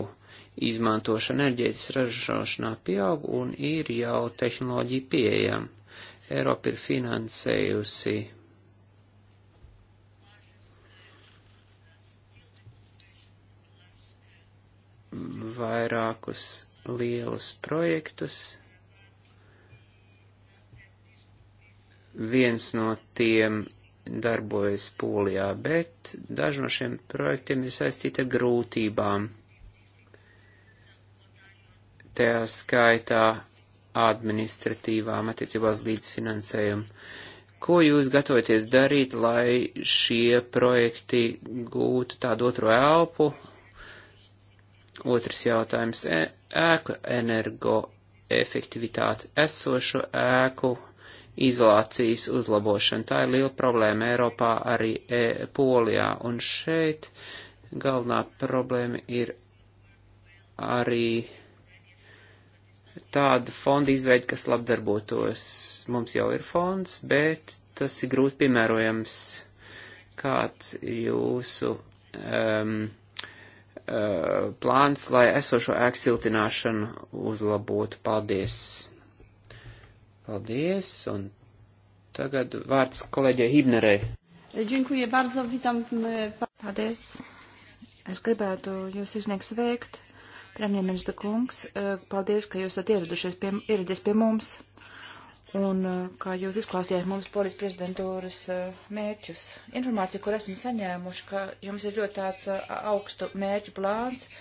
izmantošana enerģētikas ražošanā pieaug un ir jau tehnoloģija pieejama. Eiropa ir finansējusi vairākus lielus projektus. Viens no tiem darbojas Polijā, bet daži no šiem projektiem ir saistīti ar grūtībām. Tā skaitā administratīvām attiecībās līdzfinansējumu. Ko jūs gatavoties darīt, lai šie projekti gūtu tādu otru elpu? Otrs jautājums e, - ēku energoefektivitāte, esošo ēku izolācijas uzlabošanu. Tā ir liela problēma Eiropā, arī e Polijā. Un šeit galvenā problēma ir arī tāda fonda izveida, kas labdarbotos. Mums jau ir fonds, bet tas ir grūti piemērojams. Kāds ir jūsu um, uh, plāns, lai esošo ēku siltināšanu uzlabotu? Paldies! Paldies, un tagad vārds kolēģei Hibnerei. Džinkuja bardzo, vitam. Paldies. Es gribētu jūs izniegt sveikt, premjerministra kungs. E, paldies, ka jūs esat ieradušies pie, ieradies pie mums un e, kā jūs izklāstījāt mums polijas prezidentūras e, mērķus. Informācija, kur esam saņēmuši, ka jums ir ļoti tāds augstu mērķu plāns. Uh,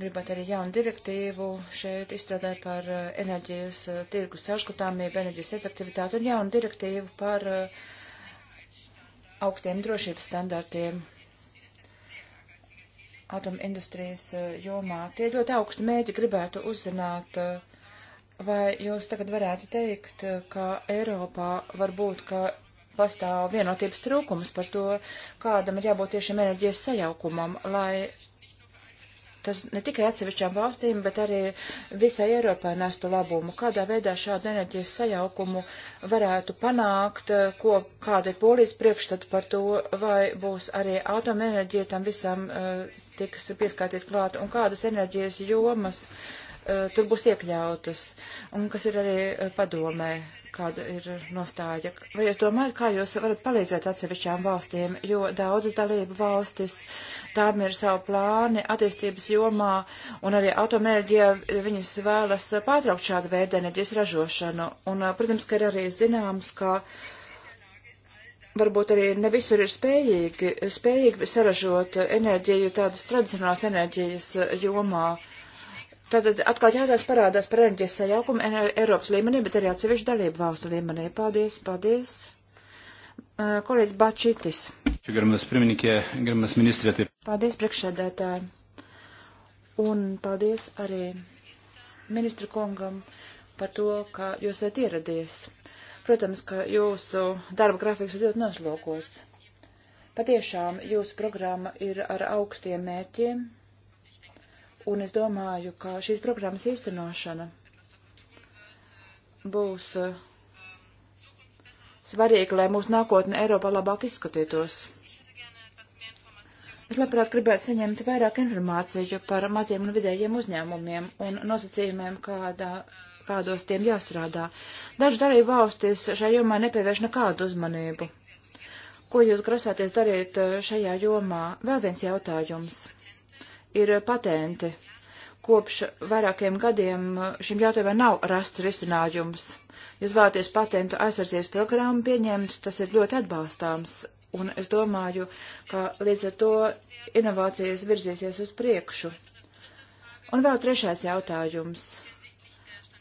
gribat arī jaunu direktīvu šeit izstrādāt par eh, enerģijas eh, tirgus saškatāmību, enerģijas efektivitāti un jaunu direktīvu par eh, augstiem drošības standartiem atomindustrijas jomā. Tie ļoti augsti mēģi gribētu uzzināt, vai jūs tagad varētu teikt, ka Eiropā varbūt, ka pastāv vienotības trūkums par to, kādam ir jābūt tiešām enerģijas sajaukumam, lai Tas ne tikai atsevišķām valstīm, bet arī visai Eiropai nestu labumu. Kādā veidā šādu enerģijas sajaukumu varētu panākt, ko, kāda ir polijas priekšstata par to, vai būs arī atomenerģija tam visam uh, tiks pieskaitīt klāt, un kādas enerģijas jomas uh, tur būs iekļautas, un kas ir arī eh, padomē kāda ir nostāja. Vai jūs domājat, kā jūs varat palīdzēt atsevišķām valstīm, jo daudzas dalību valstis, tām ir savu plāni attīstības jomā, un arī automērģija viņas vēlas pārtraukt šādu veidu enerģijas ražošanu. Un, eh, protams, ka ir arī zināms, ka varbūt arī ne visur ir spējīgi, spējīgi saražot enerģiju tādas tradicionālās enerģijas eh, jomā. Uh, Tātad atkal jautājums parādās par enerģijas sajaukumu Eiropas līmenī, bet arī atsevišķu dalību valstu līmenī. Paldies, paldies. Uh, Kolēģis Bačitis. Paldies, priekšsēdētāji. Un paldies arī ministru kungam par to, ka jūs esat ieradies. Protams, ka jūsu darba grafiks ir ļoti noslogots. Patiešām jūsu programma ir ar augstiem mērķiem Un es domāju, ka šīs programmas īstenošana būs eh, svarīga, lai mūsu nākotne Eiropā labāk izskatītos. Es labprāt gribētu saņemt vairāk informāciju par maziem un vidējiem uzņēmumiem un nosacījumiem, kādā, kādos tiem jāstrādā. Daži darīja valstis šai jomā nepievērš nekādu uzmanību. Ko jūs grasāties darīt eh, šajā jomā? Vēl viens jautājums ir patenti. Kopš vairākiem gadiem šim jautājumam nav rasts risinājums. Jūs vēlaties patentu aizsardzības programmu pieņemt, tas ir ļoti atbalstāms. Un es domāju, ka līdz ar to inovācijas virzīsies uz priekšu. Un vēl trešais jautājums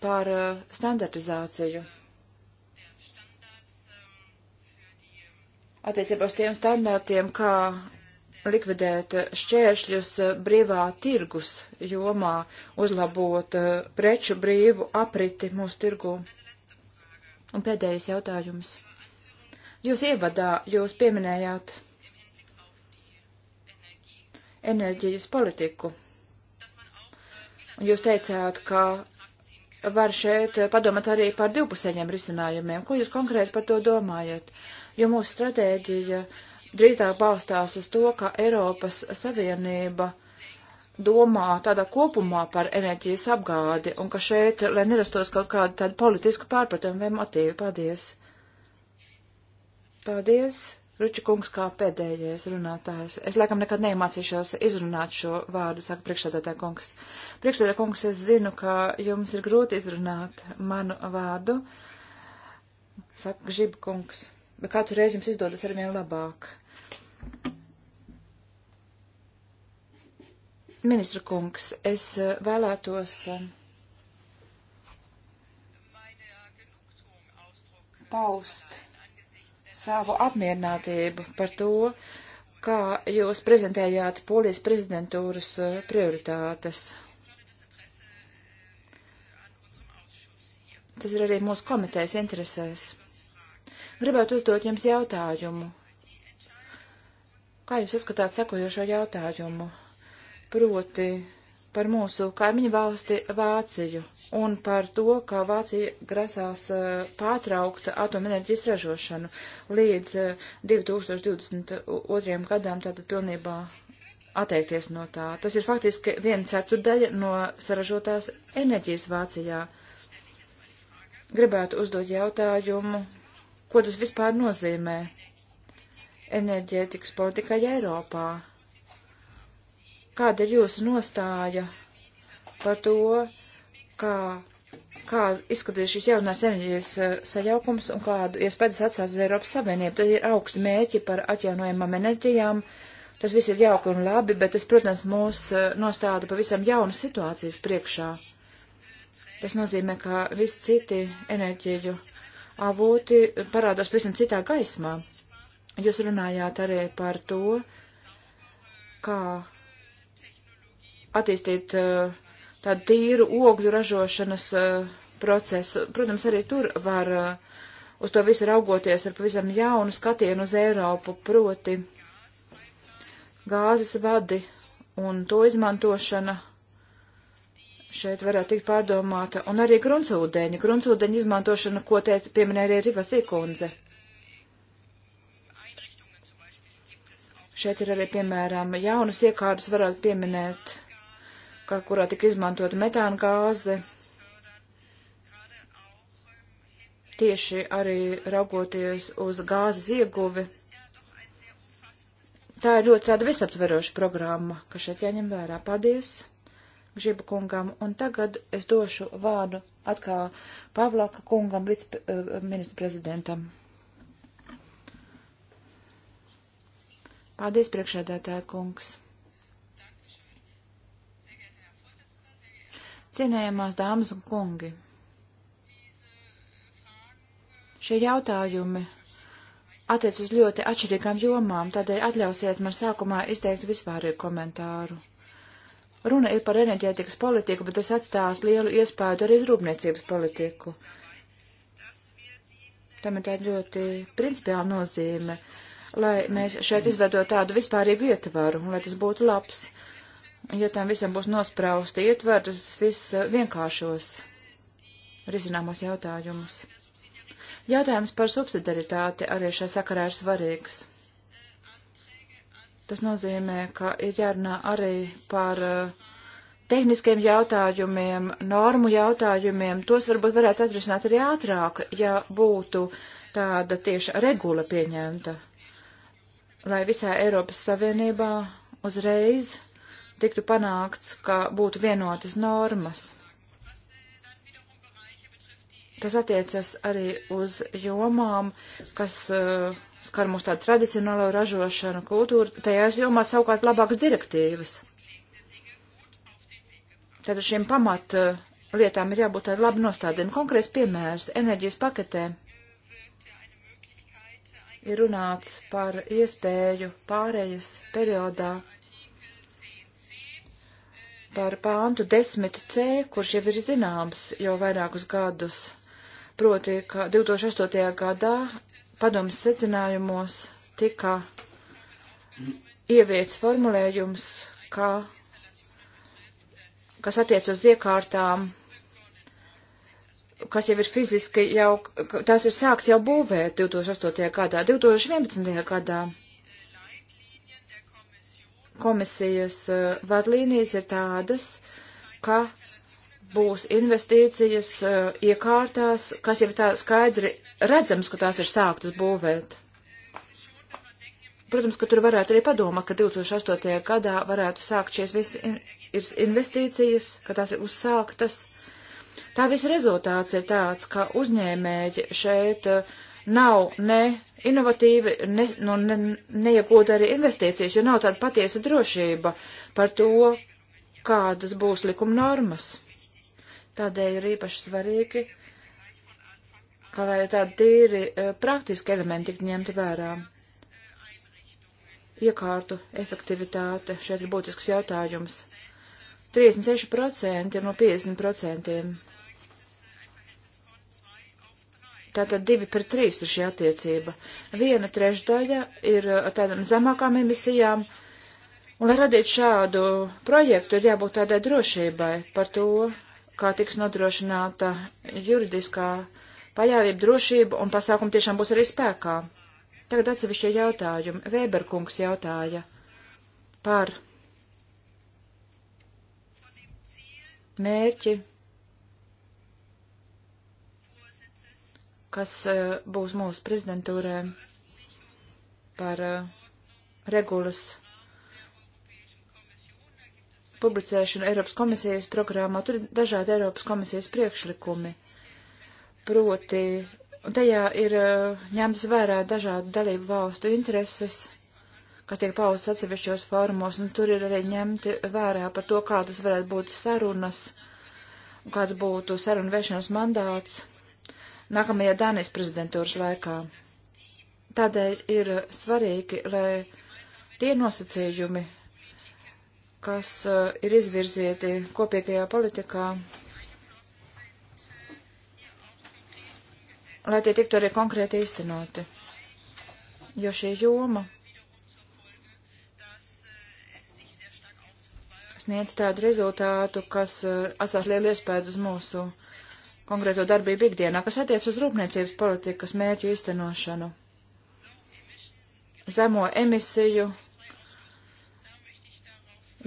par uh, standartizāciju. Attiecībā uz tiem standartiem, kā likvidēt šķēršļus brīvā tirgus jomā, uzlabot eh, preču brīvu apriti mūsu tirgu. Un pēdējais jautājums. Jūs ievadā jūs pieminējāt enerģijas politiku. Jūs teicāt, ka var šeit padomāt arī par divpusējiem risinājumiem. Ko jūs konkrēti par to domājat? Jo mūsu stratēģija uh, drīzāk balstās uz to, ka Eiropas Savienība domā tādā kopumā par enerģijas apgādi un ka šeit, lai nerastos kaut kāda tāda politiska pārpratuma vai motīva. Paldies! Paldies! Ruči kungs kā pēdējais runātājs. Es laikam nekad neiemācīšos izrunāt šo vārdu, saka priekšsēdētāja kungs. Priekšsēdētāja kungs, es zinu, ka jums ir grūti izrunāt manu vārdu, saka Žibkungs, bet katru reizi jums izdodas arvien labāk. Ministra kungs, es eh, vēlētos eh, paust savu apmierinātību par to, kā jūs prezentējāt polijas prezidentūras eh, prioritātes. Tas ir arī mūsu komitejas interesēs. Gribētu uzdot jums jautājumu. Kā jūs uzskatāt sekojošo jautājumu? proti par mūsu kaimiņu valsti Vāciju un par to, kā Vācija grasās eh, pārtraukt atomenerģijas ražošanu līdz 2022. Eh, gadām, tātad pilnībā atteikties no tā. Tas ir faktiski viena ceturdaļa no saražotās enerģijas Vācijā. Gribētu uzdot jautājumu, ko tas vispār nozīmē enerģētikas politikai Eiropā Kāda ir jūsu nostāja par to, kā, kā izskatīs šis jaunās enerģijas eh, sajaukums un kādu iespējas atsāc uz Eiropas Savienību? Tad ir augsti mēķi par atjaunojamām enerģijām. Tas viss ir jauki un labi, bet tas, protams, mūs eh, nostāda pavisam jaunas situācijas priekšā. Tas nozīmē, ka visi citi enerģiju avoti parādās pavisam citā gaismā. Jūs runājāt arī par to, kā attīstīt eh, tādu tīru ogļu ražošanas eh, procesu. Protams, arī tur var eh, uz to visu raugoties ar pavisam jaunu skatienu uz Eiropu, proti gāzes vadi un to izmantošana šeit varētu tikt pārdomāta, un arī gruntsūdeņa, gruntsūdeņa izmantošana, ko te pieminēja arī Rivas Ikundze. Šeit ir arī, piemēram, jaunas iekārtas varētu pieminēt kā, kurā tika izmantota metāna gāze. Tieši arī raugoties uz gāzes ieguvi. Tā ir ļoti tāda visaptveroša programma, kas šeit jāņem vērā. Paldies! Žiba kungam, un tagad es došu vārdu atkal Pavlaka kungam, viceministru eh, prezidentam. Paldies, priekšēdētāja kungs! Cienējamās dāmas un kungi, šie jautājumi attiec uz ļoti atšķirīgām jomām, tādēļ atļausiet man sākumā izteikt vispārīgu komentāru. Runa ir par enerģētikas politiku, bet tas atstās lielu iespēju arī uz rūpniecības politiku. Tam ir tāda ļoti principiāla nozīme, lai mēs šeit izveidot tādu vispārīgu ietvaru, un lai tas būtu labs ja tam visam būs nosprausti ietver, tas viss eh, vienkāršos risināmos jautājumus. Jautājums par subsidaritāti arī šai sakarā ir svarīgs. Tas nozīmē, ka ir jārunā arī par eh, tehniskiem jautājumiem, normu jautājumiem. Tos varbūt varētu atrisināt arī ātrāk, ja būtu tāda tieša regula pieņemta, lai visā Eiropas Savienībā uzreiz tiktu panākts, ka būtu vienotas normas. Tas attiecas arī uz jomām, kas uh, skar mūsu tādu tradicionālo ražošanu, kultūru. Tajās jomās savukārt labākas direktīvas. Tātad šiem pamat uh, lietām ir jābūt ar labu nostādiem. Konkrēts piemērs enerģijas paketē ir runāts par iespēju pārējas periodā par pāntu 10c, kurš jau ir zināms jau vairākus gadus. Proti, ka 2008. gadā padomas secinājumos tika ievies formulējums, ka, kas attiec uz iekārtām, kas jau ir fiziski jau, tās ir sākts jau būvēt 2008. gadā, 2011. gadā komisijas eh, vadlīnijas ir tādas, ka būs investīcijas eh, iekārtās, kas jau tā skaidri redzams, ka tās ir sāktas būvēt. Protams, ka tur varētu arī padomāt, ka 2008. gadā varētu sākt šīs visas investīcijas, ka tās ir uzsāktas. Tā viss rezultāts ir tāds, ka uzņēmēji šeit eh, nav ne inovatīvi ne, nu, ne, neiegūda arī investīcijas, jo nav tāda patiesa drošība par to, kādas būs likuma normas. Tādēļ ir īpaši svarīgi, ka lai tādi tīri e, praktiski elementi tiktu ņemti vērā. Iekārtu efektivitāte šeit ir būtisks jautājums. 36% no 50%. Tātad divi par trīs ir šī attiecība. Viena trešdaļa ir uh, tādām zemākām emisijām. Un, lai radītu šādu projektu, ir jābūt tādai drošībai par to, kā tiks nodrošināta juridiskā paļāvība, drošība un pasākumi tiešām būs arī spēkā. Tagad atsevišķie jautājumi. Vēberkungs jautāja par mērķi kas e, būs mūsu prezidentūrē par e, regulas publicēšanu Eiropas komisijas programmā. Tur ir dažādi Eiropas komisijas priekšlikumi. Proti, tajā ir e, ņemts vērā dažādu dalību valstu intereses, kas tiek paustas atsevišķos formos, un tur ir arī ņemti vērā par to, kādas varētu būt sarunas, kāds būtu sarunu vešanas mandāts nākamajā Dānijas prezidentūras laikā. Tādēļ ir svarīgi, lai tie nosacījumi, kas uh, ir izvirzīti kopīgajā politikā, lai tie tiktu arī konkrēti īstenoti. Jo šī joma sniedz tādu rezultātu, kas uh, atstās lielu iespēju uz mūsu konkrēto darbību ikdienā, kas attiec uz rūpniecības politikas mērķu iztenošanu. Zemo emisiju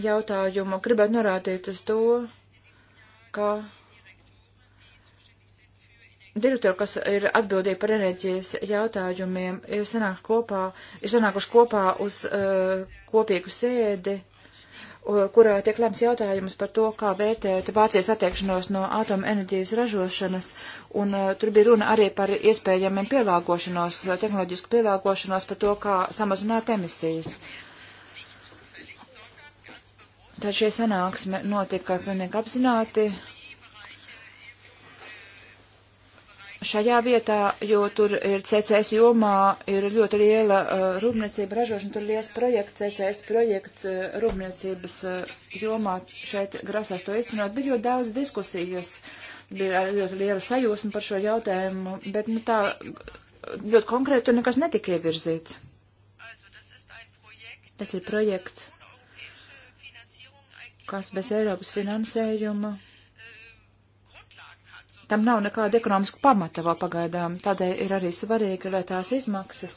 jautājumu gribētu norādīt uz to, ka direktori, kas ir atbildīgi par enerģijas jautājumiem, ir, sanāk kopā, ir sanākuši kopā uz uh, kopīgu sēdi kurā tiek lemts jautājums par to, kā vērtēt Vācijas attiekšanos no atomenerģijas ražošanas, un uh, tur bija runa arī par iespējamiem pielāgošanos, tehnoloģisku pielāgošanos par to, kā samazināt emisijas. Tad šī sanāksme notika pilnīgi apzināti, šajā vietā, jo tur ir CCS jomā, ir ļoti liela uh, rūpniecība ražošana, tur ir liels projekts, CCS projekts uh, rūpniecības uh, jomā, šeit grasās to iztenot, bija ļoti daudz diskusijas, bija ļoti liela sajūsma par šo jautājumu, bet nu, tā ļoti konkrēti tur nekas netika ievirzīts. Tas ir projekts, kas bez Eiropas finansējuma. Tam nav nekāda ekonomiska pamata vēl pagaidām, tādēļ ir arī svarīgi, lai tās izmaksas,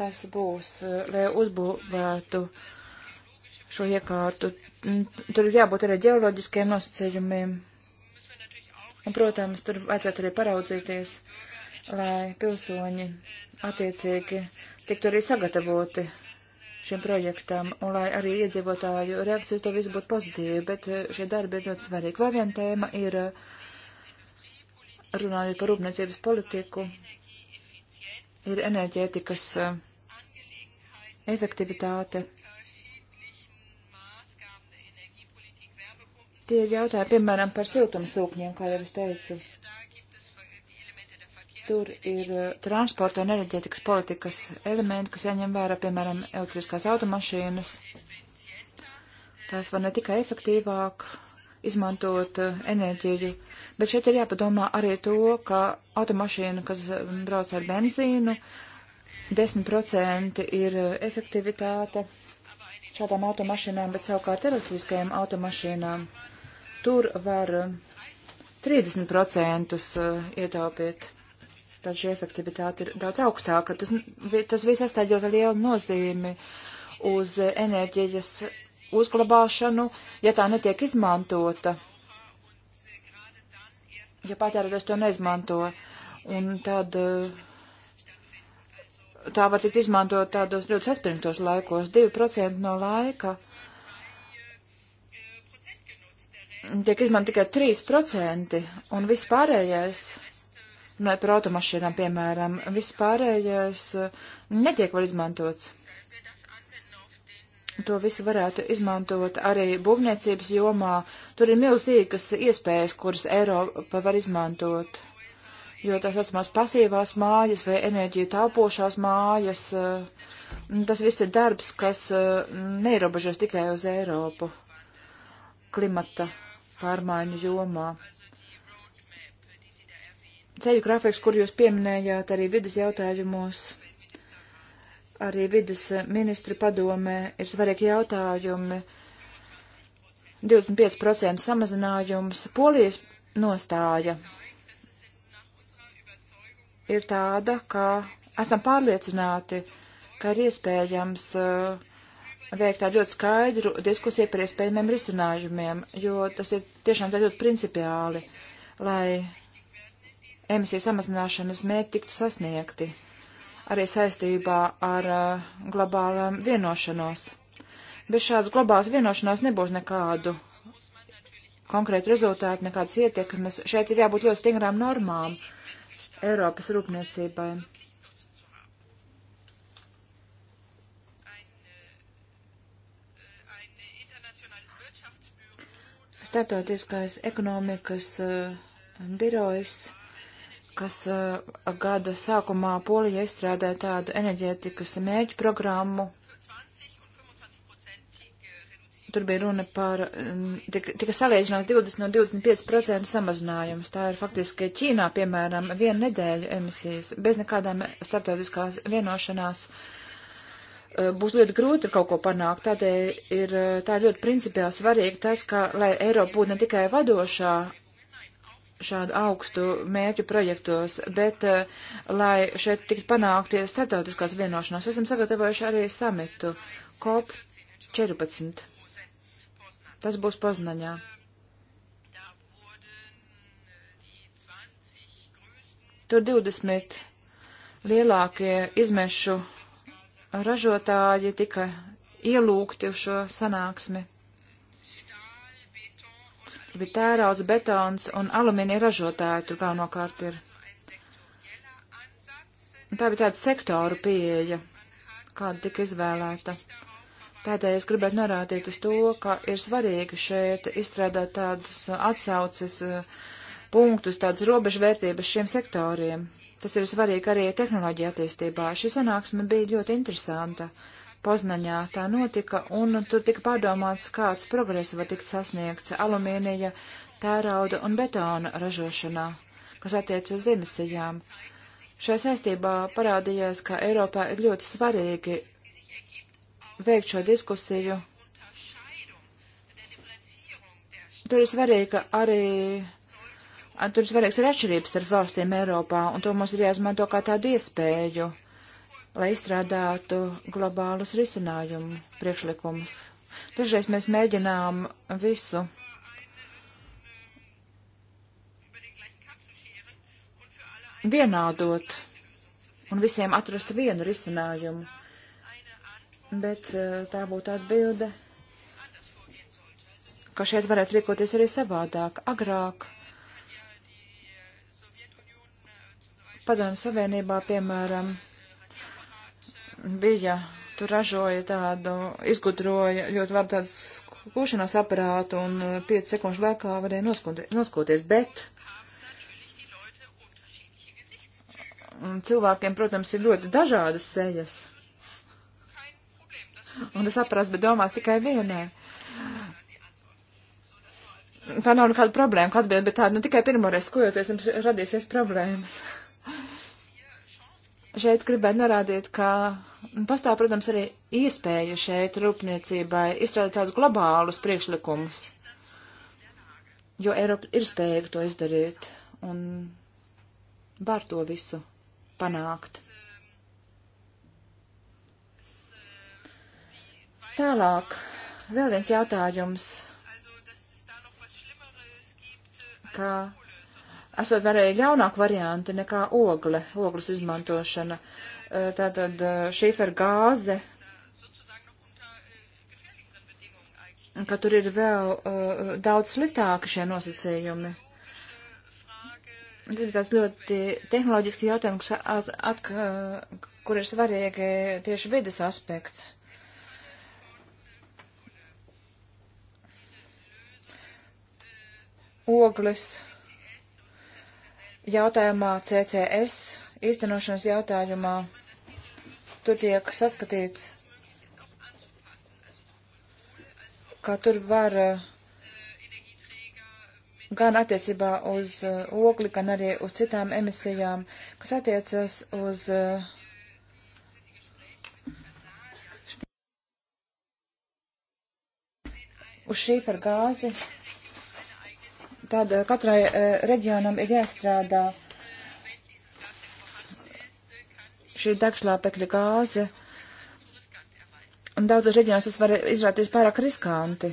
kas būs, eh, lai uzbūvētu šo iekārtu, mm, tur ir jābūt arī ģeoloģiskiem nosacījumiem. Un, protams, tur vajadzētu arī paraudzīties, lai pilsoņi attiecīgi tiktu arī sagatavoti šim projektam, un lai arī iedzīvotāju reakcija uz to visu būtu pozitīva, bet eh, šie darbi ir ļoti svarīgi. Vēl viena tēma ir, eh, runājot par rūpniecības politiku, ir enerģētikas eh, efektivitāte. Tie ir jautājumi, piemēram, par siltumsūkņiem, kā jau es teicu. Tur ir eh, transporta un enerģētikas politikas elementi, kas jāņem vērā, piemēram, elektriskās automašīnas. Tās var ne tikai efektīvāk izmantot eh, enerģiju, bet šeit ir jāpadomā arī to, ka automašīna, kas mm, brauc ar benzīnu, 10% ir eh, efektivitāte šādām automašīnām, bet savukārt elektriskajām automašīnām tur var 30% ietaupīt tad šī efektivitāte ir daudz augstāka. Tas, tas viss atstāja ļoti lielu nozīmi uz enerģijas uzglabāšanu, ja tā netiek izmantota, ja patērētājs to neizmanto. Un tad eh, tā var tikt izmantot tādos ļoti saspringtos laikos, 2% no laika. Tiek izmantot tikai 3%, un viss pārējais Runājot par automašīnām, piemēram, viss pārējais uh, netiek var izmantots. To visu varētu izmantot arī būvniecības jomā. Tur ir milzīgas iespējas, kuras Eiropa var izmantot. Jo tās atsmās pasīvās mājas vai enerģiju taupošās mājas, uh, tas viss ir darbs, kas uh, neierobežos tikai uz Eiropu klimata pārmaiņu jomā ceļu grafiks, kur jūs pieminējāt arī vidas jautājumos, arī vidas ministri padomē ir svarīgi jautājumi. 25% samazinājums polijas nostāja ir tāda, ka esam pārliecināti, ka ir iespējams uh, veikt tādu ļoti skaidru diskusiju par iespējamiem risinājumiem, jo tas ir tiešām ļoti principiāli, lai emisiju samazināšanas mērķi tiktu sasniegti, arī saistībā ar uh, globālām vienošanos. Bez šādas globālas vienošanās nebūs nekādu konkrētu rezultātu, nekādas ietekmes. Šeit ir jābūt ļoti stingrām normām Eiropas rūpniecībai. Startautiskais ekonomikas uh, birojs kas uh, gada sākumā Polija izstrādāja tādu enerģētikas mēģi programmu. Tur bija runa par, mm, tika, tika salīdzināts 20 no 25% samazinājums. Tā ir faktiski Ķīnā, piemēram, viena nedēļa emisijas, bez nekādām starptautiskās vienošanās. Uh, būs ļoti grūti kaut ko panākt, tādēļ ir eh, tā ļoti principiāli svarīgi tas, ka, lai Eiropa būtu ne tikai vadošā šādu augstu mērķu projektos, bet, eh, lai šeit tiktu panākti starptautiskās vienošanās, esam sagatavojuši arī samitu COP 14. Tas būs Poznaņā. Tur 20 lielākie izmešu ražotāji tika ielūgti uz šo sanāksmi bija tērauds, betons un alumīnija ražotāji tur galvenokārt ir. Un tā bija tāda sektoru pieeja, kāda tika izvēlēta. Tādēļ es gribētu norādīt uz to, ka ir svarīgi šeit izstrādāt tādus atsauces eh, punktus, tādas robežvērtības šiem sektoriem. Tas ir svarīgi arī tehnoloģija attīstībā. Šī sanāksme bija ļoti interesanta. Uh, Poznaņā tā notika, un tur tika pārdomāts, kāds progress var tikt sasniegts alumīnija, tērauda un betona ražošanā, kas attiec uz emisijām. Šai saistībā parādījās, ka Eiropā ir ļoti svarīgi veikt šo diskusiju. Tur ir svarīga arī Tur ir svarīgs ir atšķirības starp valstīm Eiropā, un to mums ir jāizmanto kā tādu iespēju lai izstrādātu globālus risinājumu priekšlikumus. Dažreiz mēs mēģinām visu vienādot un visiem atrast vienu risinājumu, bet eh, tā būtu atbilde, ka šeit varētu rīkoties arī savādāk, agrāk. Padomju Savienībā, piemēram, bija, tur ražoja tādu, izgudroja ļoti labu tādu skūšanās aparātu un 5 eh, sekundžu laikā varēja noskoties, bet mm, cilvēkiem, protams, ir ļoti dažādas sejas. Un tas aparāts, bet domās tikai vienai. Tā nav nekāda problēma, kad atbild, bet tāda, nu tikai pirmoreiz skojoties, jums radīsies problēmas. Šeit gribētu norādīt, ka pastāv, protams, arī iespēja šeit rūpniecībai izstrādāt tādus globālus priekšlikumus, jo Eiropa ir spējīga to izdarīt un var to visu panākt. Tālāk, vēl viens jautājums, ka esot varēja ļaunāk varianti nekā ogle, ogles izmantošana. E, tātad e, šīfer gāze, ka tur ir vēl e, daudz sliktāki šie nosacījumi. Tas ir tāds ļoti tehnoloģiski jautājums, at, at, kur ir svarīgi tieši vides aspekts. Ogles jautājumā CCS īstenošanas jautājumā tur tiek saskatīts, ka tur var eh, gan attiecībā uz eh, ogli, gan arī uz citām emisijām, kas attiecas uz eh, uz šīfergāzi. gāzi tad eh, katrai eh, reģionam ir jāstrādā šī degšlāpekļa gāze. Un daudzos reģionos tas var izrādīties pārāk riskanti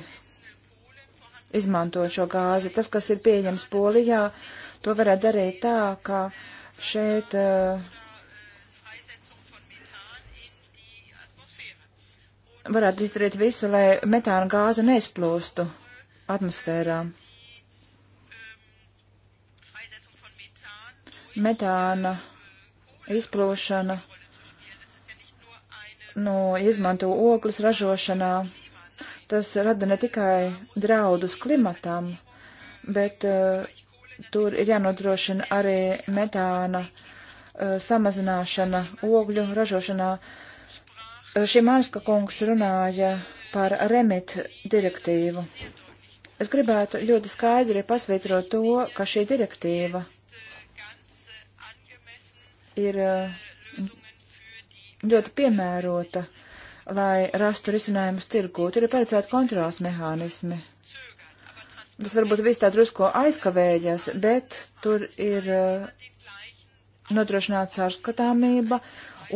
izmantot šo gāzi. Tas, kas ir pieejams Polijā, to varētu darīt tā, ka šeit uh, varētu izdarīt visu, lai metāna gāze neizplūstu atmosfērā. metāna izplūšana no izmanto oklis ražošanā. Tas rada ne tikai draudus klimatam, bet uh, tur ir jānodrošina arī metāna uh, samazināšana ogļu ražošanā. Uh, eh, šī Mārska kungs runāja par remit direktīvu. Es gribētu ļoti skaidri pasvītrot to, ka šī direktīva ir eh, ļoti piemērota, lai rastu risinājumus tirgū. Tur ir paredzēta kontrols mehānismi. Tas varbūt viss tā drusko aizkavējas, bet tur ir eh, nodrošināts ārskatāmība,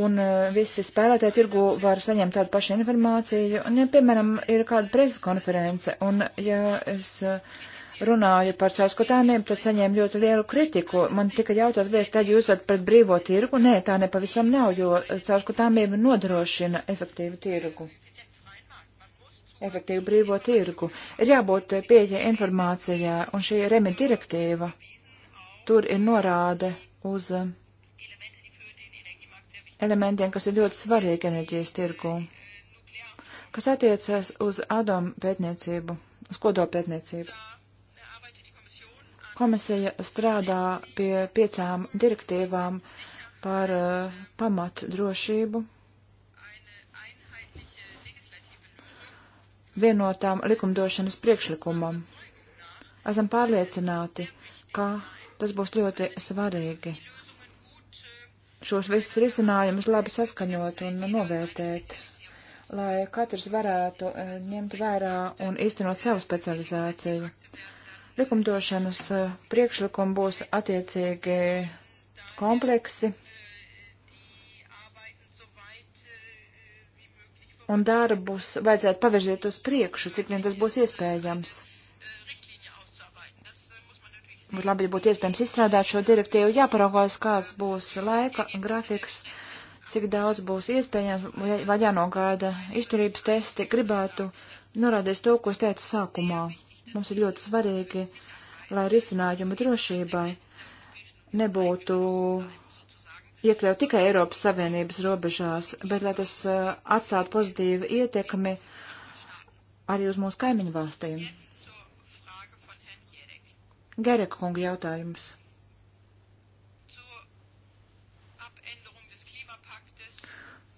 un eh, visi spēlētāji tirgu var saņemt tādu pašu informāciju. Un, ja, piemēram, ir kāda preses konference, un ja es uh, runājot par caurskatāmiem, tad saņēmu ļoti lielu kritiku. Man tika jautāts, vai tad jūs esat pret brīvo tirgu? Nē, tā nepavisam nav, jo caurskatāmība nodrošina efektīvu tirgu. Efektīvu brīvo tirgu. Ir jābūt pieeja informācijā, un šī remi direktīva, tur ir norāde uz um, elementiem, kas ir ļoti svarīgi enerģijas tirgu, kas attiecas uz atomu pētniecību, uz kodopētniecību. pētniecību. Komisija strādā pie piecām direktīvām par uh, pamatu drošību, vienotām likumdošanas priekšlikumam. Esam pārliecināti, ka tas būs ļoti svarīgi šos visus risinājumus labi saskaņot un novērtēt, lai katrs varētu uh, ņemt vērā un īstenot savu specializāciju. Likumdošanas e, priekšlikumi būs attiecīgi kompleksi. Un darbus vajadzētu pavirzīt uz priekšu, cik vien tas būs iespējams. Būtu labi, ja būtu iespējams izstrādāt šo direktīvu, jāparaugās, kāds būs laika grafiks, cik daudz būs iespējams, vai jānogaida izturības testi. Gribētu norādīt to, ko es teicu sākumā. Mums ir ļoti svarīgi, lai risinājumi drošībai nebūtu iekļaut tikai Eiropas Savienības robežās, bet lai tas uh, atstātu pozitīvu ietekmi arī uz mūsu kaimiņu valstīm. Gereka kunga jautājums.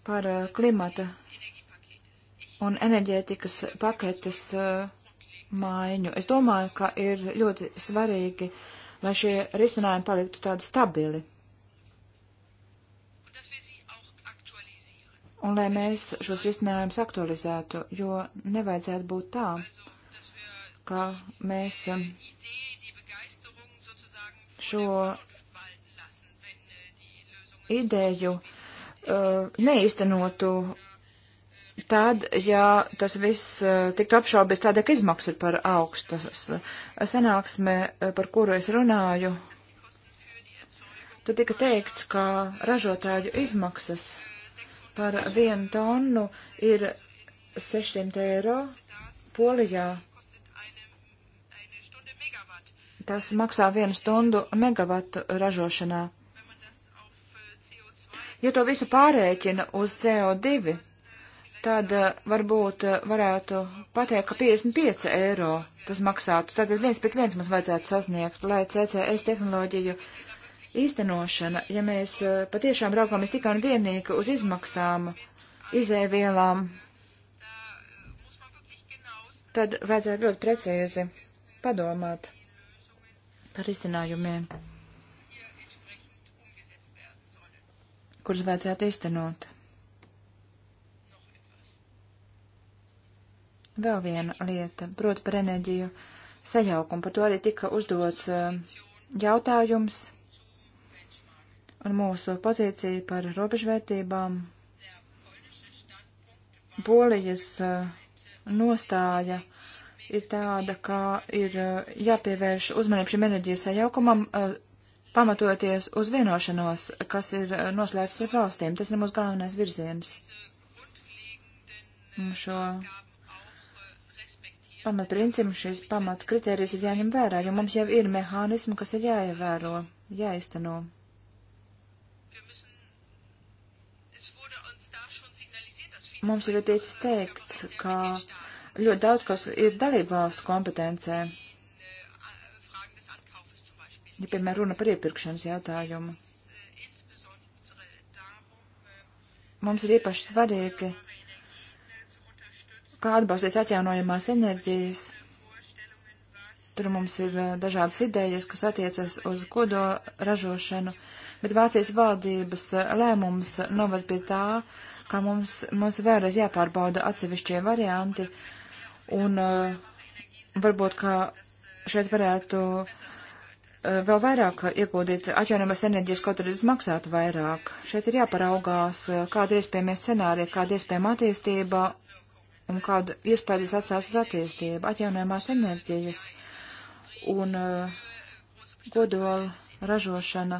Par uh, klimata un enerģētikas paketes uh, maiņu. Es domāju, ka ir ļoti svarīgi, lai šie risinājumi paliktu tādi stabili. Un lai mēs šos risinājumus aktualizētu, jo nevajadzētu būt tā, ka mēs um, šo ideju uh, neīstenotu Tad, ja tas viss eh, tiktu apšaubīts tādēļ, ka izmaksas ir par augstas, eh, sanāksme, eh, par kuru es runāju, tur tika teikts, ka ražotāju izmaksas par vienu tonu ir 600 eiro Polijā. Tas maksā vienu stundu megavatu ražošanā. Ja to visu pārēķina uz CO2, tad eh, varbūt eh, varētu pateikt, ka 55 eiro tas maksātu. Tātad viens pēc viens mums vajadzētu sasniegt, lai CCS tehnoloģiju īstenošana, ja mēs eh, patiešām raugāmies tikai un vienīgi uz izmaksām, izēvielām, tad vajadzētu ļoti precīzi padomāt par izcinājumiem, kurus vajadzētu īstenot. Vēl viena lieta, proti par enerģiju sajaukumu. Par to arī tika uzdots eh, jautājums un mūsu pozīcija par robežvērtībām. Polijas eh, nostāja ir tāda, ka ir eh, jāpievērš uzmanību šim enerģijas sajaukumam, pamatoties uz vienošanos, kas ir noslēgts starp valstīm. Tas ir mūsu galvenais virziens. Un šo pamatprincipi, šīs pamatkriterijas ir jāņem vērā, jo mums jau ir mehānismi, kas ir jāievēro, jāizteno. Mums ir ticis teikts, ka ļoti daudz kas ir dalību valstu kompetencē. Ja, piemēram, runa par iepirkšanas jautājumu. Mums ir īpaši svarīgi kā atbalstīt atjaunojamās enerģijas. Tur mums ir eh, dažādas idejas, kas attiecas uz kodo ražošanu, bet Vācijas valdības eh, lēmums noved pie tā, ka mums, mums vēlreiz jāpārbauda atsevišķie varianti, un eh, varbūt, ka šeit varētu vēl vairāk iegūdīt atjaunamas enerģijas, kaut arī tas maksātu vairāk. Šeit ir jāparaugās, kāda ir iespējamie scenārija, kāda iespējama attīstība un kādu iespējas atstās uz attīstību, atjaunojamās enerģijas un uh, kodola ražošana,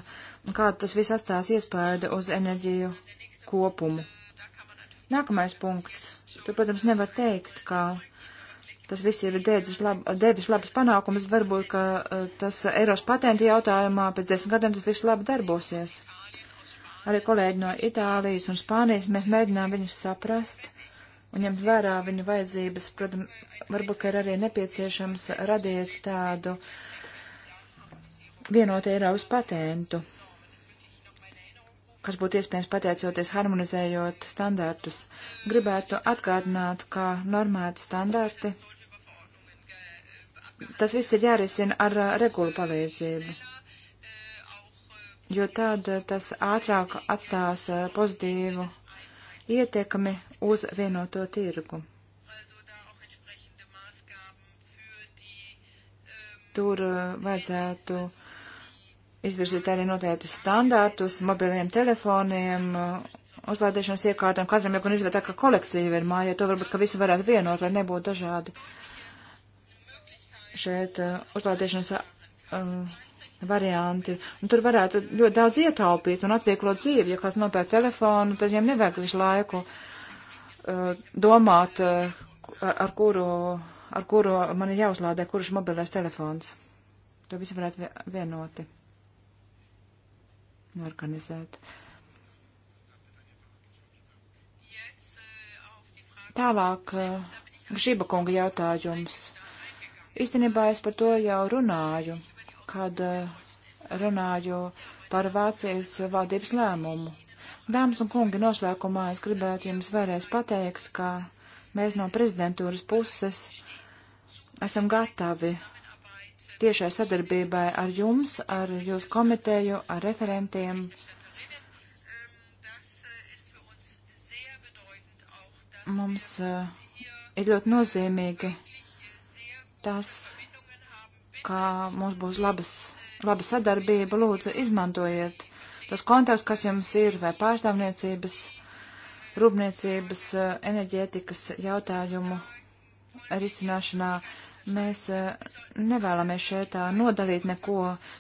un kā tas viss atstās iespēju uz enerģiju kopumu. Nākamais punkts. Tu, protams, nevar teikt, ka tas viss jau ir devis, lab, devis labas panākumus, varbūt, ka uh, tas Eiros patenta jautājumā pēc desmit gadiem tas viss labi darbosies. Arī kolēģi no Itālijas un Spānijas mēs mēģinām viņus saprast un ņemt vērā viņu vajadzības. Protams, varbūt, ka ir arī nepieciešams radīt tādu vienotu Eiropas patentu, kas būtu iespējams pateicoties harmonizējot standārtus. Gribētu atgādināt, ka normēti standārti. Tas viss ir jārisina ar uh, regulu palīdzību jo tad uh, tas ātrāk atstās uh, pozitīvu ietekmi uz vienoto tirgu. Tur uh, vajadzētu izvirzīt arī noteiktus standārtus mobiliem telefoniem, uh, uzlādēšanas iekārtām. Katram jau gan izvēl tā kā kolektīva ir māja, to varbūt, ka visu varētu vienot, lai nebūtu dažādi šeit uh, uzlādēšanas um, varianti. Un tur varētu ļoti daudz ietaupīt un atvieglot dzīvi. Ja kāds nopērk telefonu, tad viņam nevajag visu laiku uh, domāt, uh, ar, kuru, ar kuru man ir jāuzlādē, kurš mobilais telefons. To visu varētu vienoti organizēt. Tālāk uh, Žiba kunga jautājums. Īstenībā es par to jau runāju kad e, runāju par Vācijas valdības lēmumu. Dāmas un kungi, noslēgumā es gribētu jums vēlreiz pateikt, ka mēs no prezidentūras puses esam gatavi tiešai sadarbībai ar jums, ar jūsu komiteju, ar referentiem. Mums uh, ir ļoti nozīmīgi tas, ka mums būs labas, laba sadarbība. Lūdzu, izmantojiet tos kontaktus, kas jums ir, vai pārstāvniecības, rūpniecības, enerģētikas jautājumu risināšanā. Mēs eh, nevēlamies šeit tā eh, nodalīt neko.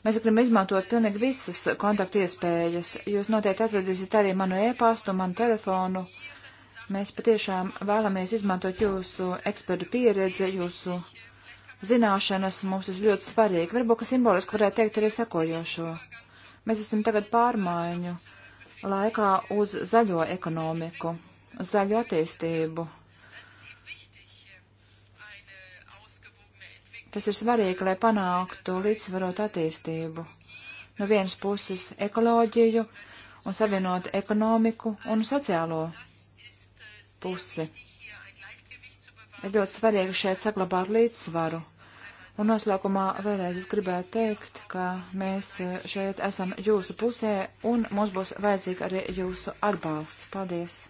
Mēs gribam izmantot pilnīgi visas kontaktu iespējas. Jūs noteikti atradīsiet arī manu e-pastu, manu telefonu. Mēs patiešām vēlamies izmantot jūsu ekspertu pieredzi, jūsu zināšanas mums ir ļoti svarīgi. Varbūt, ka simboliski varētu teikt arī sekojošo. Mēs esam tagad pārmaiņu laikā uz zaļo ekonomiku, zaļo attīstību. Tas ir svarīgi, lai panāktu līdzsvarot attīstību. No vienas puses ekoloģiju un savienot ekonomiku un sociālo pusi ir ļoti svarīgi šeit saglabāt līdzsvaru. Un noslēgumā vēlreiz es gribētu teikt, ka mēs eh, šeit esam jūsu pusē un mums būs vajadzīga arī jūsu atbalsts. Paldies!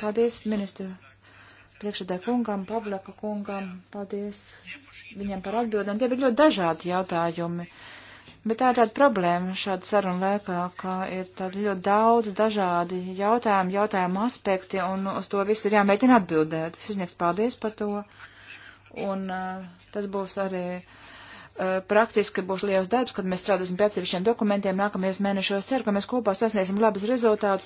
Paldies, ministru priekšredē kungam, Pavlaka kungam, paldies viņiem par atbildēm. Tie bija ļoti dažādi jautājumi. Uh, Bet tā ir tāda problēma šāda saruna laikā, ka ir tāda ļoti daudz dažādi jautājumi, jautājumu aspekti, un uz to visu ir jāmēģina atbildēt. Es izniegs paldies par to, un uh, tas būs arī uh, praktiski būs liels darbs, kad mēs strādāsim pie atsevišķiem dokumentiem nākamajos mēnešos. Ceru, ka mēs kopā sasniegsim labus rezultātus,